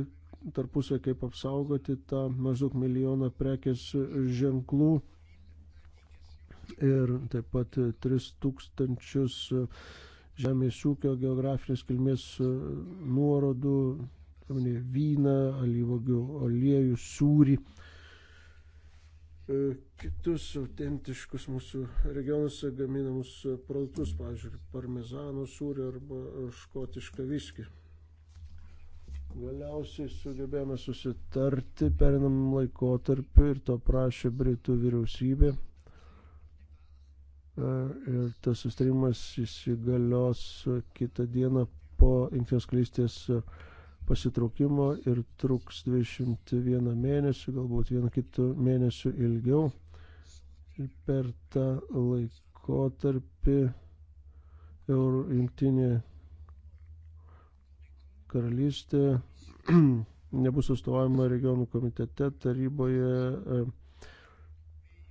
tarpusą, kaip apsaugoti tą maždaug milijoną prekės ženklų ir taip pat 3000 žemės ūkio geografinės kilmės nuorodų, vyną, alyvogių aliejų, sūrį. E, kitus autentiškus mūsų regionuose gaminamus produktus, pavyzdžiui, parmezano sūrį arba škotišką viskį. Galiausiai sugebėjome susitarti perinamam laikotarpiu ir to prašė Britų vyriausybė. E, ir tas sustarimas įsigalios kitą dieną po Infinės kalystės uh, pasitraukimo ir truks 21 mėnesį, galbūt vienu kitu mėnesiu ilgiau. Ir per tą laikotarpį Euro jungtinė karalystė (clears throat) nebus atstovavimo regionų komitete, taryboje, e,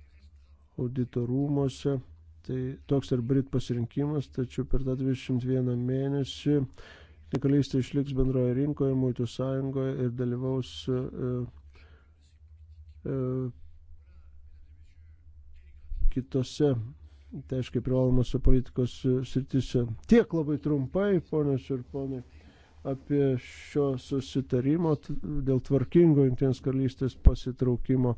auditorumuose. Tai toks ir Brit pasirinkimas, tačiau per tą 21 mėnesį karalystė išliks bendroje rinkoje, muitų sąjungoje ir dalyvaus e, e, kitose teiškai tai privalomose politikos e, sritise. Tiek labai trumpai, ponios ir ponai, apie šio susitarimo dėl tvarkingo Junktinės karalystės pasitraukimo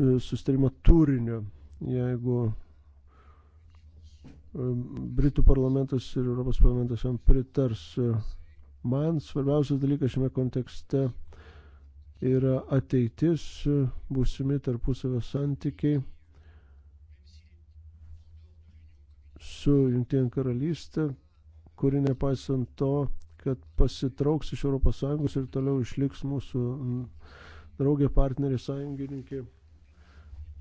susitarimo turinio. Jeigu Britų parlamentas ir Europos parlamentas jam pritars. Man svarbiausias dalykas šiame kontekste yra ateitis, būsimi tarpusavio santykiai su Junktinė karalystė, kuri nepaisant to, kad pasitrauks iš ES ir toliau išliks mūsų draugė, partnerė, sąjungininkė.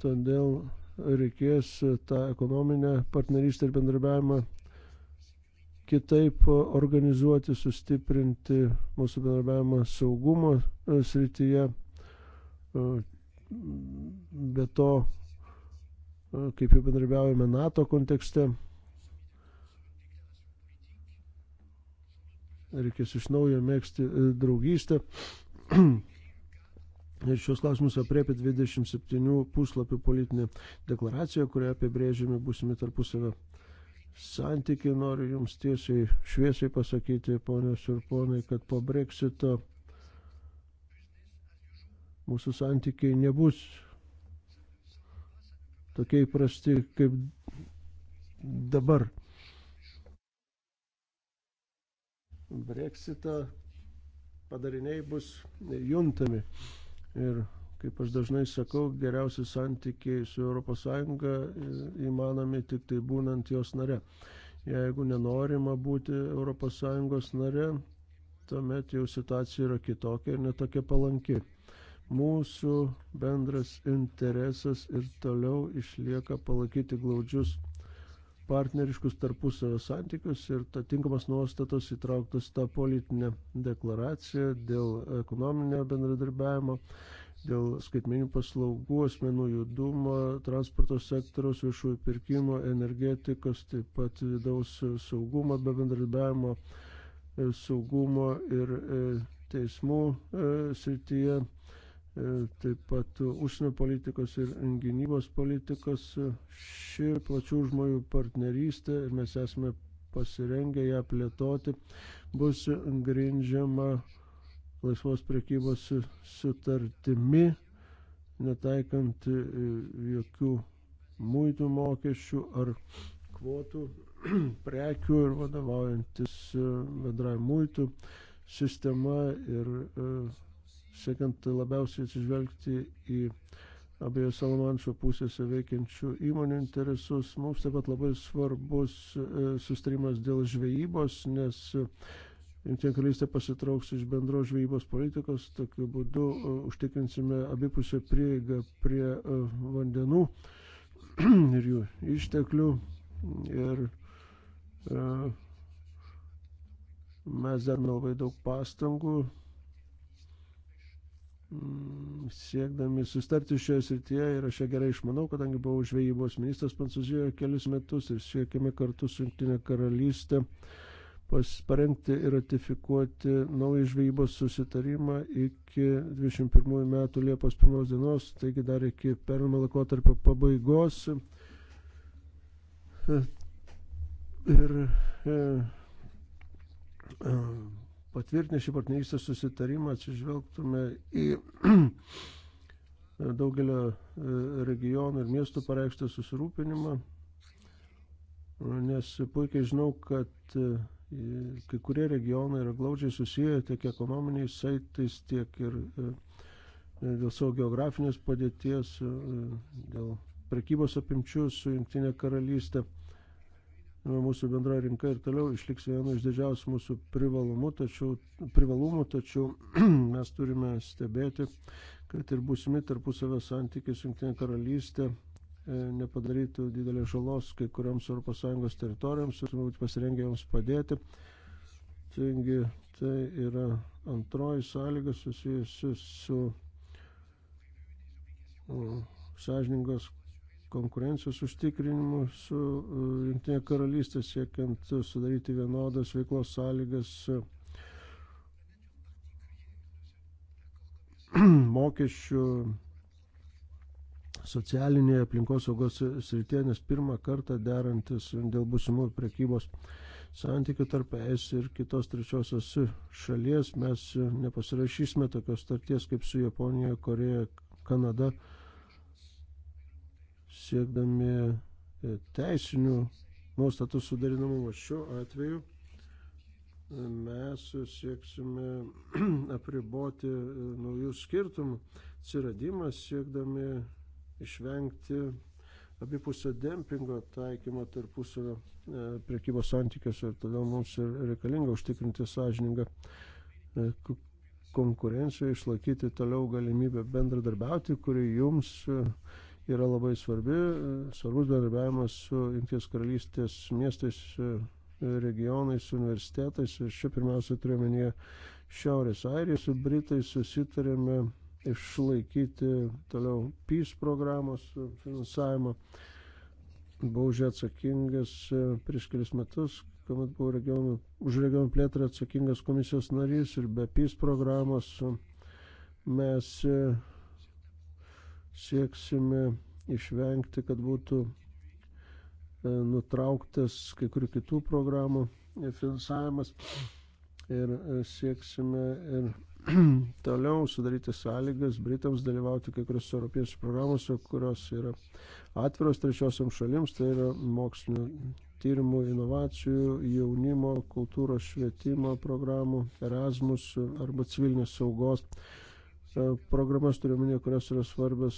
Todėl reikės tą ekonominę partnerystę ir bendrabiavimą kitaip organizuoti, sustiprinti mūsų bendrabiavimą saugumo e, srityje. E, be to, e, kaip jau bendrabiavime NATO kontekste, reikės iš naujo mėgsti draugystę (clears throat) Šios klausimus apriepia 27 puslapių politinė deklaracija, kurioje apibrėžiami būsimi tarpusavio santykiai. Noriu Jums tiesiai šviesiai pasakyti, ponios ir ponai, kad po breksito mūsų santykiai nebus tokie įprasti kaip dabar. Brexitą padariniai bus juntami. Ir kaip aš dažnai sakau, geriausi santykiai su ES e, įmanomi tik tai būnant jos nare. Jeigu nenorima būti ES nare, tuomet jau situacija yra kitokia ir netokia palanki. Mūsų bendras interesas ir toliau išlieka palaikyti glaudžius partneriškus tarpusavio santykius ir ta tinkamas nuostatos įtrauktas tą politinę deklaraciją dėl ekonominio bendradarbiavimo, dėl skaitmeninių paslaugų, asmenų judumo, transporto sektoriaus, viešųjų pirkimo, energetikos, taip pat vidaus saugumo, be bendradarbiavimo, e, saugumo ir e, teismų e, srityje. E, E, taip pat užsienio politikos ir gynybos politikos. Ši plačių žmonių partnerystė ir mes esame pasirengę ją plėtoti bus grindžiama laisvos prekybos sutartimi, netaikant e, jokių muitų mokesčių ar kvotų (clears throat) prekių ir vadovaujantis e, bendrai muitų sistema ir siekiant labiausiai atsižvelgti į abiejose Lamanšo pusėse veikiančių įmonių interesus. Mums taip pat labai svarbus e, sustarimas dėl žvejybos, nes e, Junktinė karalystė pasitrauks iš bendros žvejybos politikos, tokiu būdu e, užtikrinsime abipusę prieigą prie vandenų (clears throat) ir jų išteklių. Ir mes darome labai daug pastangų Mm, siekdami sustarti šioje srityje ir aš ją gerai išmanau, kadangi buvau žvejybos ministras Prancūzijoje kelius metus ir siekėme kartu su Junktinė karalystė parengti ir ratifikuoti naują žvejybos susitarimą iki 21 metų Liepos 1 dienos, taigi dar iki pernamo laikotarpio pabaigos. E, ir, ir, e, ir e, patvirtinę šį partnerystės susitarimą atsižvelgtume į (clears throat) daugelio e, regionų ir miestų pareikštą susirūpinimą, nes puikiai žinau, kad e, kai kurie regionai yra glaudžiai susiję tiek ekonominiais saitais, tiek ir e, dėl savo geografinės padėties, dėl prekybos apimčių su Junktinė karalystė mūsų bendra rinka ir toliau išliks vienu iš didžiausių mūsų privalumų, tačiau, privalumų, tačiau (clears throat) mes turime stebėti, kad ir būsimi tarpusavio santykiai su Junktinė karalystė e, nepadarytų didelės žalos kai kuriams ES teritorijoms ir būtų pasirengę joms padėti. Taigi tai yra antroji sąlyga susijusi su, su, mm, su sąžiningos konkurencijos užtikrinimu su e, Junktinė karalystė siekiant sudaryti vienodas veiklos sąlygas (clears throat) mokesčių socialinėje aplinkosaugos srityje, nes pirmą kartą derantis dėl būsimų prekybos santykių tarp ES ir kitos trečiosios šalies mes nepasirašysime tokios starties kaip su Japonija, Koreja, Kanada, siekdami e, teisinių nuostatų sudarinamumo. Šiuo atveju e, mes sieksime (clears throat) apriboti e, naujų skirtumų atsiradimą, siekdami išvengti abipusio dempingo taikymo tarpusavio priekybos santykiuose ir todėl mums ir reikalinga užtikrinti sąžiningą konkurenciją, išlaikyti toliau galimybę bendradarbiauti, kuri jums yra labai svarbi, svarbus bendradarbiavimas su Junktinės karalystės miestais, e, regionais, universitetais. Aš čia pirmiausia turiu menyje Šiaurės Airiją su Britais susitarėme išlaikyti toliau PIS programos finansavimą. Buvau už atsakingas e, prieš kelius metus, kuomet buvau regionų, už regionų plėtrą atsakingas komisijos narys ir be PIS programos mes e, sieksime išvengti, kad būtų e, nutrauktas kai kurių kitų programų finansavimas ir e, sieksime ir (clears throat) toliau sudaryti sąlygas Britams dalyvauti kai kuriuose europiečių programuose, kurios yra atviros trečiosiam šalims, tai yra mokslinio tyrimų, inovacijų, jaunimo, kultūros švietimo programų, Erasmus arba civilinės saugos E, programas, turiuomenė, kurios yra svarbios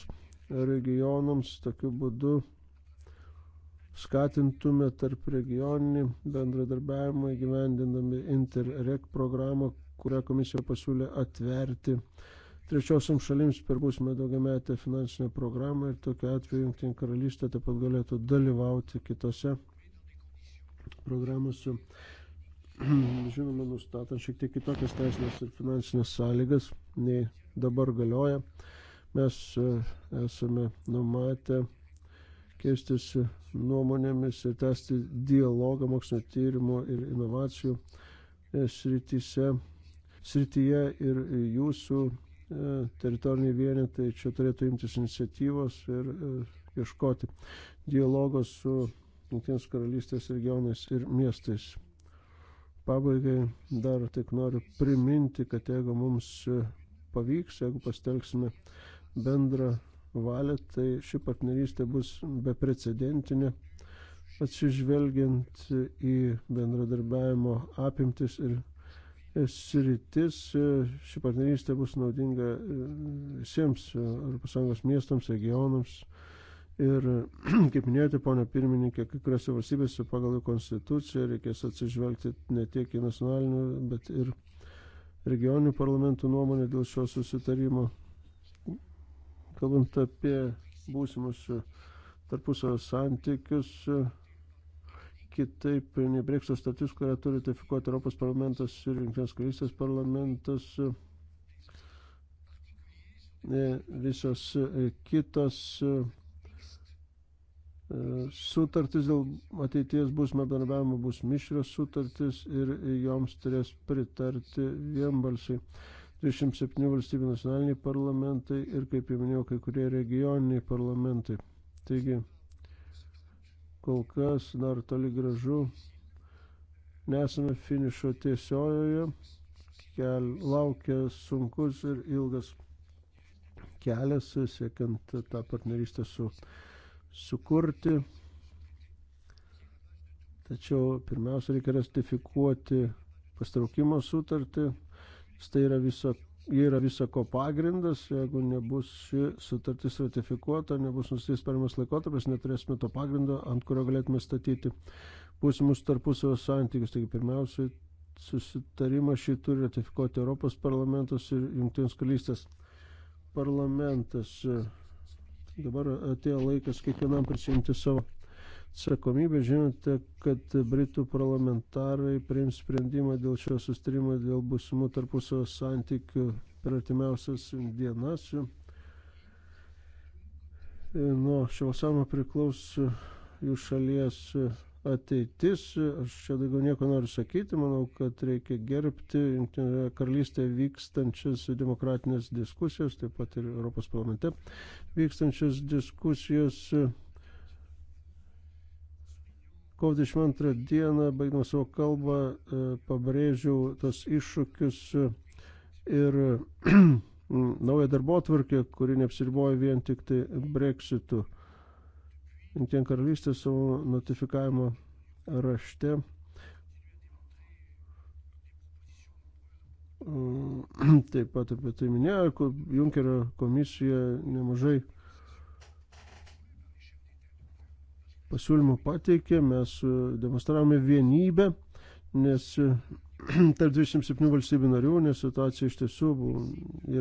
regionams, tokiu būdu skatintume tarp regioninį bendradarbiavimą įgyvendindami Interreg programą, kurią komisija pasiūlė atverti trečiosiam šalims per būsimą daugiametę finansinę programą ir tokiu atveju Junktinė karalystė taip pat galėtų dalyvauti kitose programose (clears throat) žinoma, nustatant šiek tiek kitokias teisinės ir finansinės sąlygas, nei dabar galioja. Mes e, esame numatę keistis nuomonėmis ir tęsti dialogą mokslinio tyrimo ir inovacijų e, srityse, srityje ir jūsų e, teritoriniai vienetai čia turėtų imtis iniciatyvos ir ieškoti dialogo su Junktinės karalystės regionais ir miestais. Pabaigai dar tik noriu priminti, kad jeigu mums e, pavyks, jeigu pastelgsime bendrą valią, tai ši partnerystė bus beprecedentinė, atsižvelgiant į bendradarbiavimo apimtis ir e, sritis. E, ši partnerystė bus naudinga visiems ES miestams, regionams, Ir, (clears throat) kaip minėjote, ponio pirmininkė, kai kuriuose valstybėse pagal konstituciją reikės atsižvelgti ne tiek į nacionalinių, bet ir regioninių parlamentų nuomonę dėl šio susitarimo. Kalbant apie būsimus tarpusavio santykius, kitaip nei Brexit status, kurią turi ratifikuoti Europos parlamentas ir Junktinės karalystės parlamentas, e, visos kitos E, sutartis dėl ateities bus bendradarbiavimo bus mišrios sutartis ir joms turės pritarti vienbalsiai. 27 valstybių nacionaliniai parlamentai ir, kaip jau minėjau, kai kurie regioniniai parlamentai. Taigi, kol kas dar toli gražu nesame finišo tiesiojoje, kel, laukia sunkus ir ilgas kelias, siekiant tą partnerystę su sukurti. Tačiau pirmiausia reikia ratifikuoti pastraukimo sutartį. Tai yra viso, yra viso ko pagrindas. Jeigu nebus ši sutartis ratifikuota, nebus nustatys perimas laikotarpis, neturėsime to pagrindo, ant kurio galėtume statyti būsimus tarpusavio santykius. Taigi pirmiausia susitarimą šį turi ratifikuoti Europos parlamentas ir Junktinės karalystės parlamentas. Dabar atėjo laikas kiekvienam prisimti savo atsakomybę. Žinote, kad Britų parlamentarai priims sprendimą dėl šio sustarimo, dėl busimų tarpusavio santykių per artimiausias dienas. Nuo šio samo priklauso jų šalies ateitis. Aš čia daugiau nieko noriu sakyti, manau, kad reikia gerbti Junktinėje karalystėje vykstančias demokratinės diskusijas, taip pat ir Europos parlamente vykstančias diskusijas. Kovo 22 dieną, baigdama savo kalbą, e, pabrėžiau tas iššūkius ir (clears throat) naują darbo atvarkę, kuri neapsiriboja vien tik tai breksitu. Jungtinė karalystė savo notifikavimo rašte mm, (clears throat) taip pat apie tai minėjo, Junkerio komisija nemažai pasiūlymų pateikė, mes e, demonstravome vienybę, nes e, (clears throat) tarp 27 valstybių narių, nes situacija iš tiesų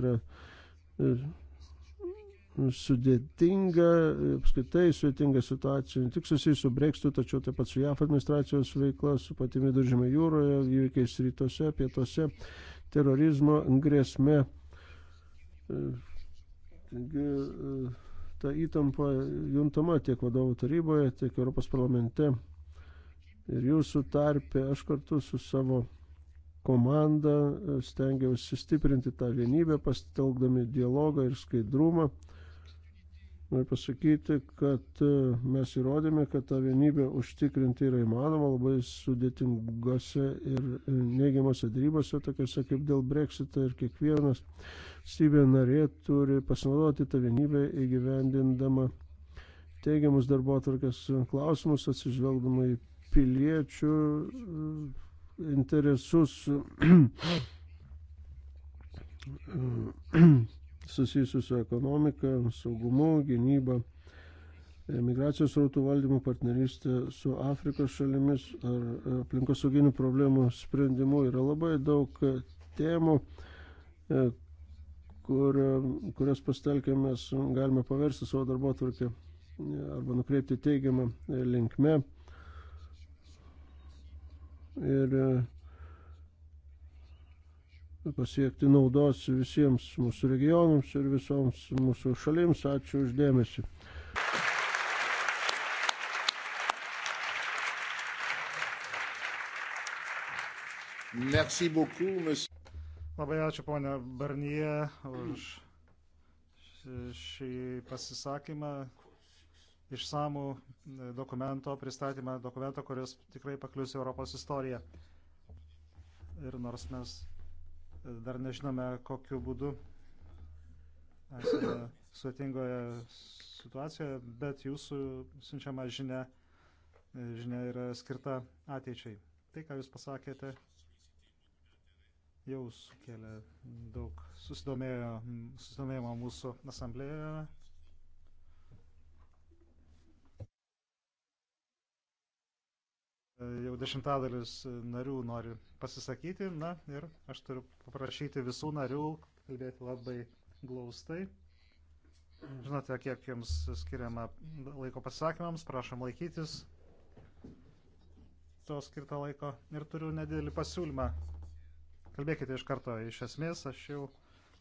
yra e, sudėtinga, apskaitai sudėtinga situacija, ne tik susijusi su Brexitu, tačiau taip pat su JAF administracijos veikla, su pati viduržėme jūroje, įvykiais rytuose, pietuose, terorizmo grėsme. Taigi ta įtampa juntama tiek vadovų taryboje, tiek Europos parlamente ir jūsų tarpe. Aš kartu su savo komanda stengiausi stiprinti tą vienybę, pasitelkdami dialogą ir skaidrumą Noriu pasakyti, kad e, mes įrodėme, kad tą vienybę užtikrinti yra įmanoma labai sudėtingose ir e, neigiamose darybose, tokiuose kaip dėl breksito ir kiekvienas stybė narė turi pasinaudoti tą vienybę įgyvendindama teigiamus darbo atvarkės klausimus, atsižvelgdama į piliečių e, interesus. (clears throat) susijusių su ekonomika, saugumu, gynyba, migracijos rautų valdymu, partnerystė su Afrikos šalimis ar aplinkosauginių problemų sprendimu. Yra labai daug temų, e, kur, kurias pastelkę mes galime paversti savo darbo tvarkę e, arba nukreipti teigiamą e, linkmę. Ir pasiekti naudos visiems mūsų regionams ir visoms mūsų šalims. Ačiū uždėmesi. Merci beaucoup, monsieur. Labai ačiū, ponia Barnie, už šį pasisakymą išsamų dokumento pristatymą, dokumento, kuris tikrai paklius Europos istoriją. Ir nors mes Dar nežinome, kokiu būdu esame sutingoje situacijoje, bet jūsų siunčiama žinia, žinia yra skirta ateičiai. Tai, ką jūs pasakėte, jau sukėlė daug susidomėjimo mūsų asamblėje E, jau dešimtadalis narių nori pasisakyti, na ir aš turiu paprašyti visų narių kalbėti labai glaustai. Žinote, kiek jums skiriama laiko pasakymams, prašom laikytis to skirto laiko. Ir turiu nedidelį pasiūlymą. Kalbėkite iš karto. Iš esmės, aš jau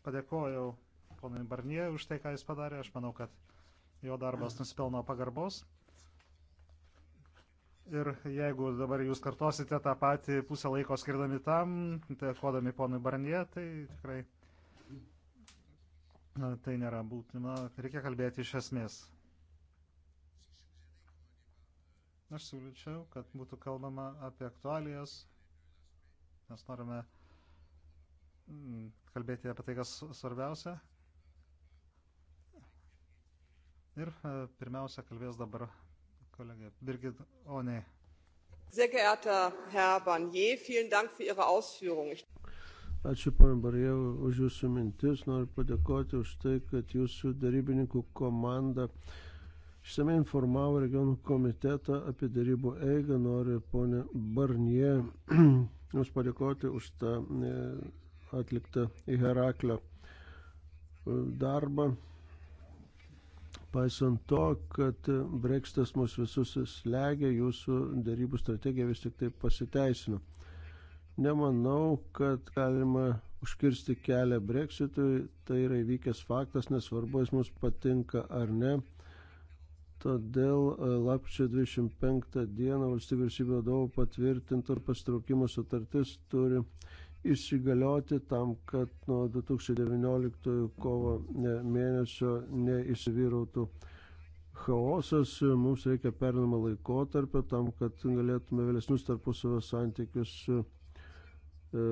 padėkojau ponui Barnie už tai, ką jis padarė. Aš manau, kad jo darbas nusipelno pagarbos. Ir jeigu dabar jūs kartosite tą patį pusę laiko skirdami tam, dėkodami tai ponui Barnie, tai tikrai na, tai nėra būtina. Reikia kalbėti iš esmės. Aš siūlyčiau, kad būtų kalbama apie aktualijas. Mes norime mm, kalbėti apie tai, kas svarbiausia. Ir e, pirmiausia, kalbės dabar kolegė Birgit One. Sehr geehrter Herr Barnier, vielen Dank für Ihre Ausführungen. Ačiū, pana Barjau, už Jūsų mintis. Noriu padėkoti už tai, kad Jūsų darybininkų komanda išsamei informavo regionų komitetą apie darybų eigą. Noriu, ponė Barnie, (clears throat) Jums padėkoti už tą e, atliktą į Heraklio e, darbą. Paisant to, kad breksitas mus visus slegia, jūsų darybų strategija vis tik tai pasiteisino. Nemanau, kad galima užkirsti kelią breksitui, tai yra įvykęs faktas, nesvarbu, jis mums patinka ar ne. Todėl e, lapkričio 25 dieną valstybės vyriausybė vadovų patvirtinta ir pastraukimo sutartis turi įsigalioti tam, kad nuo 2019 kovo mėnesio neįsivyrautų chaosas. Mums reikia perinamą laikotarpį tam, kad galėtume vėlesnius tarpusavio santykius e,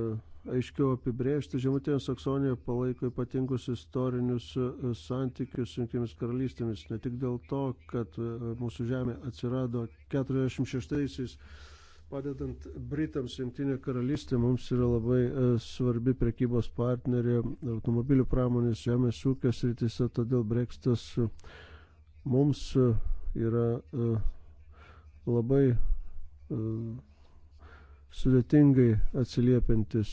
aiškiau apibrėžti. Žemutinė Saksonija palaiko ypatingus istorinius e, santykius su Junktinėmis karalystėmis. Ne tik dėl to, kad e, mūsų žemė atsirado 46-aisiais Padedant Britams, Junktinė karalystė mums yra labai e, svarbi prekybos partnerė automobilių pramonės, žemės ūkio srityse, todėl breksitas e, mums e, yra labai sudėtingai atsiliepiantis.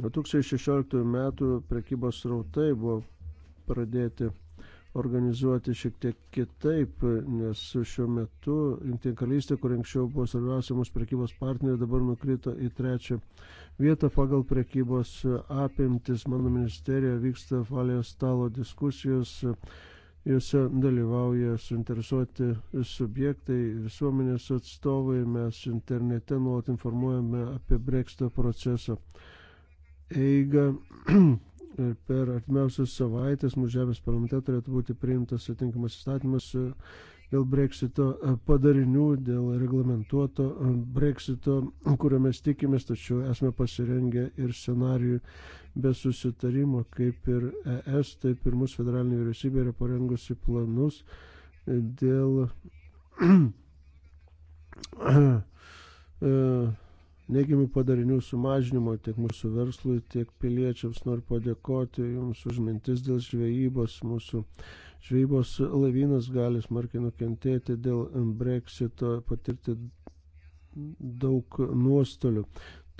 2016 (clears throat) metų prekybos rautai buvo pradėti organizuoti šiek tiek kitaip, nes šiuo metu Junktinė karalystė, kur anksčiau buvo svarbiausia mūsų prekybos partnerė, dabar nukrito į trečią vietą pagal prekybos apimtis. Mano ministerija vyksta valės stalo diskusijos, juose dalyvauja suinteresuoti subjektai, visuomenės atstovai, mes internete nuolat informuojame apie breksto proceso eigą. (clears throat) per artimiausias savaitės mūsų žemės parlamente turėtų būti priimtas atinkamas įstatymas e, dėl breksito e, padarinių, dėl reglamentuoto e, breksito, kurio mes tikimės, tačiau esame pasirengę ir scenarijų be susitarimo, kaip ir ES, taip ir mūsų federalinė vyriausybė yra parengusi planus dėl (clears throat) neigiamų padarinių sumažinimo tiek mūsų verslui, tiek piliečiams. Noriu padėkoti Jums už mintis dėl žvejybos. Mūsų žvejybos laivynas gali smarkiai nukentėti dėl breksito, patirti daug nuostolių.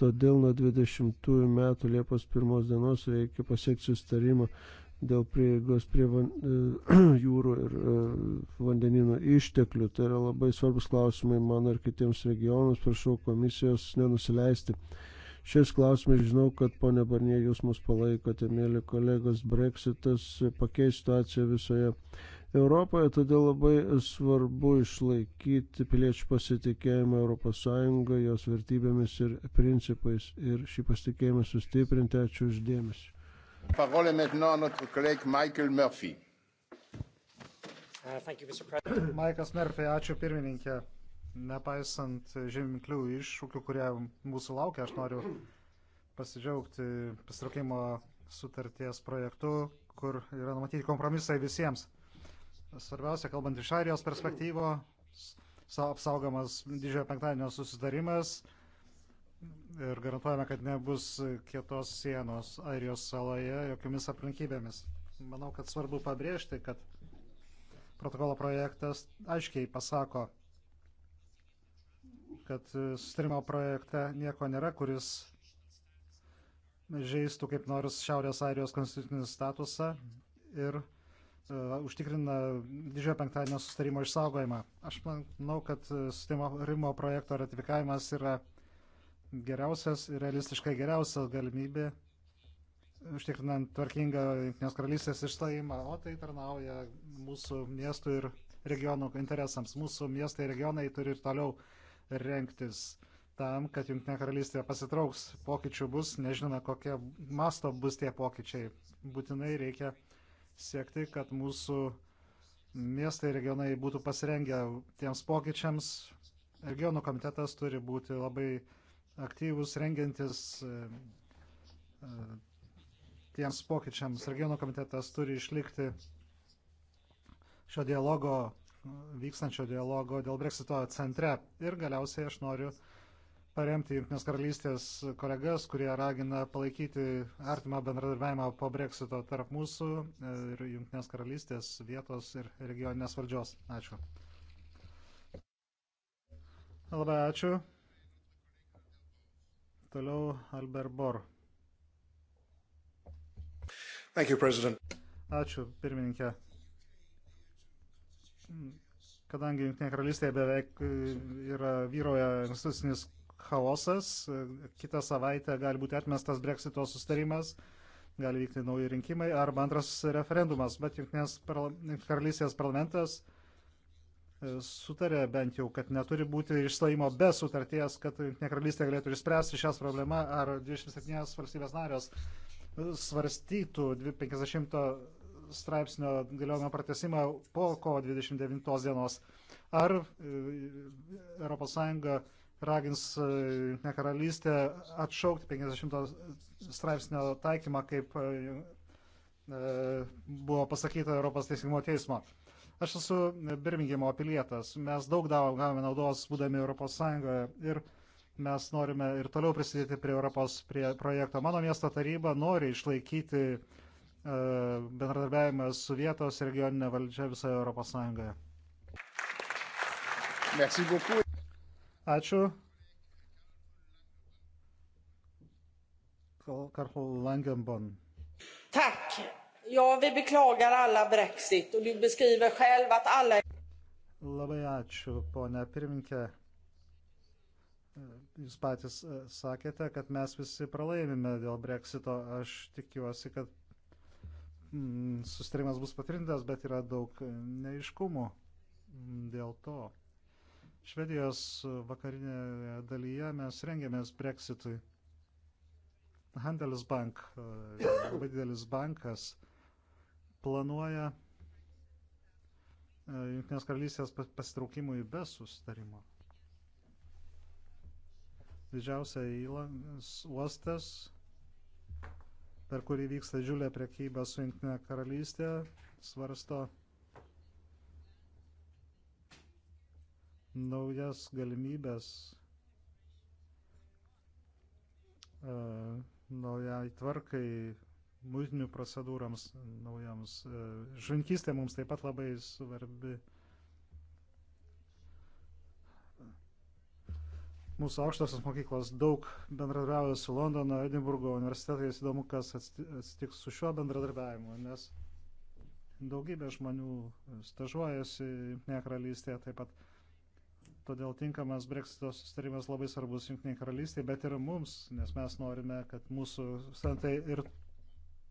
Todėl nuo 20 metų Liepos 1 dienos reikia pasiekti sustarimą dėl prieigos prie van, (clears throat) jūrų ir e, vandenino išteklių. Tai yra labai svarbus klausimai man ar kitiems regionams. Prašau komisijos nenusileisti. Šiais klausimais žinau, kad ponė Barnie, jūs mus palaikote, mėly kolegos, Brexitas pakeis situaciją visoje Europoje, todėl labai svarbu išlaikyti piliečių pasitikėjimą ES, jos vertybėmis ir principais ir šį pasitikėjimą sustiprinti. Ačiū uždėmesi. Parole maintenant à notre collègue Michael Murphy. Uh, you, Maikas (coughs) Murphy, ačiū pirmininkė. Nepaisant žemiklių iššūkių, kurie mūsų laukia, aš noriu pasidžiaugti pasitraukimo sutarties projektu, kur yra numatyti kompromisai visiems. Svarbiausia, kalbant iš Airijos perspektyvos, apsaugomas didžiojo penktadienio susidarimas, ir garantuojame, kad nebus kietos sienos Airijos saloje jokiomis aplinkybėmis. Manau, kad svarbu pabrėžti, kad protokolo projektas aiškiai pasako, kad sustarimo projekte nieko nėra, kuris žaistų kaip nors Šiaurės Airijos konstitucinį statusą ir uh, užtikrina didžiojo penktadienio sustarimo išsaugojimą. Aš manau, kad sustarimo rimo projekto ratifikavimas yra geriausias, realistiškai geriausia galimybė užtikrinant tvarkingą Junktinės karalystės išstojimą, o tai tarnauja mūsų miestų ir regionų interesams. Mūsų miestai ir regionai turi ir toliau renktis tam, kad Junktinė karalystė pasitrauks, pokyčių bus, nežinome, kokie masto bus tie pokyčiai. Būtinai reikia siekti, kad mūsų miestai ir regionai būtų pasirengę tiems pokyčiams. Regionų komitetas turi būti labai aktyvus rengiantis e, e, tiems pokyčiams. Regionų komitetas turi išlikti šio dialogo, vykstančio dialogo dėl Brexito centre. Ir galiausiai aš noriu paremti Junktinės karalystės kolegas, kurie ragina palaikyti artimą bendradarbiavimą po Brexito tarp mūsų e, ir Junktinės karalystės vietos ir regioninės valdžios. Ačiū. Labai ačiū. Toliau Albert Bor. Thank you, President. Ačiū, pirmininkė. Kadangi Junktinė karalystėje beveik e, yra vyroja institucinis chaosas, e, kitą savaitę gali būti atmestas breksito sustarimas, gali vykti nauji rinkimai arba antras referendumas, bet Junktinės karalystės parlamentas sutarė bent jau, kad neturi būti išstojimo be sutarties, kad Junktinė karalystė galėtų išspręsti šias problemą, ar 27 valstybės narės svarstytų 50 straipsnio galiojimo pratesimą po kovo 29 dienos, ar ES ragins e, Junktinę karalystę atšaukti 50 straipsnio taikymą, kaip e, e, buvo pasakyta Europos teisingumo teismo. Aš esu Birmingemo pilietas. Mes daug gavome naudos būdami Europos Sąjungoje ir mes norime ir toliau prisidėti prie Europos prie projekto. Mano miesto taryba nori išlaikyti e, bendradarbiavimą su vietos regioninė valdžia visoje Europos Sąjungoje. Ačiū. Karl Langenbon. Ja, vi beklagar alla Brexit och du beskriver själv att alla... Labai ačiū, ponia pirminkė. Jūs patys e, sakėte, kad mes visi pralaimime dėl Brexito. Aš tikiuosi, kad mm, sustarimas bus patvirtintas, bet yra daug neiškumų mm, dėl to. Švedijos vakarinėje dalyje mes rengiamės Brexitui. Handelsbank, e, labai didelis bankas, planuoja e, Junktinės karalystės pasitraukimui be susitarimo. Didžiausia įlankas uostas, per kurį vyksta didžiulė priekyba su Junktinė karalystė, svarsto naujas galimybės e, naujai tvarkai muitinių procedūrams naujams. E, Žvinkystė mums taip pat labai svarbi. Mūsų aukštosios mokyklos daug bendradarbiavo su Londono, Edinburgo universitetais. Įdomu, kas atsitiks su šiuo bendradarbiavimu, nes daugybė žmonių stažuojasi Junktinėje karalystėje taip pat. Todėl tinkamas breksito sustarimas labai svarbus Junktiniai karalystiai, bet ir mums, nes mes norime, kad mūsų studentai ir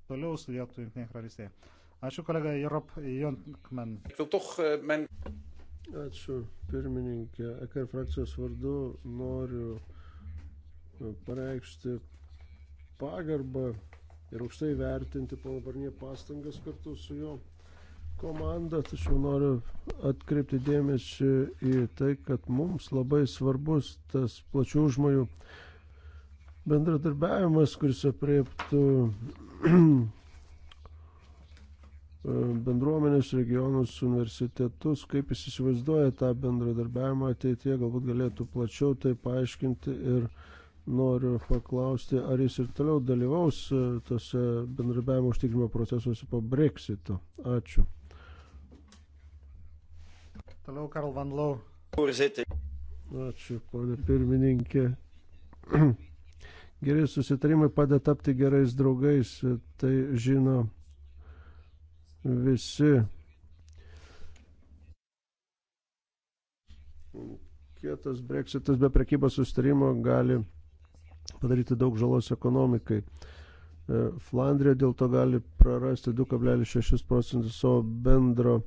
toliau studijuotų Junktinėje karalystėje. Ačiū kolega Jorop Jonkman. Eh, Ačiū pirmininkė. EKR frakcijos vardu noriu eh, pareikšti pagarbą ir aukštai vertinti pono Barnie pastangas kartu su jo komanda. Tačiau noriu atkreipti dėmesį į tai, kad mums labai svarbus tas plačių žmonių bendradarbiavimas, kuris apriektų (clears throat) bendruomenės regionus, universitetus, kaip jis įsivaizduoja tą bendradarbiavimą ateitie, galbūt galėtų plačiau tai paaiškinti ir noriu paklausti, ar jis ir toliau dalyvaus e, tose bendradarbiavimo užtikrimo procesuose po Brexito. Ačiū. Toliau Karl Van Lau. Ačiū, ponė pirmininkė. (clears throat) Geri susitarimai padeda tapti gerais draugais, tai žino visi. Kietas breksitas be prekybos sustarimo gali padaryti daug žalos ekonomikai. E, Flandrija dėl to gali prarasti 2,6 procentus savo bendro e,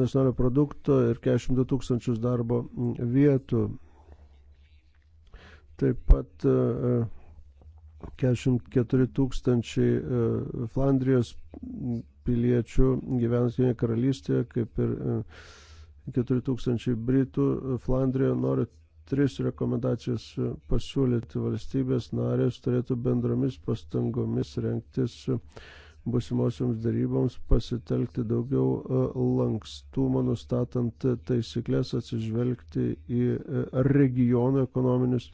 nacionalinio produkto ir 42 tūkstančius darbo vietų. Taip pat 44 e, e, tūkstančiai e, Flandrijos piliečių gyventinėje karalystėje, kaip ir 4 tūkstančiai Britų Flandrijoje nori tris rekomendacijas pasiūlyti valstybės narės turėtų bendromis pastangomis renktis busimosioms daryboms, pasitelkti daugiau lankstumo, nustatant taisyklės, atsižvelgti į regionų ekonominius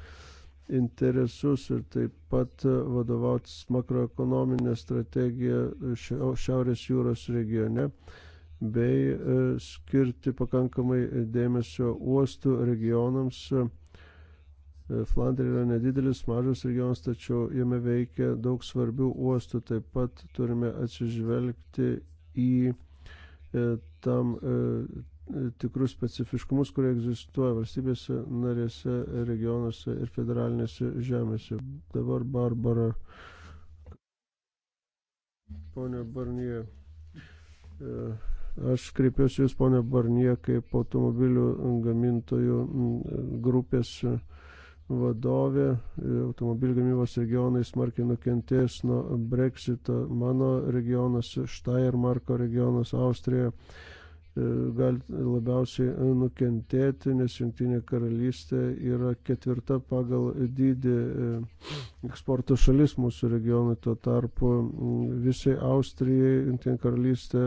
interesus ir taip pat e, vadovautis makroekonominė strategija e, Šiaurės jūros regione bei e, skirti pakankamai dėmesio uostų regionams. Flandrija yra nedidelis, mažas regionas, tačiau jame veikia daug svarbių uostų. Taip pat turime atsižvelgti į tam tikrus specifiškumus, kurie egzistuoja valstybėse, narėse, regionuose ir federalinėse žemėse. Dabar Barbara, ponė Barnie, e, aš kreipiuosi Jūs, ponė Barnie, kaip automobilių gamintojų grupės vadovė, e, automobilių gamybos regionai smarkiai nukentės nuo Brexito. Mano regionas, Štajermarko regionas Austrijoje E, gali labiausiai e, nukentėti, nes Junktinė karalystė yra ketvirta pagal dydį e, eksporto šalis mūsų regionui. Tuo tarpu visai Austrijai Junktinė karalystė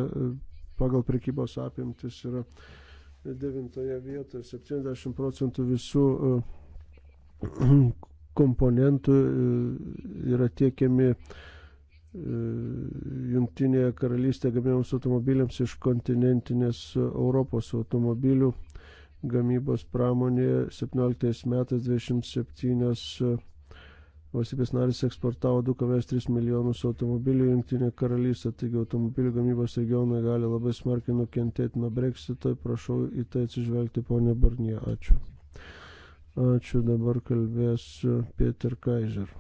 pagal prekybos apimtis yra devintoje vietoje. 70 procentų visų (clears throat) komponentų yra tiekiami E, Jungtinėje karalystėje gaminams automobiliams iš kontinentinės Europos automobilių gamybos pramonėje 17 metais 27 valstybės narys eksportavo 2,3 milijonus automobilių Jungtinė karalystė, taigi automobilių gamybos regionai gali labai smarkiai nukentėti nuo breksito. Prašau į tai atsižvelgti, ponė Barnie. Ačiū. Ačiū, dabar kalbės Peter Kaiser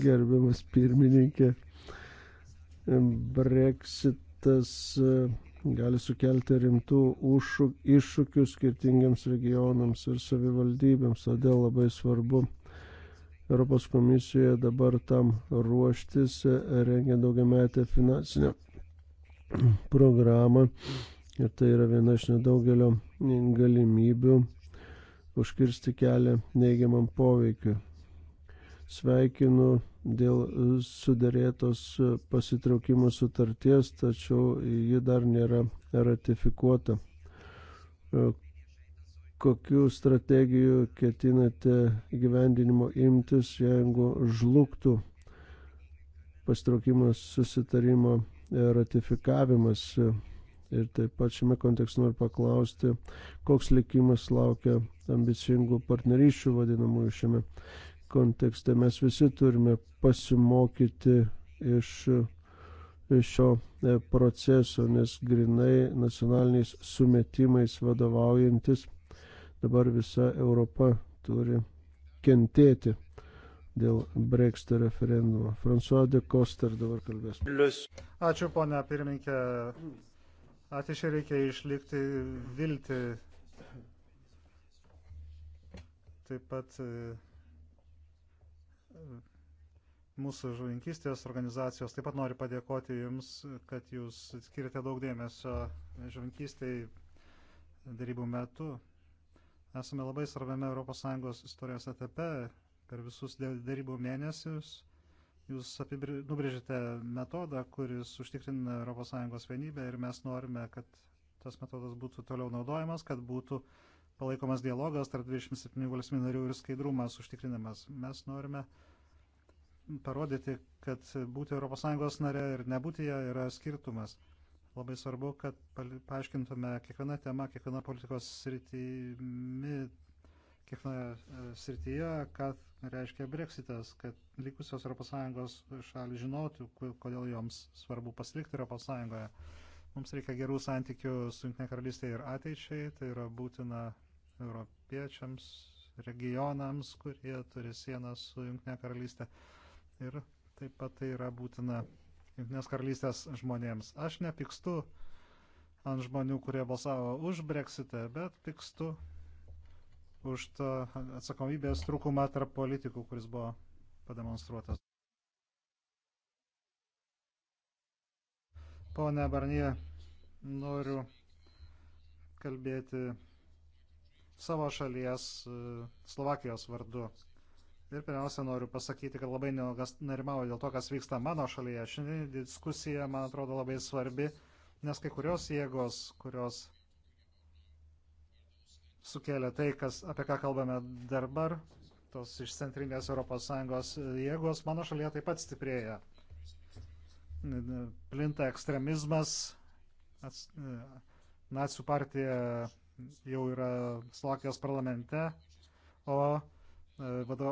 gerbiamas pirmininkė. Brexitas e, gali sukelti rimtų iššūkių skirtingiams regionams ir savivaldybėms, todėl labai svarbu Europos komisijoje dabar tam ruoštis, e, rengia daugiametę finansinę programą ir tai yra viena iš nedaugelio galimybių užkirsti kelią neigiamam poveikiu sveikinu dėl sudarėtos pasitraukimo sutarties, tačiau ji dar nėra ratifikuota. Kokių strategijų ketinate gyvendinimo imtis, jeigu žlugtų pastraukimas susitarimo ratifikavimas? Ir taip pat šiame kontekste noriu paklausti, koks likimas laukia ambicingų partnerysčių vadinamųjų šiame kontekste mes visi turime pasimokyti iš šio e, proceso, nes grinai nacionaliniais sumetimais vadovaujantis dabar visa Europa turi kentėti dėl Brexit referendumo. François de Koster dabar kalbės. Ačiū, ponia pirmininkė. Ateičiai reikia išlikti vilti. Taip pat e, mūsų žuvinkystės organizacijos taip pat noriu padėkoti Jums, kad Jūs skirite daug dėmesio žuvinkystėj darybų metu. Esame labai svarbiame ES istorijos etape per visus darybų mėnesius. Jūs apibri... nubrėžite metodą, kuris užtikrina ES vienybę ir mes norime, kad tas metodas būtų toliau naudojamas, kad būtų uh, palaikomas dialogas tarp 27 valstybių narių ir skaidrumas užtikrinamas. Mes norime parodyti, kad būti ES nare ir nebūti ją yra skirtumas. Labai svarbu, kad paaiškintume kiekvieną temą, kiekvieną politikos sritimi, kiekvienoje e, srityje, ką reiškia breksitas, kad likusios ES šalis žinotų, kodėl joms svarbu pasilikti ES. Mums reikia gerų santykių su Junktinė karalystė ir ateičiai, tai yra būtina europiečiams, regionams, kurie turi sieną su Junktinė karalystė. Ir taip pat tai yra būtina Junktinės karalystės žmonėms. Aš nepykstu ant žmonių, kurie balsavo už Brexitą, bet pykstu už tą atsakomybės trūkumą tarp politikų, kuris buvo pademonstruotas. Pone Barnie, noriu kalbėti savo šalies e, Slovakijos vardu. Ir pirmiausia, noriu pasakyti, kad labai nerimauju dėl to, kas vyksta mano šalyje. Šiandien diskusija, man atrodo, labai svarbi, nes kai kurios jėgos, kurios sukėlė tai, kas, apie ką kalbame dabar, tos iš centrinės ES jėgos, mano šalyje taip pat stiprėja. Plinta ekstremizmas, ats, nacijų partija jau yra Slovakijos parlamente, o e,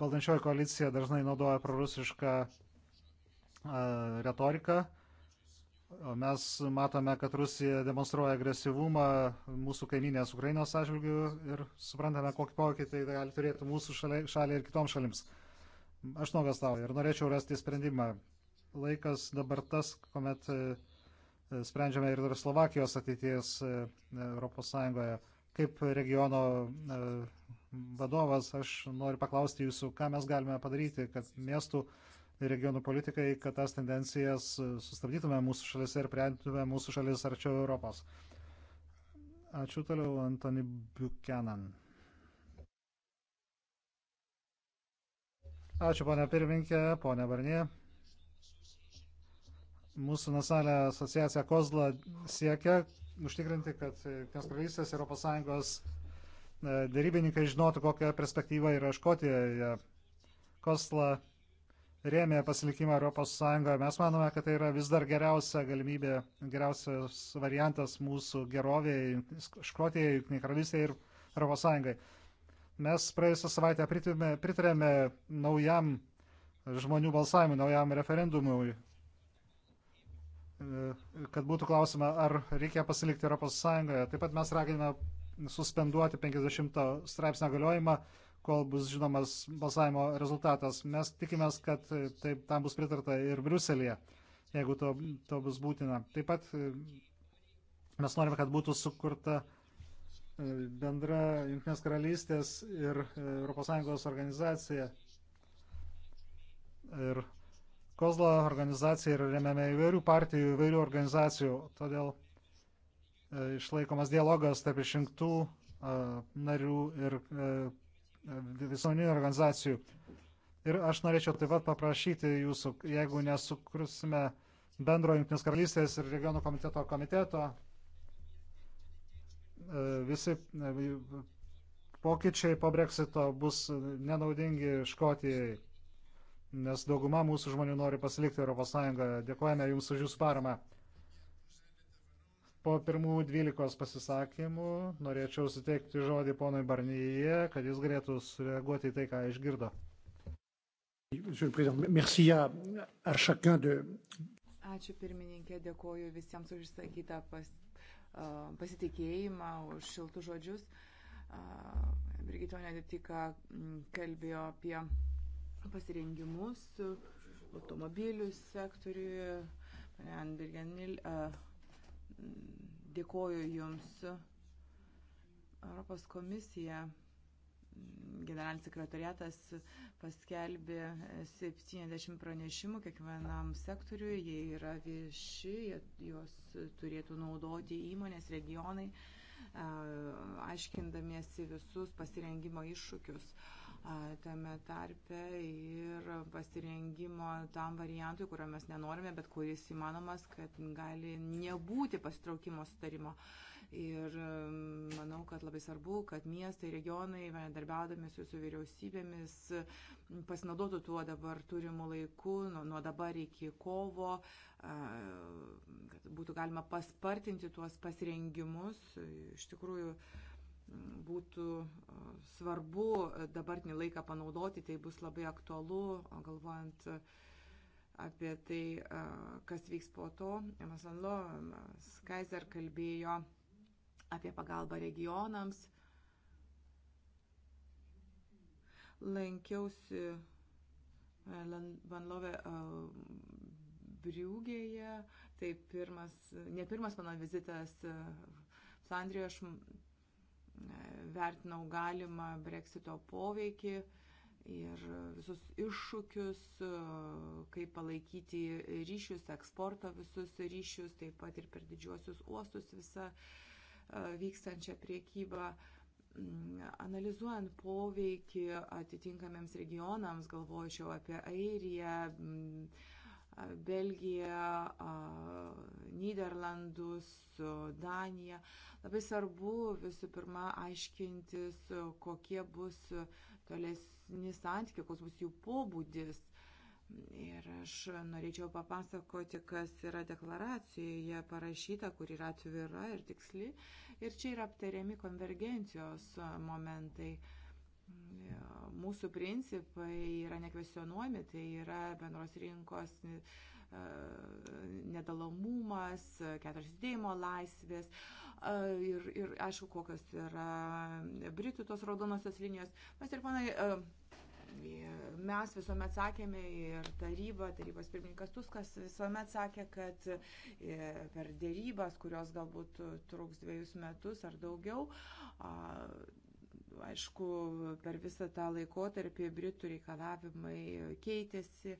valdančioji koalicija dažnai naudoja prorusišką e, retoriką. O mes matome, kad Rusija demonstruoja agresyvumą mūsų kaiminės Ukrainos atžvilgių ir suprantame, kokį poveikį tai gali turėti mūsų šaliai, šaliai ir kitoms šalims. Aš nuogastauju ir norėčiau rasti sprendimą. Laikas dabar tas, kuomet uh, sprendžiame ir Slovakijos ateities ES. Kaip regiono e, vadovas, aš noriu paklausti jūsų, ką mes galime padaryti, kad miestų regionų politikai, kad tas tendencijas e, sustabdytume mūsų šalise ir priartintume mūsų šalis arčiau Europos. Ačiū toliau, Antony Buchanan. Ačiū, ponia pirminkė, ponia Barnie. Mūsų nacionalinė asociacija Kozla siekia užtikrinti, kad Junktinės karalystės ir ES dėrybininkai žinotų, kokią perspektyvą yra Škotijoje. Kozla rėmė pasilikimą ES. Mes manome, kad tai yra vis dar geriausia galimybė, geriausias variantas mūsų gerovėje, Škotijai, Junktinėje karalystėje ir ES. Mes praėjusią savaitę pritarėme naujam žmonių balsavimui, naujam referendumui E, kad būtų klausima, ar reikia pasilikti Europos Sąjungoje. Taip pat mes raginame suspenduoti 50 straipsnio galiojimą, kol bus žinomas balsavimo rezultatas. Mes tikimės, kad taip tam bus pritarta ir Briuselėje, jeigu to, to bus būtina. Taip pat e, mes norime, kad būtų sukurta e, bendra Junktinės karalystės ir ES organizacija. Ir Kozlo organizacija yra remiame įvairių partijų, įvairių organizacijų, todėl e, išlaikomas dialogas tarp išrinktų e, narių ir e, visuomeninių organizacijų. Ir aš norėčiau taip pat paprašyti jūsų, jeigu nesukursime bendro Junktinės karalystės ir regionų komiteto komiteto, visi pokyčiai po Brexito bus nenaudingi Škotijai nes dauguma mūsų žmonių nori pasilikti ES. Dėkojame Jums už Jūsų paramą. Po pirmų dvylikos pasisakymų norėčiau suteikti žodį ponui Barnyje, kad jis galėtų sureaguoti į tai, ką išgirdo. Ačiū pirmininkė, dėkoju visiems už išsakytą pas, pasitikėjimą, už šiltų žodžius. Brigito netikė kalbėjo apie pasirengimus automobilių sektoriuje. Marian Birgenil, dėkoju Jums. Europos komisija generalinis sekretariatas paskelbė 70 pranešimų kiekvienam sektoriui, jie yra vieši, juos turėtų naudoti įmonės, regionai, aiškindamiesi visus pasirengimo iššūkius tame tarpe ir pasirengimo tam variantui, kurio mes nenorime, bet kuris įmanomas, kad gali nebūti pasitraukimo sutarimo. Ir mm, manau, kad labai svarbu, kad miestai, regionai, bendarbiaudami su jūsų vyriausybėmis, mm, pasinaudotų tuo dabar turimu laiku, nuo, nuo dabar iki kovo, kad būtų galima paspartinti tuos pasirengimus. Iš tikrųjų, būtų svarbu dabartinį laiką panaudoti, tai bus labai aktualu, galvojant apie tai, kas vyks po to. Masanlo Skaiser kalbėjo apie pagalbą regionams. Lankiausi Vanlove Briūgėje, tai pirmas, ne pirmas mano vizitas Flandrijoje, aš vertinau galimą breksito poveikį ir visus iššūkius, kaip palaikyti ryšius, eksporto visus ryšius, taip pat ir per didžiuosius uostus visą e, vykstančią priekybą. Mm, analizuojant poveikį atitinkamiems regionams, galvočiau apie Airiją, mm, Belgiją, Niderlandus, Daniją. Labai svarbu visų pirma aiškintis, kokie bus tolesni santykiai, koks bus jų pobūdis. Ir aš norėčiau papasakoti, kas yra deklaracijoje parašyta, kur yra atvira ir tiksli. Ir čia yra aptariami konvergencijos momentai. Uh, Mūsų principai yra nekvesionuojami, tai yra bendros rinkos e, nedalomumas, keturios judėjimo laisvės e, ir, ir aišku, kokios yra Britų tos raudonosios linijos. Mes ir panai, e, mes visuomet sakėme ir taryba, tarybos pirmininkas Tuskas visuomet sakė, kad per dėrybas, kurios galbūt truks dviejus metus ar daugiau, aišku, per visą tą laikotarpį Britų reikalavimai keitėsi,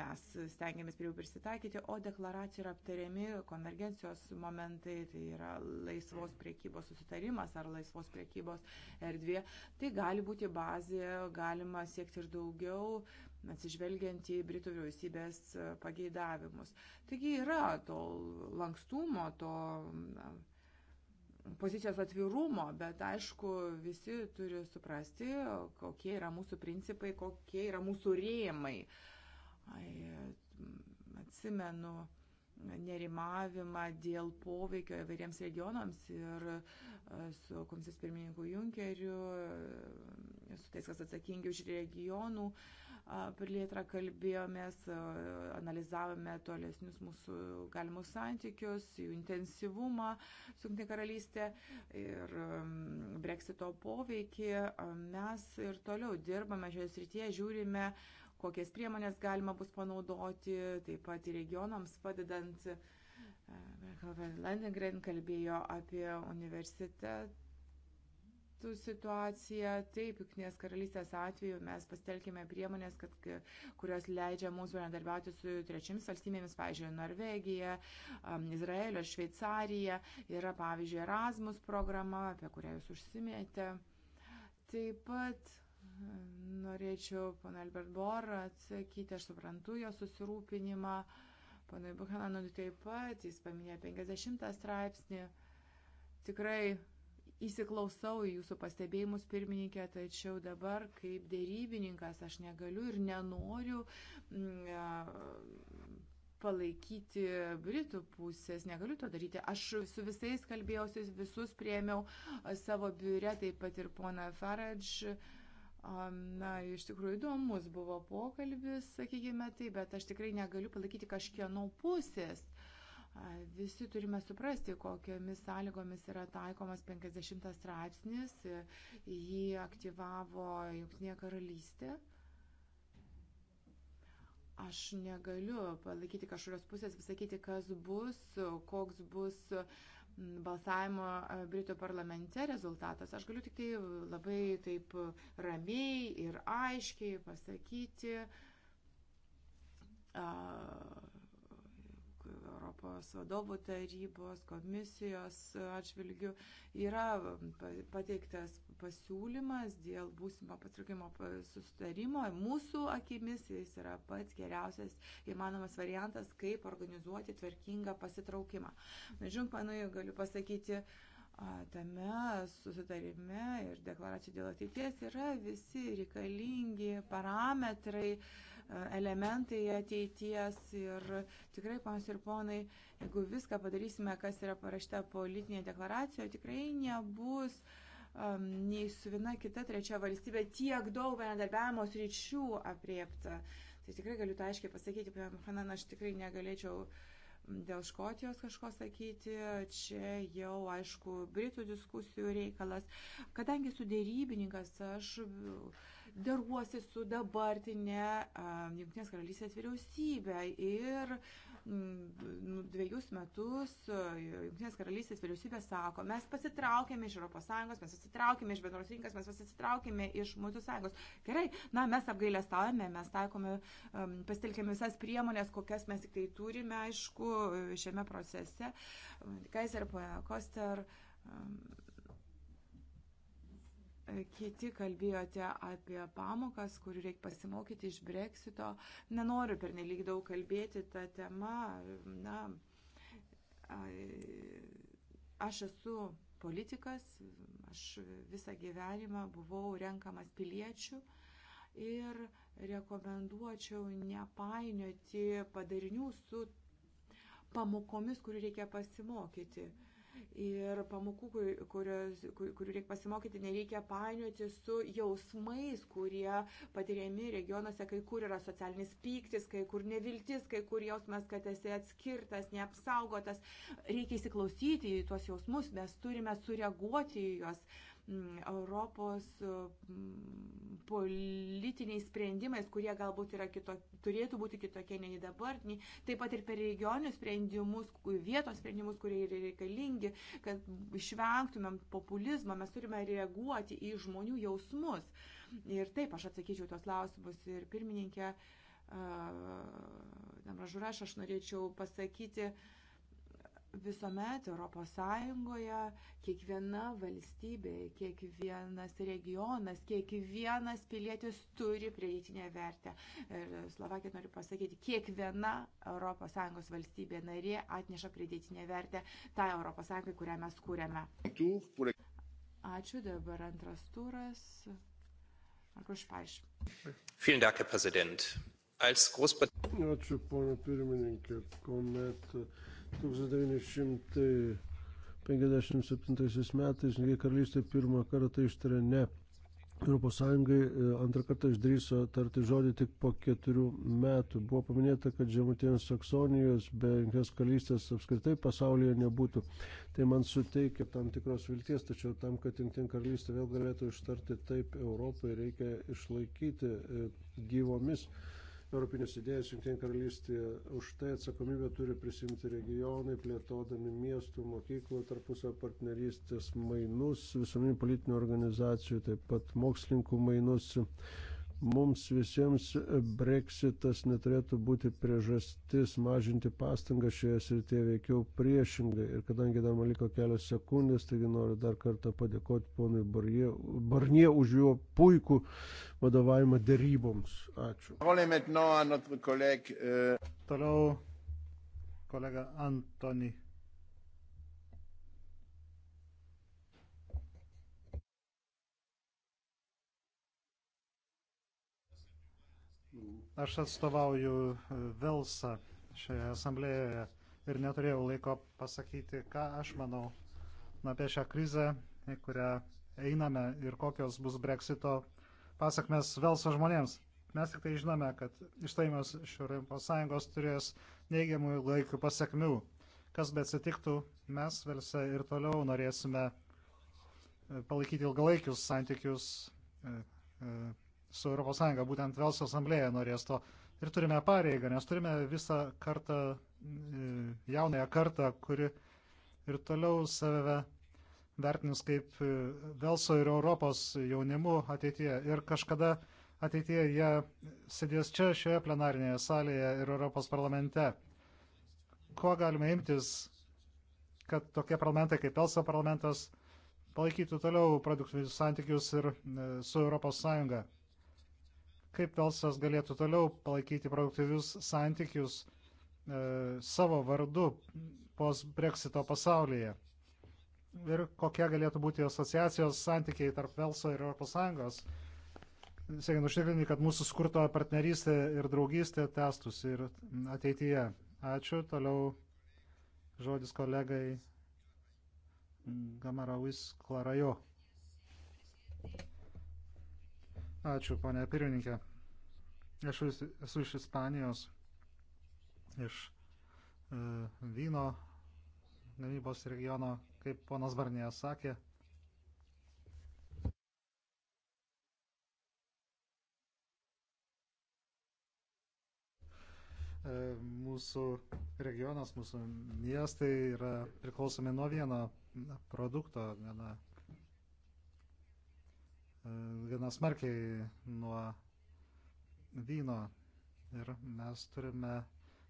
mes stengiamės prie jų prisitaikyti, o deklaracija yra aptariami konvergencijos momentai, tai yra laisvos priekybos susitarimas ar laisvos priekybos erdvė. Tai gali būti bazė, galima siekti ir daugiau atsižvelgiant į Britų vyriausybės pageidavimus. Taigi yra to lankstumo, to na, pozicijos atvirumo, bet aišku, visi turi suprasti, kokie yra mūsų principai, kokie yra mūsų rėmai. Ai, atsimenu nerimavimą dėl poveikio įvairiems regionams ir e, su komisijos pirmininku Junkeriu, e, su tais, kas atsakingi už regionų uh, plėtrą kalbėjomės, analizavome tolesnius mūsų galimus santykius, jų intensyvumą su Junktinė karalystė ir um, breksito poveikį. Mes ir toliau dirbame šioje srityje, žiūrime, kokias priemonės galima bus panaudoti, taip pat ir regionams padedant. Landengren kalbėjo apie universitetą teroristų situaciją. Taip, Junktinės karalystės atveju mes pastelkime priemonės, kad, kurios leidžia mūsų bendarbiauti su trečiamis valstybėmis, pavyzdžiui, Norvegija, Izraelio, Šveicarija. Yra, pavyzdžiui, Erasmus programa, apie kurią jūs užsimėte. Taip pat e, norėčiau, pana Albert Bor, atsakyti, aš suprantu jo susirūpinimą. Pana Buchananui nu, taip pat, jis paminėjo 50 straipsnį. Tikrai įsiklausau į jūsų pastebėjimus, pirmininkė, tačiau dabar kaip dėrybininkas aš negaliu ir nenoriu mm, palaikyti Britų pusės, negaliu to daryti. Aš su visais kalbėjausi, visus prieimiau savo biure, taip pat ir pona Faradž. Na, iš tikrųjų įdomus buvo pokalbis, sakykime tai, bet aš tikrai negaliu palaikyti kažkieno pusės. Visi turime suprasti, kokiomis sąlygomis yra taikomas 50 straipsnis, jį aktyvavo Junktinė karalystė. Aš negaliu palaikyti kažkurios pusės, pasakyti, kas bus, koks bus balsavimo Britų parlamente rezultatas. Aš galiu tik tai labai taip ramiai ir aiškiai pasakyti. Uh, Europos vadovų tarybos komisijos atžvilgių yra pateiktas pasiūlymas dėl būsimo patraukimo sustarimo. Mūsų akimis jis yra pats geriausias įmanomas variantas, kaip organizuoti tvarkingą pasitraukimą. Žinoma, panai, galiu pasakyti, tame susitarime ir deklaracijų dėl ateities yra visi reikalingi parametrai, uh, elementai ateities. Ir tikrai, panas ir ponai, jeigu viską padarysime, kas yra parašta politinėje deklaracijoje, tikrai nebus um, nei su viena kita trečia valstybė tiek daug bendradarbiavimo sričių apriepta. Tai tikrai galiu tai aiškiai pasakyti, Hanan, aš tikrai negalėčiau dėl Škotijos kažko sakyti, čia jau, aišku, Britų diskusijų reikalas. Kadangi esu dėrybininkas, aš daruosi su dabartinė Junktinės karalystės vyriausybė ir mm, nu, dviejus metus Junktinės karalystės vyriausybė sako, mes pasitraukėme iš ES, mes pasitraukėme iš bendros rinkos, mes pasitraukėme iš mūtų sąjungos. Gerai, na, mes apgailestavome, mes taikome, pasitelkėme visas priemonės, kokias mes tik tai turime, aišku, šiame procese. Kaiser, Koster, E, kiti kalbėjote apie pamokas, kurių reikia pasimokyti iš breksito. Nenoriu per nelik daug kalbėti tą temą. Na, aš esu politikas, aš visą gyvenimą buvau renkamas piliečių ir rekomenduočiau nepainioti padarinių su pamokomis, kurių reikia pasimokyti. Mm ir pamokų, kurių kur, kur, kur reikia pasimokyti, nereikia painioti su jausmais, kurie patiriami regionuose, kai kur yra socialinis pyktis, kai kur neviltis, kai kur jausmas, kad esi atskirtas, neapsaugotas. Reikia įsiklausyti į tuos jausmus, mes turime sureaguoti į juos. Uh, Mm, Europos e, mm, politiniais sprendimais, kurie galbūt kito, turėtų būti kitokie nei dabartiniai, taip pat ir per regionius sprendimus, vietos sprendimus, kurie yra reikalingi, kad išvengtumėm populizmo, mes turime reaguoti į žmonių jausmus. Ir taip aš atsakyčiau tos klausimus ir pirmininkė. Uh, e, Namražuraš, aš norėčiau pasakyti, uh, visuomet Europos Sąjungoje kiekviena valstybė, kiekvienas regionas, kiekvienas pilietis turi pridėtinę vertę. Ir Slovakija noriu pasakyti, kiekviena Europos Sąjungos valstybė narė atneša pridėtinę vertę tą tai Europos Sąjungą, kurią mes kūrėme. Ačiū, dabar antras turas. Markus Špaiš. Vielen Dank, Herr Präsident. Als Großbritannien. Ačiū, ponia pirmininkė, kuomet. Uh, 1957 metais Jungtinė karalystė pirmą kartą ištarė ne. Europos Sąjungai e, antrą kartą išdryso tarti žodį tik po keturių metų. Buvo paminėta, kad žemutinės Saksonijos be Junkės karalystės apskritai pasaulyje nebūtų. Tai man suteikia tam tikros vilties, tačiau tam, kad Junktinė karalystė vėl galėtų ištarti taip Europai, reikia išlaikyti e, gyvomis europinės idėjas Junktinė karalystė. Už tai atsakomybę turi prisimti regionai, plėtodami miestų, mokyklų, tarpusio partnerystės mainus, visuomenių politinių organizacijų, taip pat mokslininkų mainus. Mums visiems breksitas neturėtų būti priežastis mažinti pastangą šioje srityje veikiau priešingai. Ir kadangi dar man liko kelios sekundės, taigi noriu dar kartą padėkoti ponui Barnie, Barnie už jo puikų vadovavimą deryboms. Ačiū. Euh, Toliau kolega Antoni Aš atstovauju e, Velsą šioje asamblėjoje ir neturėjau laiko pasakyti, ką aš manau apie šią krizę, į kurią einame ir kokios bus breksito pasakmes Velso žmonėms. Mes tik tai žinome, kad išstojimas iš Europos Sąjungos turės neigiamų laikų pasiekmių. Kas bet atsitiktų, mes Velse ir toliau norėsime e, palaikyti ilgalaikius santykius e, su ES, būtent Velso asamblėje norės to. Ir turime pareigą, nes turime visą kartą, e, jaunąją kartą, kuri ir toliau save vertins kaip e, Velso ir Europos jaunimu ateityje. Ir kažkada ateityje jie sėdės čia, šioje plenarinėje salėje ir Europos parlamente. Ko galime imtis, kad tokie parlamentai kaip Velso parlamentas palaikytų toliau produktyvius santykius ir e, su ES? kaip Velsas galėtų toliau palaikyti produktyvius santykius e, savo vardu post-Brexito pasaulyje. Ir kokie galėtų būti asociacijos santykiai tarp Velso ir ES, siekiant užtikrinti, kad mūsų skurto partnerystė ir draugystė tęstųsi ir ateityje. Ačiū. Toliau žodis kolegai Gamarauis Klarajo. Ačiū, ponė pirmininkė. Aš esu iš Ispanijos, iš e, vyno gamybos regiono, kaip ponas Barnėje sakė. E, mūsų regionas, mūsų miestai yra priklausomi nuo vieno produkto, viena gana smarkiai nuo vyno ir mes turime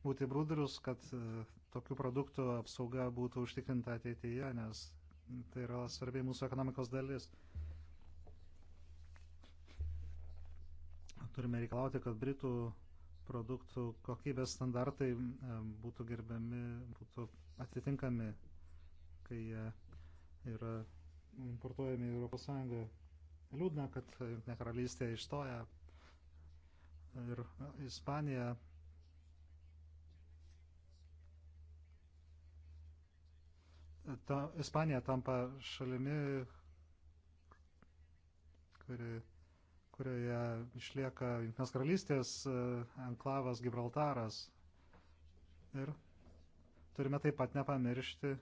būti brūdrus, kad e, tokių produktų apsauga būtų užtikrinta ateityje, nes tai yra svarbi mūsų ekonomikos dalis. Turime reikalauti, kad Britų produktų kokybės standartai e, būtų gerbiami, būtų atitinkami, kai jie yra importuojami į ES. Liūdna, kad Junktinė karalystė išstoja ir Ispanija ta, Ispanija tampa šalimi, kuri, kurioje išlieka Junktinės karalystės e, enklavas Gibraltaras. Ir turime taip pat nepamiršti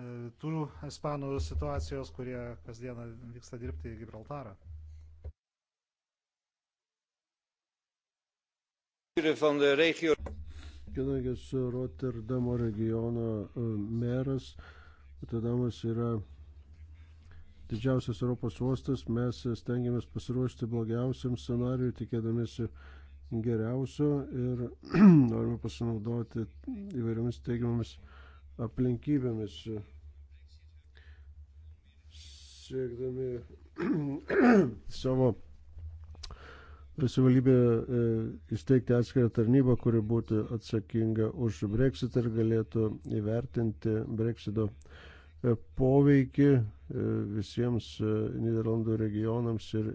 E, tų ispanų situacijos, kurie kasdieną vyksta dirbti į Gibraltarą. Kadangi esu Rotterdamo regiono e, meras, Rotterdamas yra didžiausias Europos uostas, mes stengiamės pasiruošti blogiausiam scenariui, tikėdamėsi geriausio ir (clears throat) norime pasinaudoti įvairiomis teigiamomis aplinkybėmis. Siekdami (clears throat) savo savivaldybė e, įsteigti atskirą tarnybą, kuri būtų atsakinga už Brexit ir galėtų įvertinti Brexito e, poveikį e, visiems Niderlandų regionams ir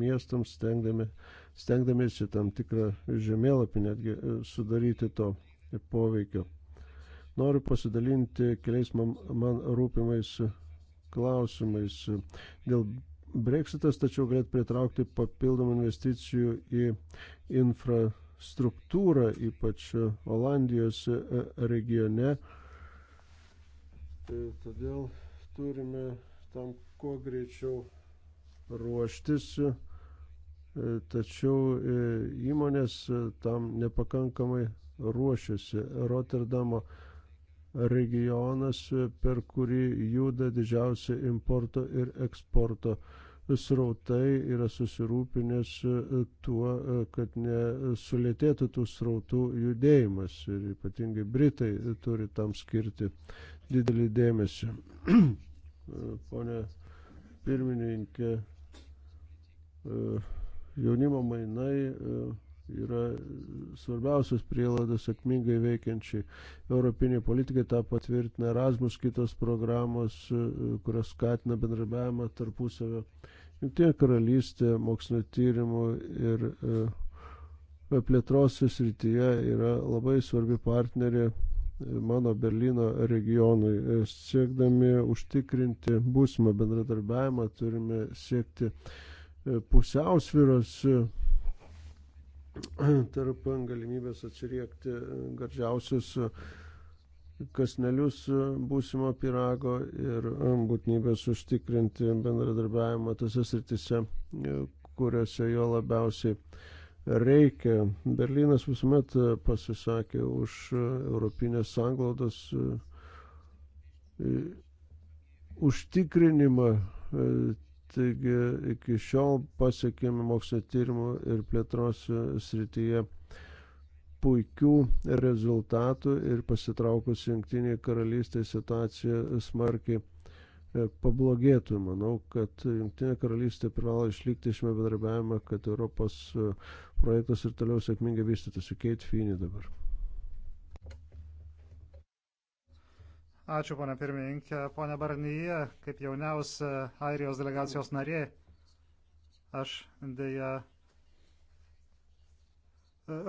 miestams, stengdami, stengdamiesi tam tikrą žemėlapį netgi sudaryti to poveikio. Noriu pasidalinti keliais man, man rūpimais klausimais dėl breksitas, tačiau galėtų pritraukti papildomų investicijų į infrastruktūrą, ypač Olandijos regione. E, todėl turime tam kuo greičiau ruoštis, e, tačiau e, įmonės tam nepakankamai ruošiasi. Rotterdamo regionas, per kurį juda didžiausia importo ir eksporto srautai, yra susirūpinęs e, tuo, e, kad nesulėtėtų tų srautų judėjimas ir ypatingai Britai turi tam skirti didelį dėmesį. (clears throat) E, pone pirmininkė, jaunimo mainai yra svarbiausios prielaidos sėkmingai veikiančiai europiniai politikai, tą patvirtina Erasmus kitos programos, kurios skatina bendrabiavimą tarpusavio. Jungtinė karalystė mokslinio tyrimų ir e, plėtros srityje yra labai svarbi partnerė e, mano Berlyno regionui. E, siekdami užtikrinti būsimą bendradarbiavimą turime siekti e, pusiausviros (clears throat) tarp galimybės atsiriekti gardžiausius e, kasnelius e, būsimo pirago ir e, būtinybės užtikrinti bendradarbiavimą tose sritise, kuriuose jo labiausiai reikia. Berlynas visuomet pasisakė už Europinės sanglaudos užtikrinimą Taigi iki šiol pasiekėme mokslo tyrimų ir plėtros srityje puikių rezultatų ir pasitraukus jungtiniai karalystė situacija smarkiai e, pablogėtų. Manau, kad jungtinė karalystė privalo išlikti šiame bendrabiavime, kad Europos e, projektas ir toliau sėkmingai vystytųsi. Keit Fini dabar. Ačiū, ponia pirmininkė. Pone Barnyje, kaip jauniausia Airijos delegacijos narė, aš dėja.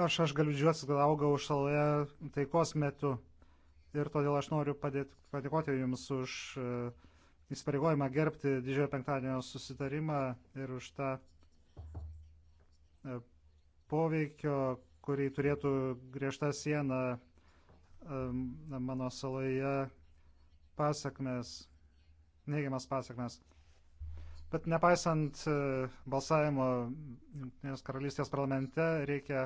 Aš, aš galiu džiuotis, kad augau už saloje taikos metu ir todėl aš noriu padėti, padėkoti Jums už e, įsipareigojimą gerbti didžiojo penktadienio susitarimą ir už tą e, poveikio, kurį turėtų griežta siena e, mano saloje pasakmes, neigiamas pasakmes. Bet nepaisant e, balsavimo Junktinės karalystės parlamente, reikia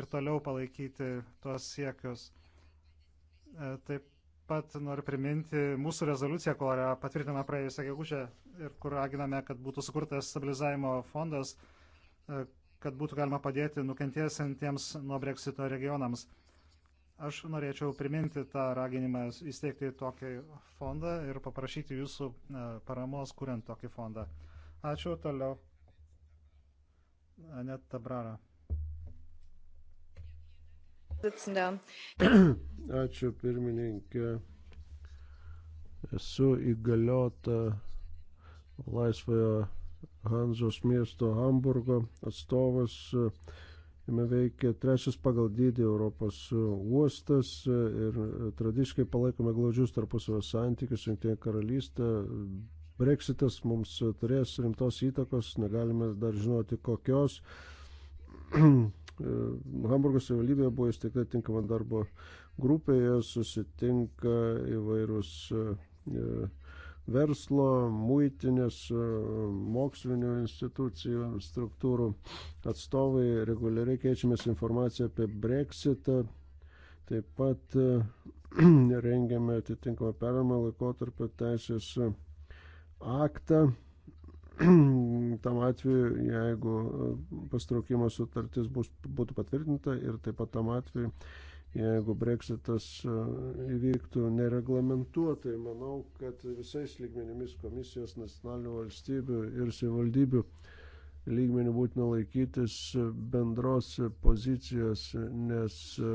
ir toliau palaikyti tuos siekius. E, taip pat noriu priminti mūsų rezoliuciją, kurią patvirtinome praėjusią gegužę ir kur raginame, kad būtų sukurtas stabilizavimo fondas, e, kad būtų galima padėti nukentiesintiems nuo breksito regionams. Aš norėčiau priminti tą raginimą įsteigti tokį fondą ir paprašyti jūsų e, paramos, kuriant tokį fondą. Ačiū toliau. Anet Tabrara. Ačiū pirmininkė. Esu įgaliota laisvojo Hanzos miesto Hamburgo atstovas. Uh, Jame veikia trečias pagal dydį Europos uostas ir tradiškai palaikome glaudžius tarpusavio santykius, Junktinė karalystė. Brexitas mums turės rimtos įtakos, negalime dar žinoti kokios. (clears throat) Hamburgo savivaldybėje buvo įsteigta tinkama darbo grupėje, susitinka įvairūs e, verslo, muitinės, e, mokslinio institucijų, struktūrų atstovai reguliariai keičiamės informaciją apie Brexitą. Taip pat e, (clears throat) rengiame atitinkamą perimą laikotarpio teisės aktą. (clears throat) Tam atveju, jeigu e, pastraukimo sutartis bus, būtų patvirtinta ir taip pat tam atveju, jeigu breksitas e, įvyktų nereglamentuotai. Manau, kad visais lygmenimis komisijos nacionalinių valstybių ir savivaldybių lygmenių būtina laikytis bendros pozicijos, nes e,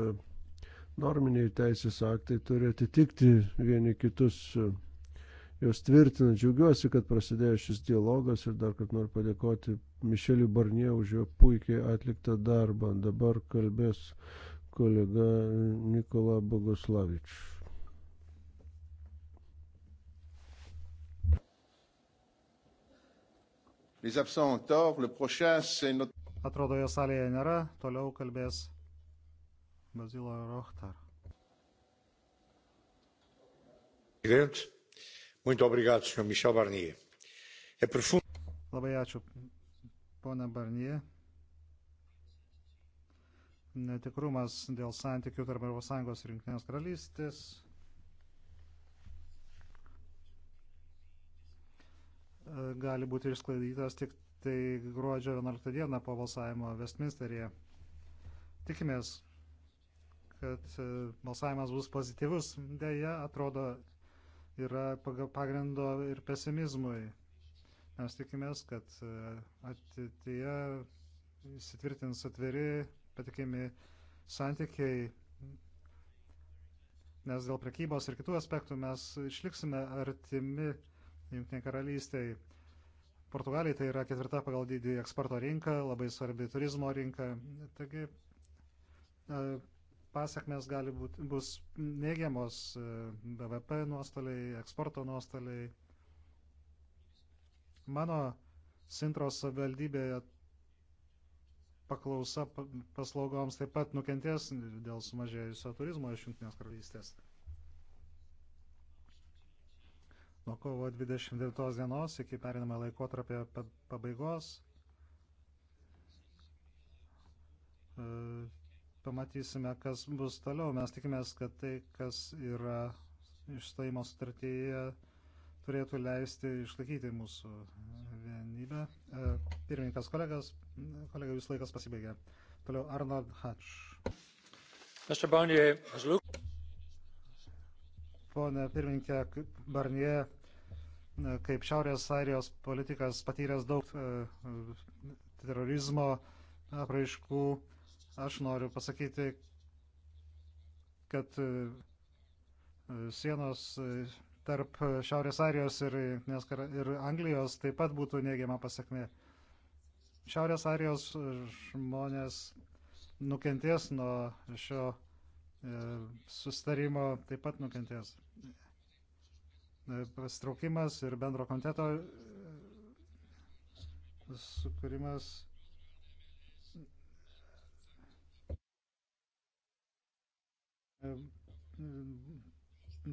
norminiai teisės aktai turi atitikti vieni kitus. Jos tvirtina, džiaugiuosi, kad prasidėjo šis dialogas ir dar kartą noriu padėkoti Mišeliu Barnie už jo puikiai atliktą darbą. Dabar kalbės kolega Nikola Bogoslavič. Atrodo, jo salėje nėra, toliau kalbės Bazilo Rohtar. Labai ačiū, ponia Barnie netikrumas dėl santykių tarp ES ir Junktinės karalystės. gali būti išsklaidytas tik tai gruodžio 11 dieną po balsavimo Westminsteryje. Tikimės, kad e, balsavimas bus pozityvus, dėja atrodo yra pagrindo ir pesimizmui. Mes tikimės, kad e, ateityje įsitvirtins atviri patikimi santykiai, nes dėl prekybos ir kitų aspektų mes išliksime artimi Junktiniai karalystiai. Portugalijai tai yra ketvirta pagal dydį eksporto rinka, labai svarbi turizmo rinka. Taigi e, pasiekmes gali būti, bus neigiamos e, BVP nuostoliai, eksporto nuostoliai. Mano Sintros valdybėje paklausa paslaugoms taip pat nukentės dėl sumažėjusio turizmo iš Junktinės karalystės. Nuo kovo 29 dienos iki perinamą laikotarpį pabaigos e, pamatysime, kas bus toliau. Mes tikimės, kad tai, kas yra išstojimo sutartyje, turėtų leisti išlaikyti mūsų vienybę. E, Pirmininkas kolegas, kolega, jūs laikas pasibaigė. Toliau Arnold Hatch. Mr. Barnier, as look. Pone pirmininkė Barnier, kaip Šiaurės Airijos politikas patyręs daug e, terorizmo apraiškų, aš noriu pasakyti, kad e, sienos e, tarp Šiaurės Airijos ir, ir Anglijos taip pat būtų neigiama pasiekmė. Šiaurės Airijos žmonės nukentės nuo šio e, sustarimo, taip pat nukentės. E, Pastraukimas ir bendro komiteto e, sukūrimas.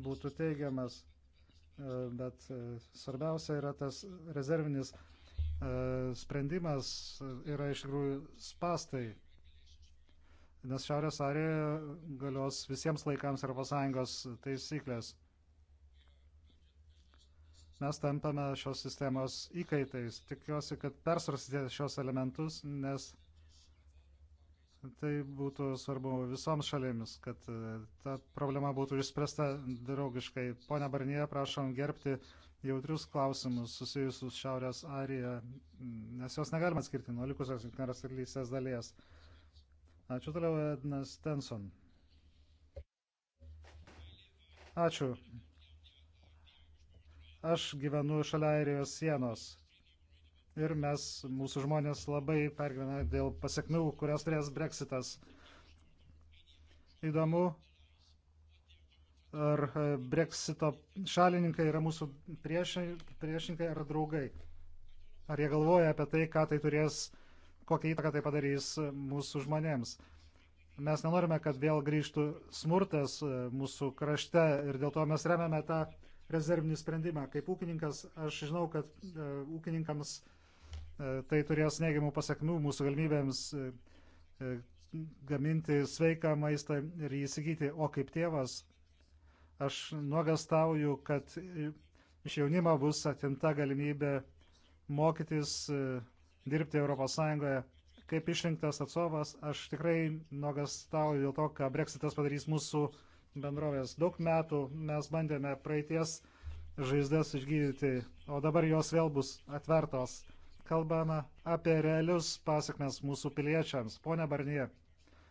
būtų teigiamas, bet svarbiausia yra tas rezervinis E, sprendimas yra iš tikrųjų spastai, nes Šiaurės Airija galios visiems laikams ES taisyklės. Mes tampame šios sistemos įkaitais. Tikiuosi, kad persvarsite šios elementus, nes tai būtų svarbu visoms šalėmis, kad e, ta problema būtų išspręsta draugiškai. Pone Barnie, prašom gerbti jautrius klausimus susijusius Šiaurės Airija, nes jos negalima atskirti nuo likusios jungtinės karalystės dalies. Ačiū toliau, Ednas Tenson. Ačiū. Aš gyvenu šalia Airijos sienos ir mes, mūsų žmonės, labai pergyvena dėl pasiekmių, kurias turės Brexitas. Įdomu, ar e, breksito šalininkai yra mūsų priešininkai ar draugai. Ar jie galvoja apie tai, ką tai turės, kokią įtaką tai padarys e, mūsų žmonėms. Mes nenorime, kad vėl grįžtų smurtas e, mūsų krašte ir dėl to mes remiame tą rezervinį sprendimą. Kaip ūkininkas, aš žinau, kad ūkininkams tai turės neigiamų pasiekmių mūsų galimybėms gaminti sveiką maistą ir jį įsigyti. O kaip tėvas, Aš nuogastauju, kad iš jaunimo bus atimta galimybė mokytis, e, dirbti ES. Kaip išrinktas atsovas, aš tikrai nuogastauju dėl to, ką Brexitas padarys mūsų bendrovės. Daug metų mes bandėme praeities žaizdas išgydyti, o dabar jos vėl bus atvertos. Kalbame apie realius pasiekmes mūsų piliečiams. Pone Barnie,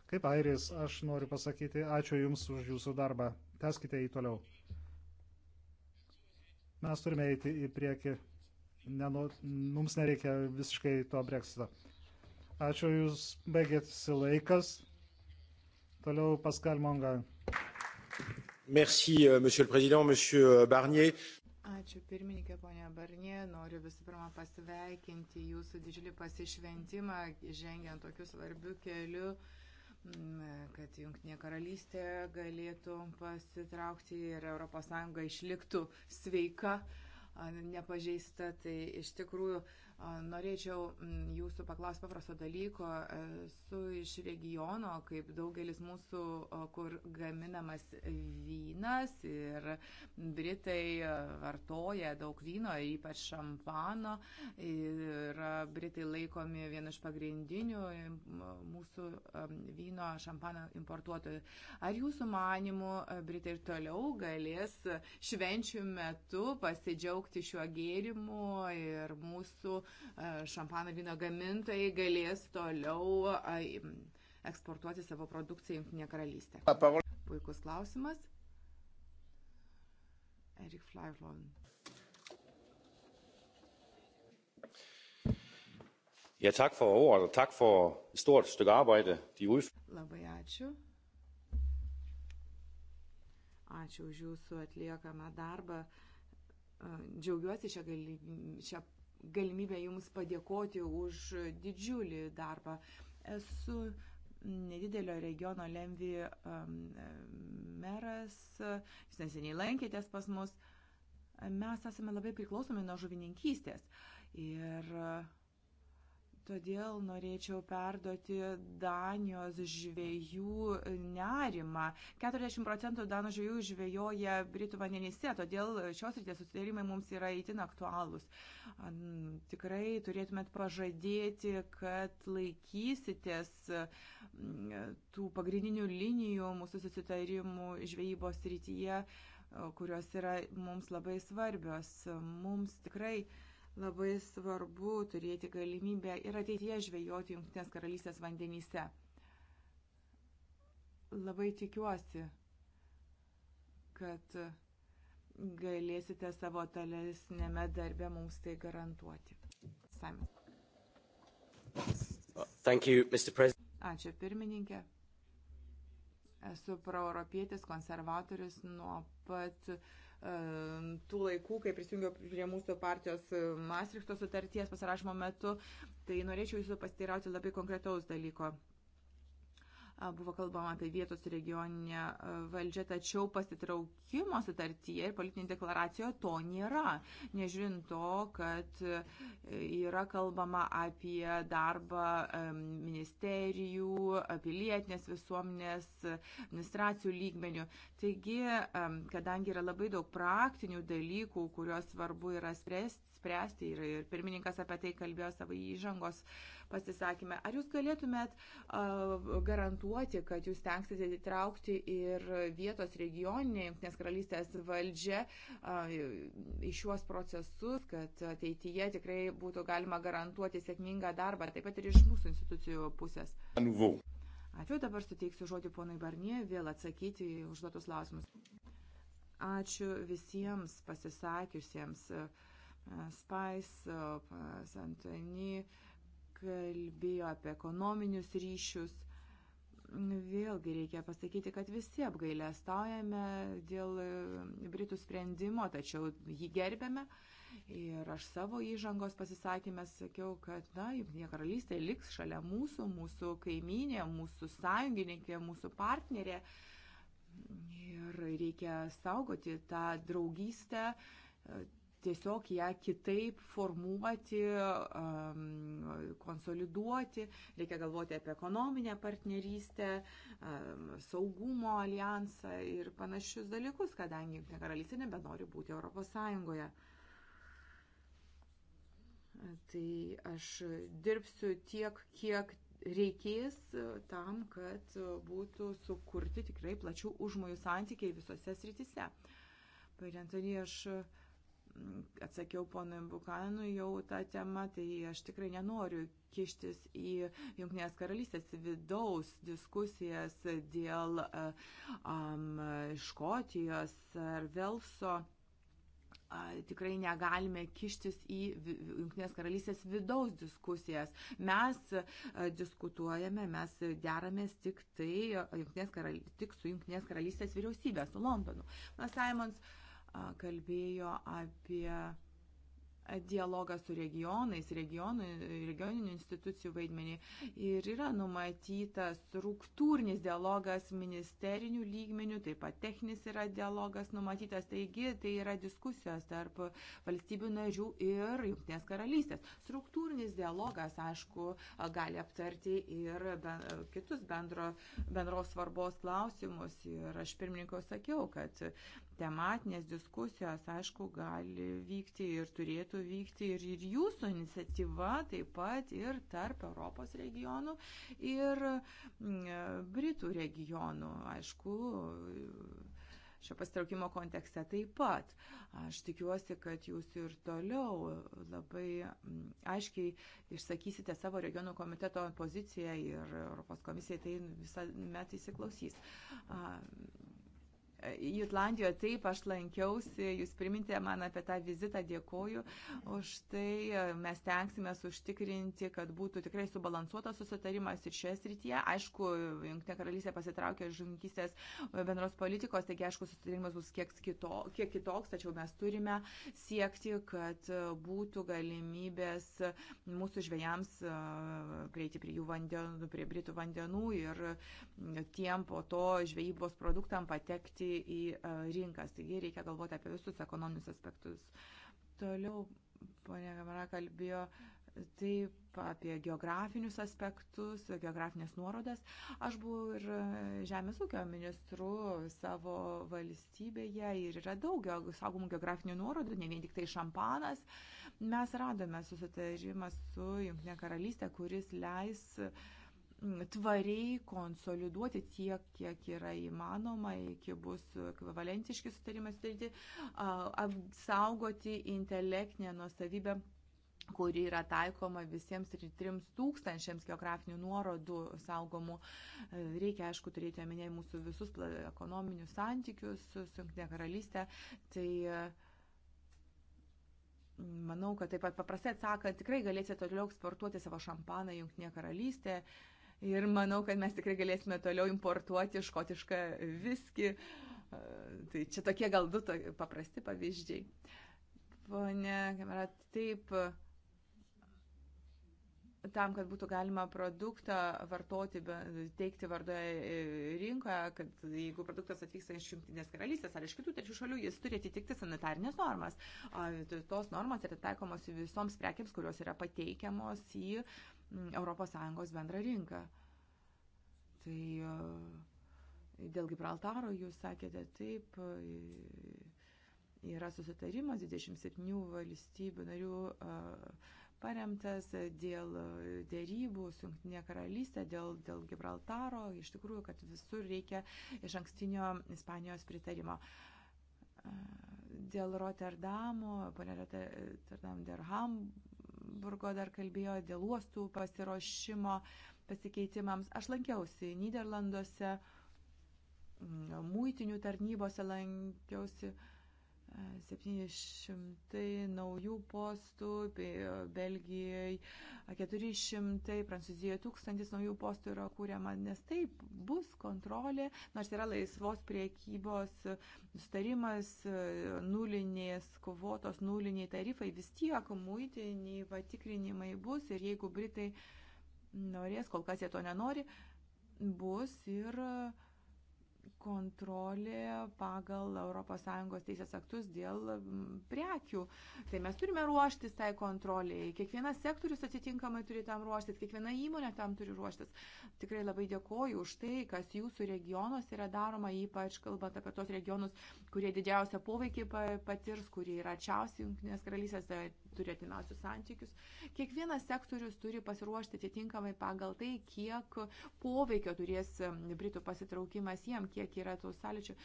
Kaip airis, aš noriu pasakyti, ačiū Jums už Jūsų darbą. Teskite jį toliau. Mes turime eiti į priekį. Nenu, mums nereikia visiškai to breksito. Ačiū Jūs, baigėsi laikas. Toliau Pascal Monga. Merci, euh, Monsieur le Président, Monsieur euh, Barnier. Ačiū pirmininkė, ponia Barnė. Noriu visų pirma pasveikinti jūsų didžiulį pasišventimą, žengiant tokiu svarbiu keliu. Uh, Mm, kad Junktinė karalystė galėtų pasitraukti ir ES išliktų sveika, nepažeista. Tai iš tikrųjų Norėčiau jūsų paklausti paprasto dalyko. Esu iš regiono, kaip daugelis mūsų, kur gaminamas vynas ir Britai vartoja daug vyno, ypač šampano. Ir Britai laikomi vienu iš pagrindinių mūsų vyno šampano importuotojų. Ar jūsų manimų Britai ir toliau galės švenčių metu pasidžiaugti šiuo gėrimu ir mūsų E, šampano vyno gamintojai galės toliau eksportuoti savo produkciją į Junktinę karalystę? Puikus klausimas. Erik Flyflon. Ja, tak for ordet, og tak for et stort stykke arbejde, de udfører. Labai ačiū. Ačiū už jūsų atliekamą darbą. E, džiaugiuosi šią, galim, šią galimybę Jums padėkoti už didžiulį darbą. Esu nedidelio regiono Lemvi meras, jūs neseniai lankėtės pas mus. Mes esame labai priklausomi nuo žuvininkystės. Ir uh, Todėl norėčiau perduoti Danijos žvėjų nerimą. 40 procentų Danų žvėjų žvėjoja Britų vandenyse, todėl šios rytės susitarimai mums yra įtin aktualūs. Tikrai turėtumėt pažadėti, kad laikysitės mm, tų pagrindinių linijų mūsų susitarimų žvėjybos rytyje, kurios yra mums labai svarbios. Mums tikrai Labai svarbu turėti galimybę ir ateityje žvejoti Junktinės karalystės vandenyse. Labai tikiuosi, kad galėsite savo tolesnėme darbe mums tai garantuoti. Simon. Thank you, Mr. President. Ačiū pirmininkė. Esu proeuropietis, konservatorius nuo pat uh, tų laikų, kai prisijungiau prie mūsų partijos e, Masrichto sutarties pasirašymo metu. Tai norėčiau jūsų pasteirauti labai konkretaus dalyko buvo kalbama apie vietos regioninę valdžią, tačiau pasitraukimo sutartyje ir politinėje deklaracijoje to nėra. Nežiūrint to, kad e, yra kalbama apie darbą e, ministerijų, pilietinės visuomenės, administracijų lygmenių. Taigi, e, kadangi yra labai daug praktinių dalykų, kuriuos svarbu yra spręsti, spręsti ir, ir pirmininkas apie tai kalbėjo savo įžangos pasisakymę. Ar jūs galėtumėt garantuoti, kad jūs tenksite įtraukti ir vietos regioninė Junktinės karalystės valdžia į šiuos procesus, kad ateityje tikrai būtų galima garantuoti sėkmingą darbą, taip pat ir iš mūsų institucijų pusės. Anuvau. Ačiū, dabar suteiksiu žodį ponui Barnie vėl atsakyti į užduotus klausimus. Ačiū visiems pasisakiusiems. Spice, Santony, kalbėjo apie ekonominius ryšius. Vėlgi reikia pasakyti, kad visi apgailę staujame dėl e, Britų sprendimo, tačiau jį gerbėme. Ir aš savo įžangos pasisakymę sakiau, kad, na, Junktinė karalystė liks šalia mūsų, mūsų kaiminė, mūsų sąjungininkė, mūsų partnerė. Ir reikia saugoti tą draugystę, tiesiog ją kitaip formuoti, konsoliduoti, reikia galvoti apie ekonominę partnerystę, saugumo alijansą ir panašius dalykus, kadangi Junktinė karalystė nebenori būti Europos Sąjungoje. Tai aš dirbsiu tiek, kiek reikės tam, kad būtų sukurti tikrai plačių užmojų santykiai visose srityse. Pairentanį aš uh, atsakiau ponui Bukanui jau tą temą, tai aš tikrai nenoriu kištis į Junknės karalystės vidaus diskusijas dėl um, Škotijos ar Velso tikrai negalime kištis į Junktinės karalystės vidaus diskusijas. Mes diskutuojame, mes deramės tik, tai, tik su Junktinės karalystės vyriausybė, su Londonu. Na, Simons, uh, kalbėjo apie dialogą su regionais, regionų, regioninių institucijų vaidmenį. Ir yra numatytas struktūrinis dialogas ministerinių lygmenių, taip pat techninis yra dialogas numatytas. Taigi tai yra diskusijos tarp valstybių narių ir Junktinės karalystės. Struktūrinis dialogas, aišku, gali aptarti ir ben, kitus bendro, bendros svarbos klausimus. Ir aš pirmininko sakiau, kad tematinės diskusijos, aišku, gali vykti ir turėtų vykti ir, ir jūsų iniciatyva taip pat ir tarp Europos regionų ir mm, Britų regionų, aišku, šio pastraukimo kontekste taip pat. Aš tikiuosi, kad jūs ir toliau labai mm, aiškiai išsakysite savo regionų komiteto poziciją ir Europos komisija tai visą metą įsiklausys. Jutlandijoje taip aš lankiausi, jūs primintė man apie tą vizitą, dėkoju už tai, mes tenksime užtikrinti, kad būtų tikrai subalansuotas susitarimas ir šioje srityje. Aišku, Junktinė karalystė pasitraukė žunkystės bendros politikos, taigi aišku, susitarimas bus kiek, kito, kiek kitoks, tačiau mes turime siekti, kad būtų galimybės mūsų žvėjams prieiti prie jų vandenų, prie Britų vandenų ir tiem po to žvejybos produktam patekti patekti į e, rinkas. Taigi reikia galvoti apie visus ekonominius aspektus. Toliau, ponė Gamara kalbėjo taip apie geografinius aspektus, geografinės nuorodas. Aš buvau ir žemės ūkio ministru savo valstybėje ir yra daug saugomų geografinių nuorodų, ne vien tik tai šampanas. Mes radome susitarimą su Junktinė karalystė, kuris leis uh, tvariai konsoliduoti tiek, kiek yra įmanoma, iki bus ekvivalentiški sutarimai sudaryti, apsaugoti intelektinę nuosavybę kuri yra taikoma visiems ir trims tūkstančiams geografinių nuorodų saugomų. E, reikia, aišku, turėti omenyje mūsų visus ekonominius santykius su Junktinė karalystė. Tai e, manau, kad taip pat paprastai atsakant, tikrai galėsite toliau eksportuoti savo šampaną Junktinė karalystė. Uh, Ir manau, kad mes tikrai galėsime toliau importuoti škotišką viskį. E, tai čia tokie gal du to, paprasti pavyzdžiai. Pone, kamerat, taip, tam, kad būtų galima produktą vartoti, teikti vardoje e, rinkoje, kad jeigu produktas atvyksta iš Junktinės karalystės ar iš kitų trečių šalių, jis turi atitikti sanitarnės normas. Tos normos yra taikomos visoms prekiams, kurios yra pateikiamos į uh, ES bendrą rinką. Tai e, dėl Gibraltaro jūs sakėte taip, e, yra susitarimas 27 valstybių narių e, paremtas dėl dėrybų su Junktinė karalystė, dėl, dėl Gibraltaro, iš tikrųjų, kad visur reikia iš ankstinio Ispanijos pritarimo. Dėl Rotterdamo, ponė Rotterdam, dėl Hamburgo Burgo dar kalbėjo dėl uostų pasiruošimo pasikeitimams. Aš lankiausi Niderlanduose, mm, muitinių tarnybose lankiausi. Uh, 700 naujų postų, Belgijoje 400, Prancūzijoje 1000 naujų postų yra kūriama, nes taip bus kontrolė, nors yra laisvos priekybos sustarimas, nulinės kvotos, nuliniai tarifai, vis tiek muitiniai patikrinimai bus ir jeigu Britai norės, kol kas jie to nenori, bus ir uh, kontrolė pagal ES teisės aktus dėl prekių. Tai mes turime ruoštis tai kontroliai. Kiekvienas sektorius atitinkamai turi tam ruoštis, kiekviena įmonė tam turi ruoštis. Tikrai labai dėkoju už tai, kas jūsų regionuose yra daroma, ypač kalbant apie tos regionus, kurie didžiausią poveikį patirs, kurie yra arčiausiai Junktinės karalystės, turi atimiausius santykius. Kiekvienas sektorius turi pasiruošti atitinkamai pagal tai, kiek poveikio turės Britų pasitraukimas jiem, kiek yra tų sąlyčių.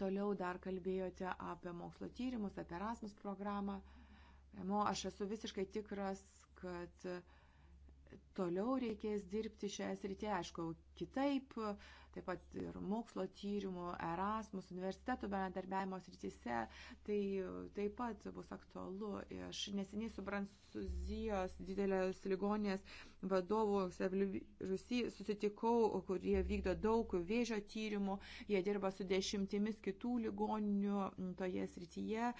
Toliau dar kalbėjote apie mokslo tyrimus, apie Erasmus programą. Mo, aš esu visiškai tikras, kad toliau reikės dirbti šioje srityje. Aišku, kitaip, taip pat ir mokslo tyrimų, Erasmus, universitetų bendradarbiavimo srityse, tai taip pat bus aktualu. Aš neseniai su Prancūzijos didelės ligonės vadovu Rusy susitikau, kurie vykdo daug vėžio tyrimų, jie dirba su dešimtimis kitų ligoninių toje srityje,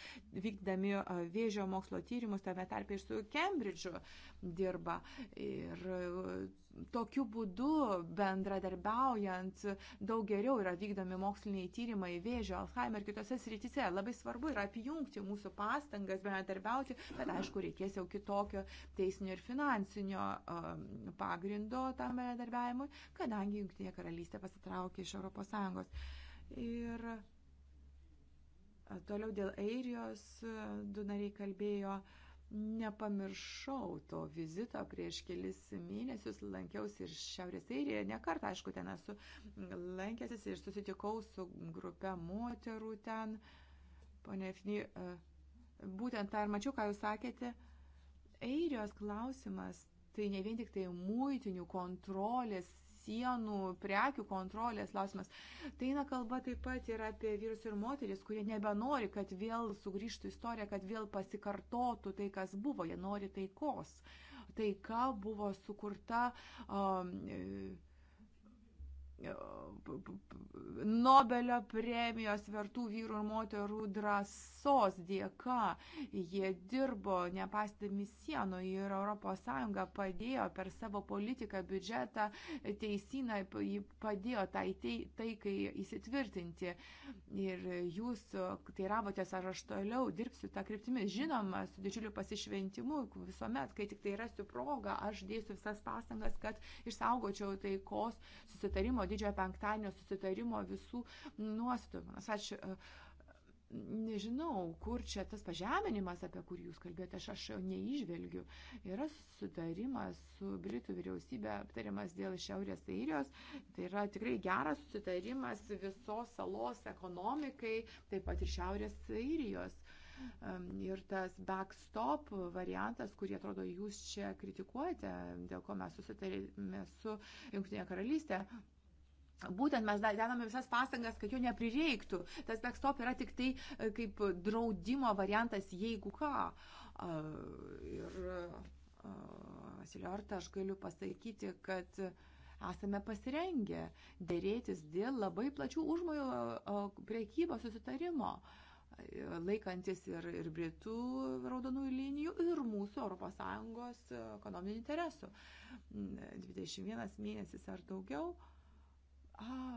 vykdami vėžio mokslo tyrimus, tame tarpe ir su Kembridžu dirba. Ir tokiu būdu bendradarbiaujant daug geriau yra vykdomi moksliniai tyrimai vėžio, Alzheimer ir kitose srityse. Labai svarbu yra apjungti mūsų pastangas bendradarbiauti, bet aišku, reikės jau kitokio teisinio ir finansinio um, pagrindo tam bendradarbiavimui, kadangi Junktinė karalystė pasitraukė iš ES. Ir e, toliau dėl Airijos e, du nariai kalbėjo. Uh, nepamiršau to vizito prieš kelis mėnesius, lankiausi ir Šiaurės Airijoje, nekart, aišku, ten esu lankęsis ir susitikau su grupe moterų ten, ponė Fni, e, būtent tą ir mačiau, ką jūs sakėte, Airijos klausimas, tai ne vien tik tai muitinių kontrolės sienų, prekių kontrolės klausimas. Tai eina kalba taip pat ir apie vyrus ir moteris, kurie nebenori, kad vėl sugrįžtų istorija, kad vėl pasikartotų tai, kas buvo. Jie nori taikos. Taika buvo sukurta. Um, Nobelio premijos vertų vyrų ir moterų drąsos dėka. Jie dirbo nepastami sienų ir ES padėjo per savo politiką, biudžetą, teisiną, padėjo tai, tai, tai kai įsitvirtinti. Ir jūs teiravotės, ar aš toliau dirbsiu tą kryptimį. Žinoma, su didžiuliu pasišventimu visuomet, kai tik tai rasiu progą, aš dėsiu visas pastangas, kad išsaugočiau taikos susitarimo didžiojo penktadienio susitarimo visų nuostatų. Aš e, nežinau, kur čia tas pažeminimas, apie kurį jūs kalbėjote, aš, aš neižvelgiu. Yra sutarimas su Britų vyriausybė aptariamas dėl Šiaurės Airijos. Tai yra tikrai geras sutarimas visos salos ekonomikai, taip pat ir Šiaurės Airijos. Ir tas backstop variantas, kurį atrodo jūs čia kritikuojate, dėl ko mes susitarėme su Junktinė karalystė, Būtent mes dedame visas pastangas, kad jų neprireiktų. Tas backstop yra tik tai e, kaip draudimo variantas, jeigu ką. Ir Vasiliorta, aš galiu pasakyti, kad esame pasirengę dėrėtis dėl labai plačių užmojų priekybos susitarimo, e, laikantis ir, ir Britų raudonųjų linijų, ir mūsų ES e, ekonominių interesų. 21 mėnesis ar daugiau A,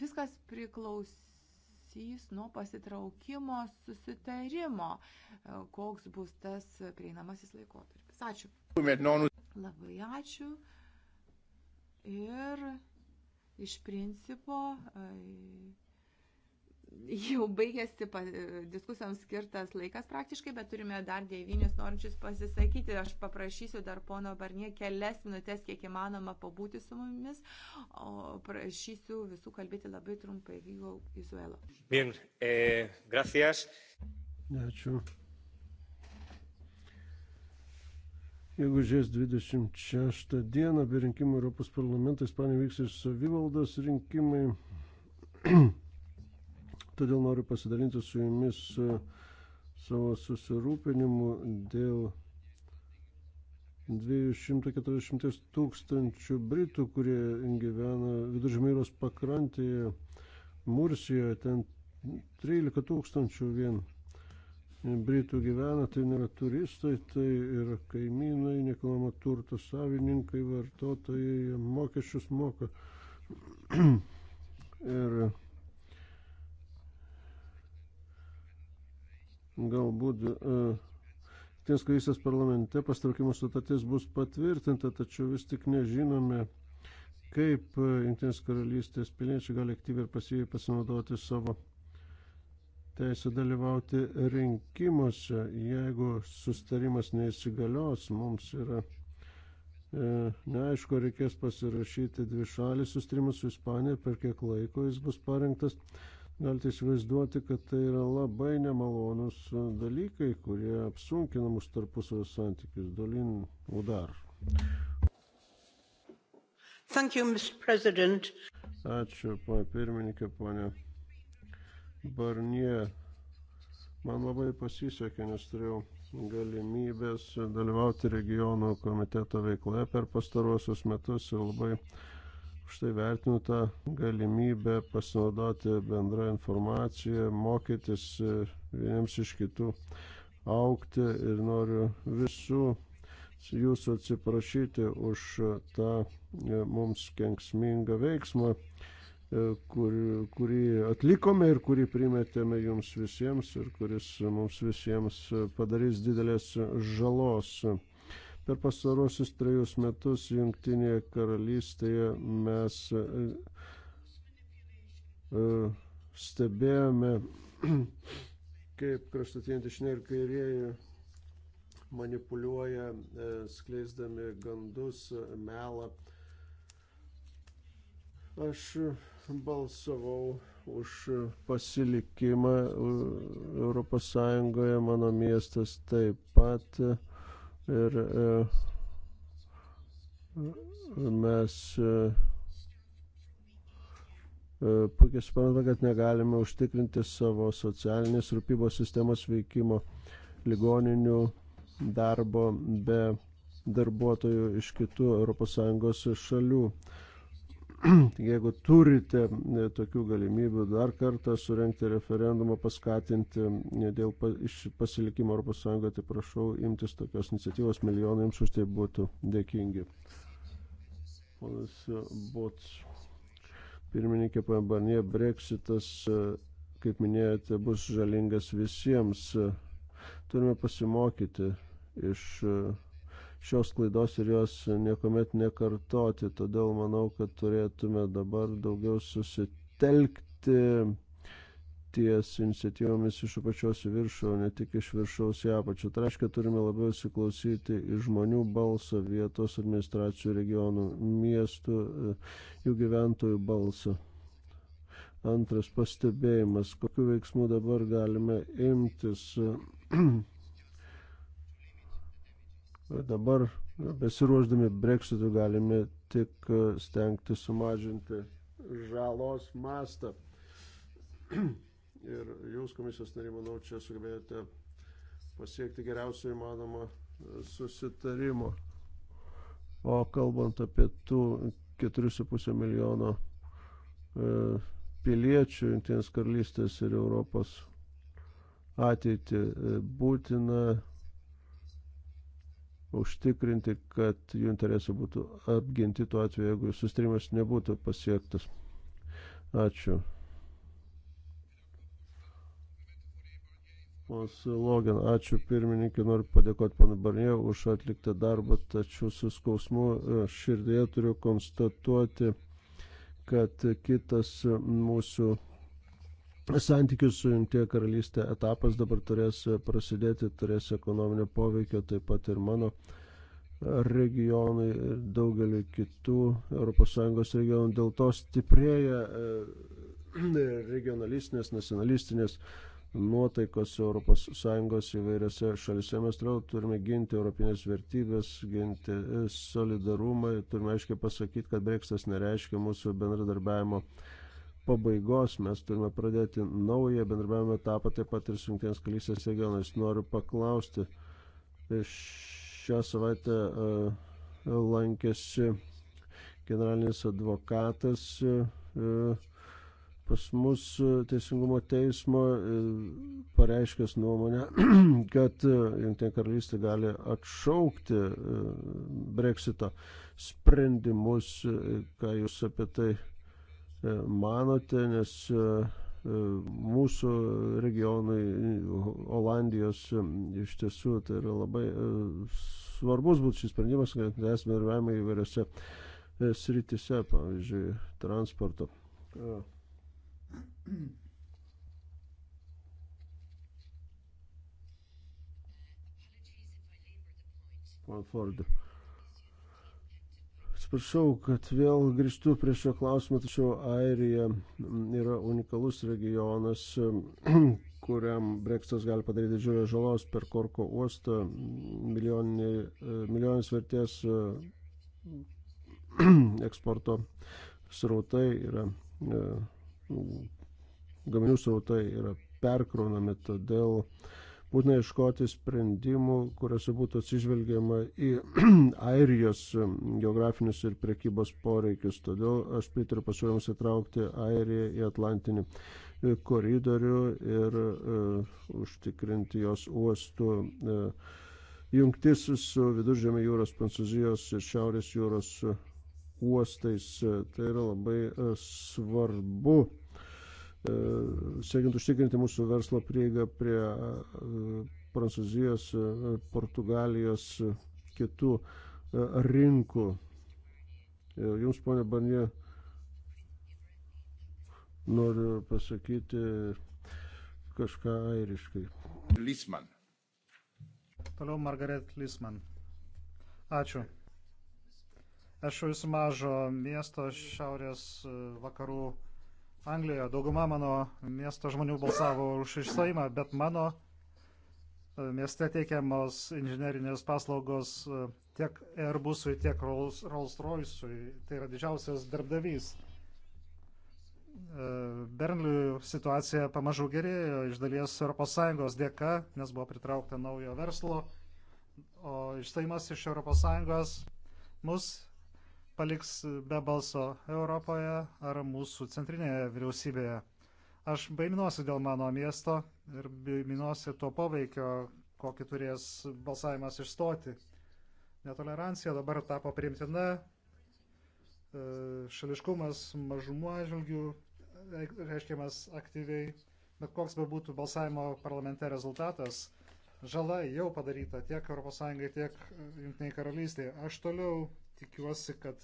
viskas priklausys nuo pasitraukimo susitarimo, e, koks bus tas prieinamasis laikotarpis. Ačiū. Labai ačiū. Ir iš principo. Ai, e, Jau baigėsi diskusijoms skirtas laikas praktiškai, bet turime dar devynis norinčius pasisakyti. Aš paprašysiu dar pono Barnie kelias minutės, kiek įmanoma, pabūti su mumis, o prašysiu visų kalbėti labai trumpai. Vygo Izuelo. Bien, eh, gracias. Ačiū. Gegužės 26 dieną be rinkimų Europos parlamento Ispanija vyks ir savivaldos rinkimai. (clears throat) Todėl noriu pasidalinti su jumis e, savo susirūpinimu dėl 240 tūkstančių Britų, kurie gyvena Viduržmyros pakrantėje, Mursijoje, ten 13 tūkstančių vien Britų gyvena, tai nėra turistai, tai yra kaimynai, nekilnojamo turto savininkai, vartotojai, mokesčius moka. (clears throat) ir galbūt e, Jungtinės karalystės parlamente pastraukimo sutartis bus patvirtinta, tačiau vis tik nežinome, kaip e, Jungtinės karalystės piliečiai gali aktyviai ir pasyviai pasinaudoti savo teisę dalyvauti rinkimuose. Jeigu sustarimas neįsigalios, mums yra e, neaišku, reikės pasirašyti dvi šalį sustarimus su Ispanija, per kiek laiko jis bus parengtas. Galite įsivaizduoti, kad tai yra labai nemalonus e, dalykai, kurie apsunkina mūsų tarpusavio santykius. Dolin udar. Thank you, Mr. President. Ačiū, ponia pirmininkė, ponia Barnie. Man labai pasisekė, nes turėjau galimybės dalyvauti regionų komiteto veikloje per pastaruosius metus ir labai Štai vertinu tą galimybę pasinaudoti bendrą informaciją, mokytis e, vieniems iš kitų, aukti ir noriu visų jūsų atsiprašyti už tą e, mums kenksmingą veiksmą, e, kur, kurį atlikome ir kurį primetėme jums visiems ir kuris mums visiems padarys didelės žalos. Per pastarosius trejus metus Junktinėje karalystėje mes e, e, stebėjome, (clears throat) kaip kraštutinė dešinė ir kairieji manipuliuoja, e, skleisdami gandus, melą. Aš balsavau už pasilikimą Europos Sąjungoje, mano miestas taip pat. Ir e, mes e, e, puikiai suprantame, kad negalime užtikrinti savo socialinės rūpybos sistemos veikimo ligoninių darbo be darbuotojų iš kitų ES šalių. (clears throat) Jeigu turite e, tokių galimybių dar kartą surenkti referendumą, paskatinti e, dėl pasilikimo ES, tai prašau imtis tokios iniciatyvos milijonams, už tai būtų dėkingi. Ponas Bots, pirmininkė Pambanė, Brexitas, e, kaip minėjote, bus žalingas visiems. Turime pasimokyti iš šios klaidos ir jos niekuomet nekartoti. Todėl manau, kad turėtume dabar daugiau susitelkti ties iniciatyvomis iš apačios į viršų, o ne tik iš viršaus į apačią. Tai reiškia, turime labiau įsiklausyti į žmonių balsą, vietos administracijų regionų, miestų, e, jų gyventojų balsą. Antras pastebėjimas, kokiu veiksmu dabar galime imtis (clears throat) Dabar besiruoždami breksitui galime tik e, stengti sumažinti žalos mastą. Ir jūs, komisijos nariai, manau, čia sugebėjote pasiekti geriausio įmanomo e, susitarimo. O kalbant apie tų 4,5 milijono e, piliečių Junktinės karalystės ir Europos ateitį, būtina užtikrinti, kad jų interesai būtų apginti tuo atveju, jeigu sustarimas nebūtų pasiektas. Ačiū. Pons Login, ačiū pirmininkė, noriu padėkoti panu Barnie už atliktą darbą, tačiau su skausmu e, širdėje turiu konstatuoti, kad kitas mūsų santykių su Junktie karalystė etapas dabar turės prasidėti, turės ekonominio poveikio taip pat ir mano regionai ir daugelį kitų ES regionų. Dėl to stiprėja e, regionalistinės, nacionalistinės nuotaikos ES įvairiose šalise. Mes toliau turime ginti europinės vertybės, ginti e, solidarumą, turime aiškiai pasakyti, kad breksitas nereiškia mūsų bendradarbiavimo pabaigos mes turime pradėti naują bendravimo etapą taip pat ir su Junktinės karalystės regionais. Noriu paklausti, šią savaitę e, lankėsi generalinis advokatas e, e, pas mus Teisingumo teismo pareiškęs nuomonę, (clears throat) kad Junktinė karalystė gali atšaukti breksito sprendimus, ką jūs apie tai E, manote, nes e, e, mūsų regionui Olandijos iš tiesų tai yra labai svarbus būtų šis sprendimas, kad mes bendravime įvairiose sritise, pavyzdžiui, transporto. Ford. Atsiprašau, kad vėl grįžtu prie šio klausimo, tačiau Airija yra unikalus regionas, (clears throat) kuriam breksitas gali padaryti didžiulę žalos per Korko uostą, milijonis vertės (clears throat) eksporto srautai yra, e, gaminių srautai yra perkraunami, todėl uh, būtina iškoti sprendimų, kuriuose būtų atsižvelgiama į (clears throat) Airijos geografinius ir prekybos poreikius. Todėl aš pritariu pasiūlymus įtraukti Airiją į Atlantinį e, koridorių ir uh, užtikrinti jos uostų uh, jungtis su Viduržėmio jūros, Prancūzijos ir Šiaurės jūros uostais. Tai yra labai uh, svarbu siekiant užtikrinti mūsų verslo prieigą prie e, Prancūzijos, e, Portugalijos, e, kitų rinkų. Jums, ponė Banė, noriu pasakyti kažką airiškai. Lisman. Toliau Margaret Lisman. Ačiū. Aš jau iš mažo miesto šiaurės vakarų Anglijoje dauguma mano miesto žmonių balsavo už išstojimą, bet mano e, mieste teikiamos inžinerinės paslaugos e, tiek Airbusui, tiek Rolls-Royce'ui. Tai yra didžiausias darbdavys. E, Bernliui situacija pamažu gerėjo iš dalies ES dėka, nes buvo pritraukta naujo verslo, o išstojimas iš ES mus paliks be balso Europoje ar mūsų centrinėje vyriausybėje. Aš baiminuosi dėl mano miesto ir baiminuosi to poveikio, kokį turės balsavimas išstoti. Netolerancija dabar tapo priimtina, e, šališkumas mažumų atžvilgių e, reiškiamas aktyviai, bet koks be būtų balsavimo parlamente rezultatas, žala jau padaryta tiek ES, tiek Junktiniai karalystėje. Aš toliau tikiuosi, kad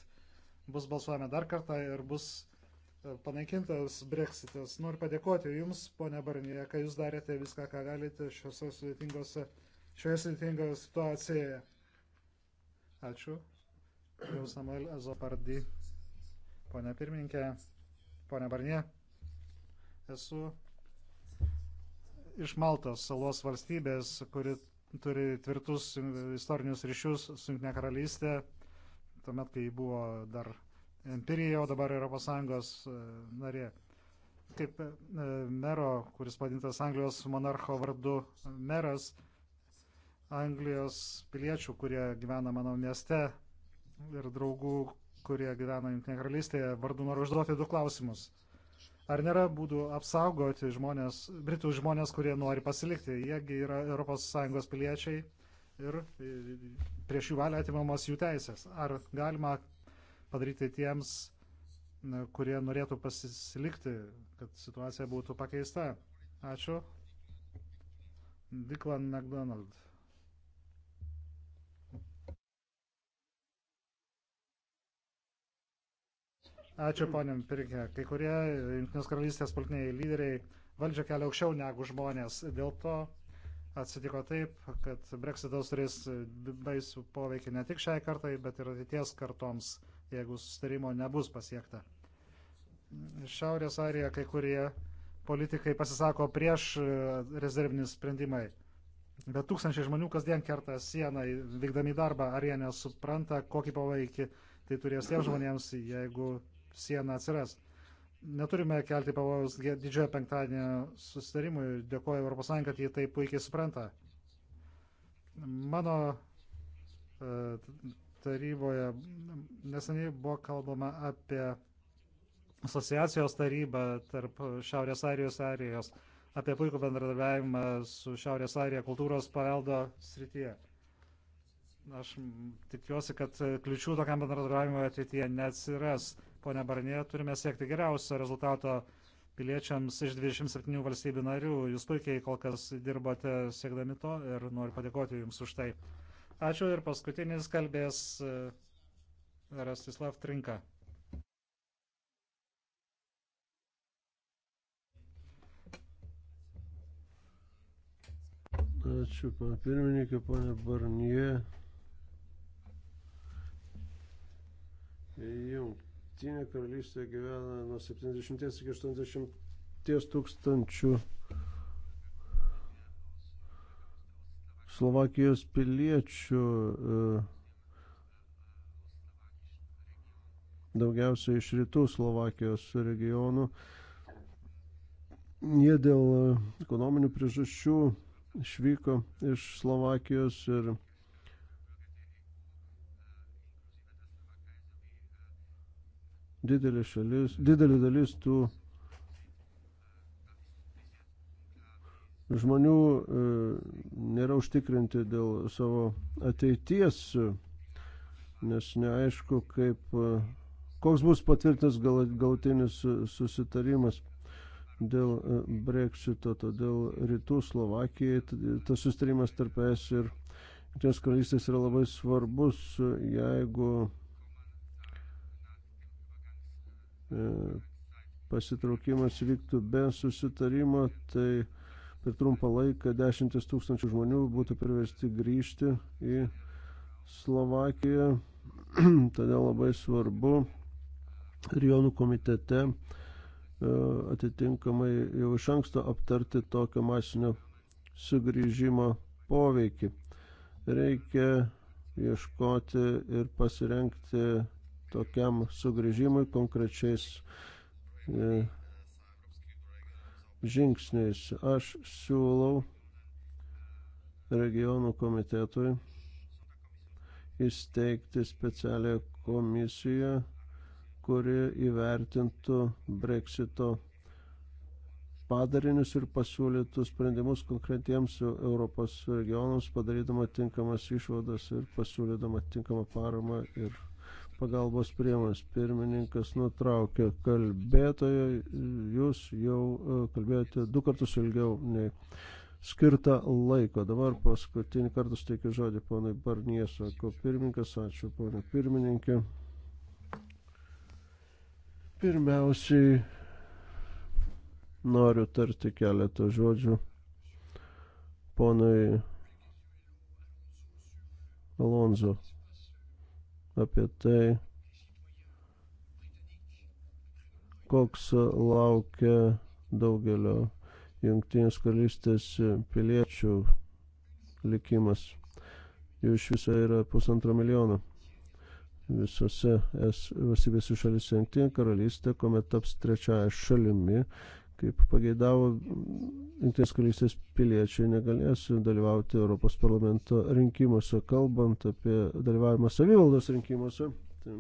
bus balsuojama dar kartą ir bus e, panaikintas breksitas. Noriu padėkoti Jums, ponė Barnėje, kad Jūs darėte viską, ką galite šiose sudėtingose, šioje sudėtingoje situacijoje. Ačiū. Jau Samuel Azopardi, ponė pirmininkė, ponė Barnė, esu iš Maltos salos valstybės, kuri turi tvirtus istorinius ryšius su Junktinė karalystė tuomet, kai buvo dar Empirija, o dabar ES e, narė. Kaip e, mero, kuris padintas Anglijos monarcho vardu meras, Anglijos piliečių, kurie gyvena mano mieste ir draugų, kurie gyvena Junktinėje karalystėje, vardu noriu užduoti du klausimus. Ar nėra būdų apsaugoti žmonės, britų žmonės, kurie nori pasilikti? Jiegi yra ES piliečiai ir prieš jų valią atimamos jų teisės. Ar galima padaryti tiems, kurie norėtų pasilikti, kad situacija būtų pakeista? Ačiū. Diklan McDonald. Ačiū, ponė Pirkė. Kai kurie Junktinės karalystės politiniai lyderiai valdžia kelia aukščiau negu žmonės. Dėl to atsitiko taip, kad Brexitas turės baisų poveikį ne tik šiai kartai, bet ir ateities kartoms, jeigu sustarimo nebus pasiekta. Šiaurės Airija kai kurie politikai pasisako prieš e, rezervinį sprendimai. Bet tūkstančiai žmonių kasdien kerta sieną, vykdami darbą, ar jie nesupranta, kokį poveikį tai turės tiems žmonėms, jeigu siena atsiras neturime kelti pavojaus didžiojo penktadienio susitarimui ir dėkoju ES, kad jie tai puikiai supranta. Mano e, taryboje neseniai buvo kalbama apie asociacijos tarybą tarp Šiaurės Airijos ir Airijos, apie puikų bendradarbiavimą su Šiaurės Airija kultūros paveldo srityje. Aš tikiuosi, kad kliučių tokiam bendradarbiavimui ateityje neatsiras ponia Barnė, turime siekti geriausio rezultato piliečiams iš 27 valstybių narių. Jūs puikiai kol kas dirbote siekdami to ir noriu padėkoti Jums už tai. Ačiū ir paskutinis kalbės e, Rastislav Trinka. Ačiū, pana pirmininkė, pana Barnie. Įjungti Jungtinė karalystė gyvena nuo 70 iki 80 tūkstančių Slovakijos piliečių. E, daugiausiai iš rytų Slovakijos regionų. Jie dėl ekonominių priežasčių išvyko iš Slovakijos ir didelė, šalis, didelė dalis tų žmonių e, nėra užtikrinti dėl savo ateities, nes neaišku, kaip, e, koks bus patvirtintas galutinis susitarimas dėl e, breksito, todėl rytų Slovakijai tas sustarimas tarp es ir Jungtinės karalystės yra labai svarbus, jeigu E, pasitraukimas vyktų be susitarimo, tai per trumpą laiką dešimtis tūkstančių žmonių būtų priversti grįžti į Slovakiją. (clears throat) Todėl labai svarbu regionų komitete e, atitinkamai jau iš anksto aptarti tokio masinio sugrįžimo poveikį. Reikia ieškoti ir pasirenkti tokiam sugrįžimui konkrečiais e, žingsniais. Aš siūlau regionų komitetui įsteigti specialią komisiją, kuri įvertintų breksito padarinius ir pasiūlytų sprendimus konkretiems Europos regionams, padarydama tinkamas išvadas ir pasiūlydama tinkamą paramą ir pagalbos priemonės. Pirmininkas nutraukė kalbėtoją, jūs jau e, kalbėjote du kartus ilgiau nei skirtą laiko. Dabar paskutinį kartą suteikiu žodį ponai Barnie, sako pirmininkas, ačiū ponai pirmininkė. Pirmiausiai noriu tarti keletą žodžių ponui Alonso apie tai, koks laukia daugelio jungtinės karalystės piliečių likimas. Jų iš viso yra pusantro milijono visose es valstybėse šalise jungtinė karalystė, kuomet taps trečiaja šalimi kaip pageidavo Junktinės karalystės piliečiai negalės dalyvauti Europos parlamento rinkimuose, kalbant apie dalyvavimą savivaldos rinkimuose. Tai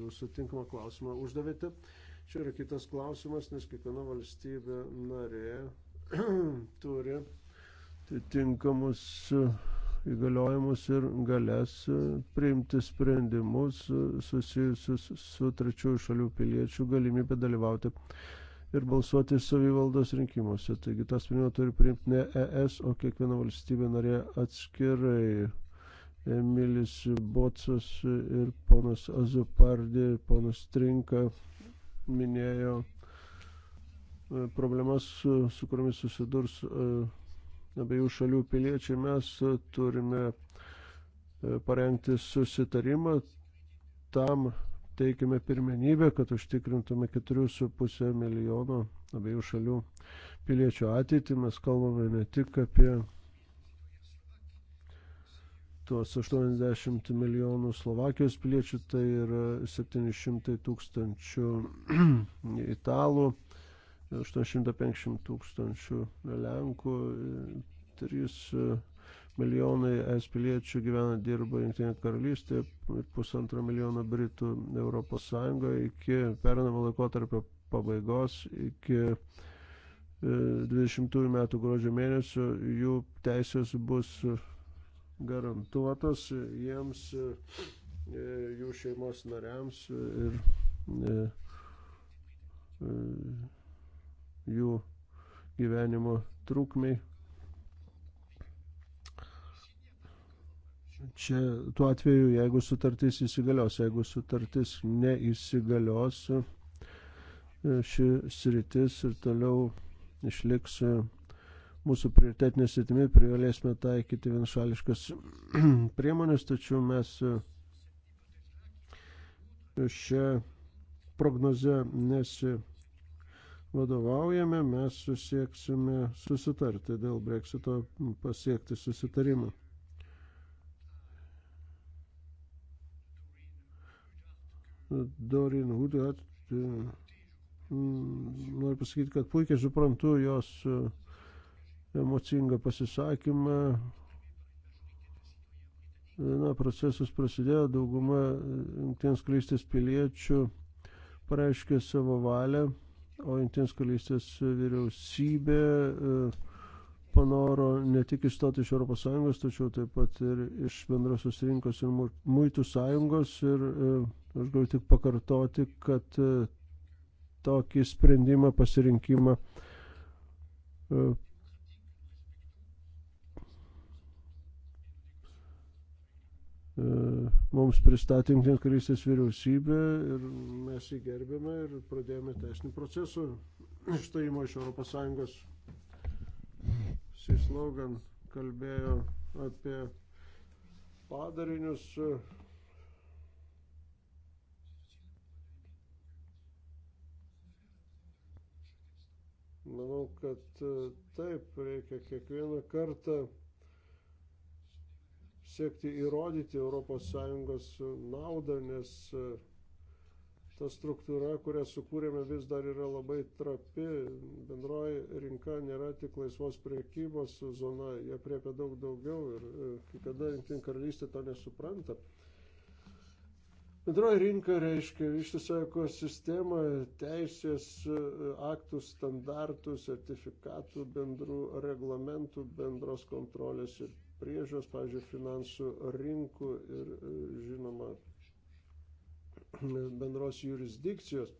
jūs sutinkamą klausimą uždavėte. Čia yra kitas klausimas, nes kiekviena valstybė narė (clears throat) turi tinkamus įgaliojimus ir galės priimti sprendimus susijusius su trečiųjų šalių piliečių galimybė dalyvauti ir balsuoti savivaldos rinkimuose. Taigi tą sprendimą turi priimti ne ES, o kiekviena valstybė narė atskirai. Emilis Bocas ir ponas Azupardi, ponas Trinka minėjo e, problemas, e, su kuriamis susidurs e, abiejų šalių piliečiai. Mes turime parengti susitarimą tam, teikiame pirmenybę, kad užtikrintume 4,5 milijono abiejų šalių piliečių ateitį. Mes kalbame ne tik apie tuos 80 milijonų Slovakijos piliečių, tai yra 700 tūkstančių (clears throat) italų, 850 tūkstančių lenkų, 3 milijonai es piliečių gyvena, dirba Junktinė karalystė ir pusantro milijono Britų Europos Sąjungoje iki pernamo laikotarpio pabaigos, iki 20 e, metų gruodžio mėnesio jų teisės bus garantuotos jiems, e, jų šeimos nariams ir e, jų gyvenimo trukmei čia tuo atveju, jeigu sutartis įsigalios, jeigu sutartis neįsigalios, e, ši sritis ir toliau išliks e, mūsų prioritetinė sritimi, privalėsime taikyti vienšališkas (clears throat) priemonės, tačiau mes e, šią prognozę nesivadovaujame, mes susieksime susitarti dėl breksito pasiekti susitarimą. Dorin Hood e, noriu pasakyti, kad puikiai suprantu jos e, emocingą pasisakymą. E, na, procesas prasidėjo, dauguma Junktinės karalystės piliečių pareiškė savo valią, o Junktinės karalystės vyriausybė panoro ne tik išstoti iš ES, tačiau taip pat ir iš bendrosios rinkos ir muitų sąjungos. Ir, e, Aš galiu tik pakartoti, kad e, tokį sprendimą, pasirinkimą e, e, mums pristatė Junktinės karalystės vyriausybė ir mes jį gerbėme ir pradėjome teisinį procesą išstojimo iš ES. Sislogan kalbėjo apie padarinius Manau, kad e, taip, reikia kiekvieną kartą siekti įrodyti ES naudą, nes e, ta struktūra, kurią sukūrėme, vis dar yra labai trapi. Bendroji rinka nėra tik laisvos priekybos zona, jie priepia daug daugiau ir e, kai kada Junktinė karalystė to nesupranta. Bendroji rinka reiškia ištisą ekosistemą, teisės aktų, standartų, sertifikatų, bendrų reglamentų, bendros kontrolės ir priežios, pavyzdžiui, finansų rinkų ir, žinoma, bendros jurisdikcijos.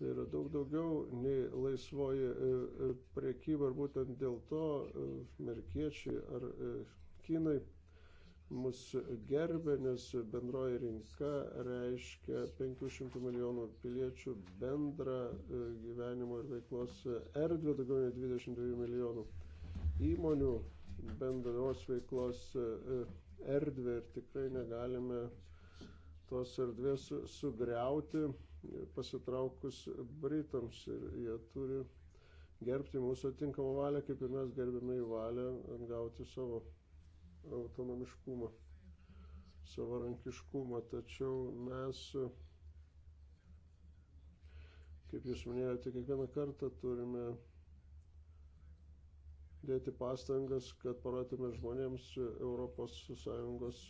Tai yra daug daugiau nei laisvoji e, e, priekyba ir būtent dėl to e, amerikiečiai ar kinai mus gerbė, nes bendroji rinka reiškia 500 milijonų piliečių bendrą e, gyvenimo ir veiklos erdvę, daugiau nei 22 milijonų įmonių bendros veiklos e, erdvę ir tikrai negalime tos erdvės sugriauti pasitraukus Britams ir jie turi gerbti mūsų atinkamą valią, kaip ir mes gerbėme jų valią, atgauti savo autonomiškumo, savarankiškumo, tačiau mes, kaip jūs minėjote, kiekvieną kartą turime dėti pastangas, kad parodytume žmonėms ES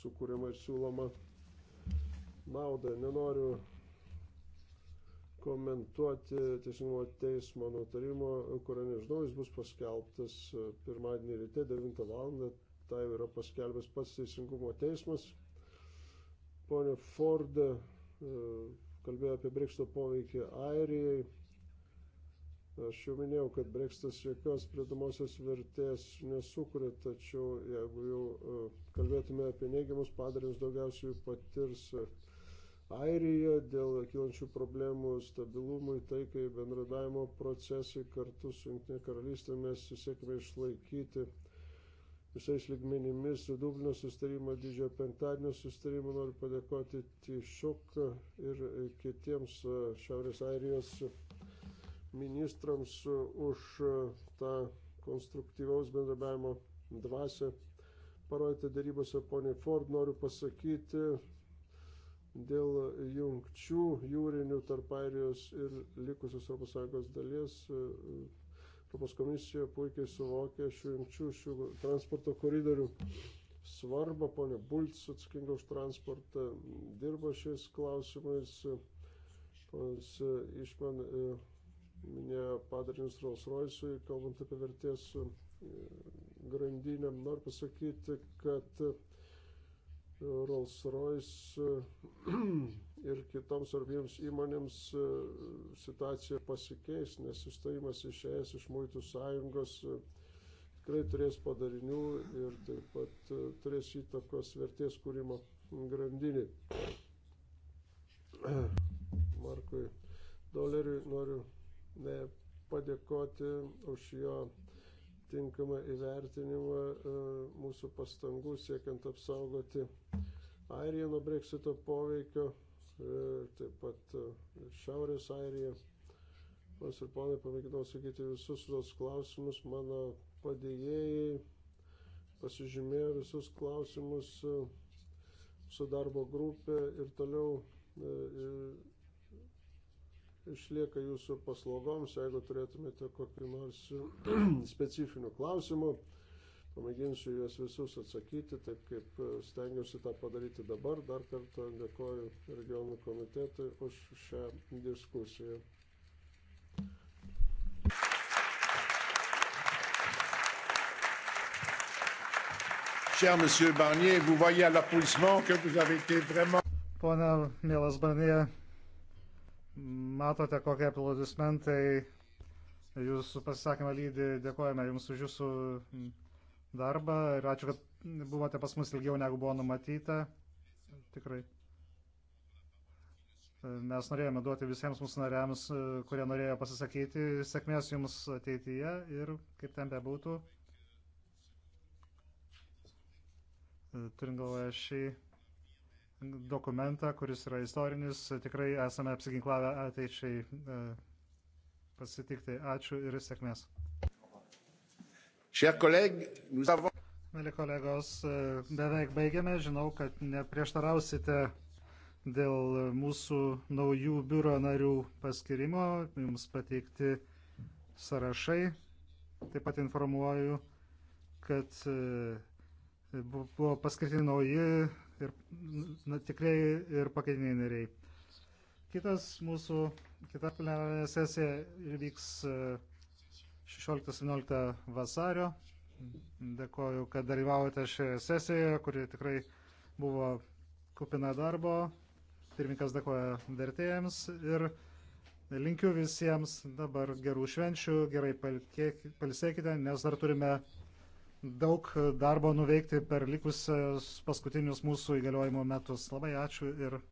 sukūrimą ir siūlomą naudą. Nenoriu komentuoti teisingumo teismo nutarimo, kurio nežinau, jis bus paskelbtas e, pirmadienį ryte 9 val. Tai yra paskelbęs pats teisingumo teismas. Pone Ford e, kalbėjo apie Brexito poveikį Airijai. Aš jau minėjau, kad breksitas jokios pridamosios vertės nesukuria, tačiau jeigu jau e, kalbėtume apie neigiamus padarinius, daugiausiai jų patirs Airija dėl kilančių problemų stabilumui, taikai, bendradavimo procesai kartu su Junktinė karalystė mes susiekime išlaikyti visais ligmenimis Dublino sustarimą, didžiojo penktadienio sustarimą noriu padėkoti Tišok ir kitiems Šiaurės Airijos ministrams už tą konstruktyvaus bendrabiavimo dvasę. Parodyti darybose poniai Ford noriu pasakyti, dėl jungčių jūrinių tarp Airijos ir likusios ES dalies. E, Europos komisija puikiai suvokė šių jungčių, šių transporto koridorių svarbą. Pone Bulc atsakinga už transportą dirba šiais klausimais. Ponas Išman e, minėjo padarinius Rolls Royce'ui, kalbant apie vertės e, grandinę. Noriu pasakyti, kad Rolls Royce (clears throat) ir kitoms svarbiems įmonėms e, situacija pasikeis, nes įstojimas iš ES, iš Muitų sąjungos e, tikrai turės padarinių ir taip pat e, turės įtakos vertės kūrimo grandinį. (clears throat) Markui Doleriui noriu ne, padėkoti už jo tinkamą įvertinimą e, mūsų pastangų siekiant apsaugoti Airiją nuo breksito poveikio, e, taip pat e, Šiaurės Airiją. Pas ir ponai, pamėginau sakyti visus tos klausimus, mano padėjėjai pasižymėjo visus klausimus su darbo grupė ir toliau išlieka jūsų paslaugoms, jeigu turėtumėte kokiu nors (clears throat) specifiniu klausimu. Pamėginsiu juos visus atsakyti, taip kaip e, stengiuosi tą padaryti dabar. Dar kartą dėkoju regionų komitetui už šią diskusiją. Cher Monsieur Barnier, vous voyez à l'applaudissement que vous avez été vraiment. Pone, mielas Barnier, Matote, kokie aplaudismentai jūsų pasisakymą lydi. Dėkojame Jums už Jūsų darbą ir ačiū, kad buvote pas mus ilgiau negu buvo numatyta. Tikrai. Mes norėjome duoti visiems mūsų nariams, kurie norėjo pasisakyti, sėkmės jums ateityje ir kaip ten bebūtų. Turint galvoje šį dokumentą, kuris yra istorinis. Tikrai esame apsiginklavę ateičiai e, pasitikti. Ačiū ir sėkmės. Mėly kolegos, e, beveik baigėme. Žinau, kad neprieštarausite dėl mūsų naujų biuro narių paskirimo. Jums pateikti sąrašai. Taip pat informuoju, kad e, buvo paskirti nauji ir na, tikrai ir pakaitiniai nariai. Kitas mūsų, kita plenarinė sesija vyks 16-17 e, vasario. Dėkoju, kad dalyvavote šioje sesijoje, kuri tikrai buvo kupina darbo. Pirmininkas dėkoja vertėjams ir linkiu visiems dabar gerų švenčių, gerai palsėkite, nes dar turime daug darbo nuveikti per likusius paskutinius mūsų įgaliojimo metus. Labai ačiū ir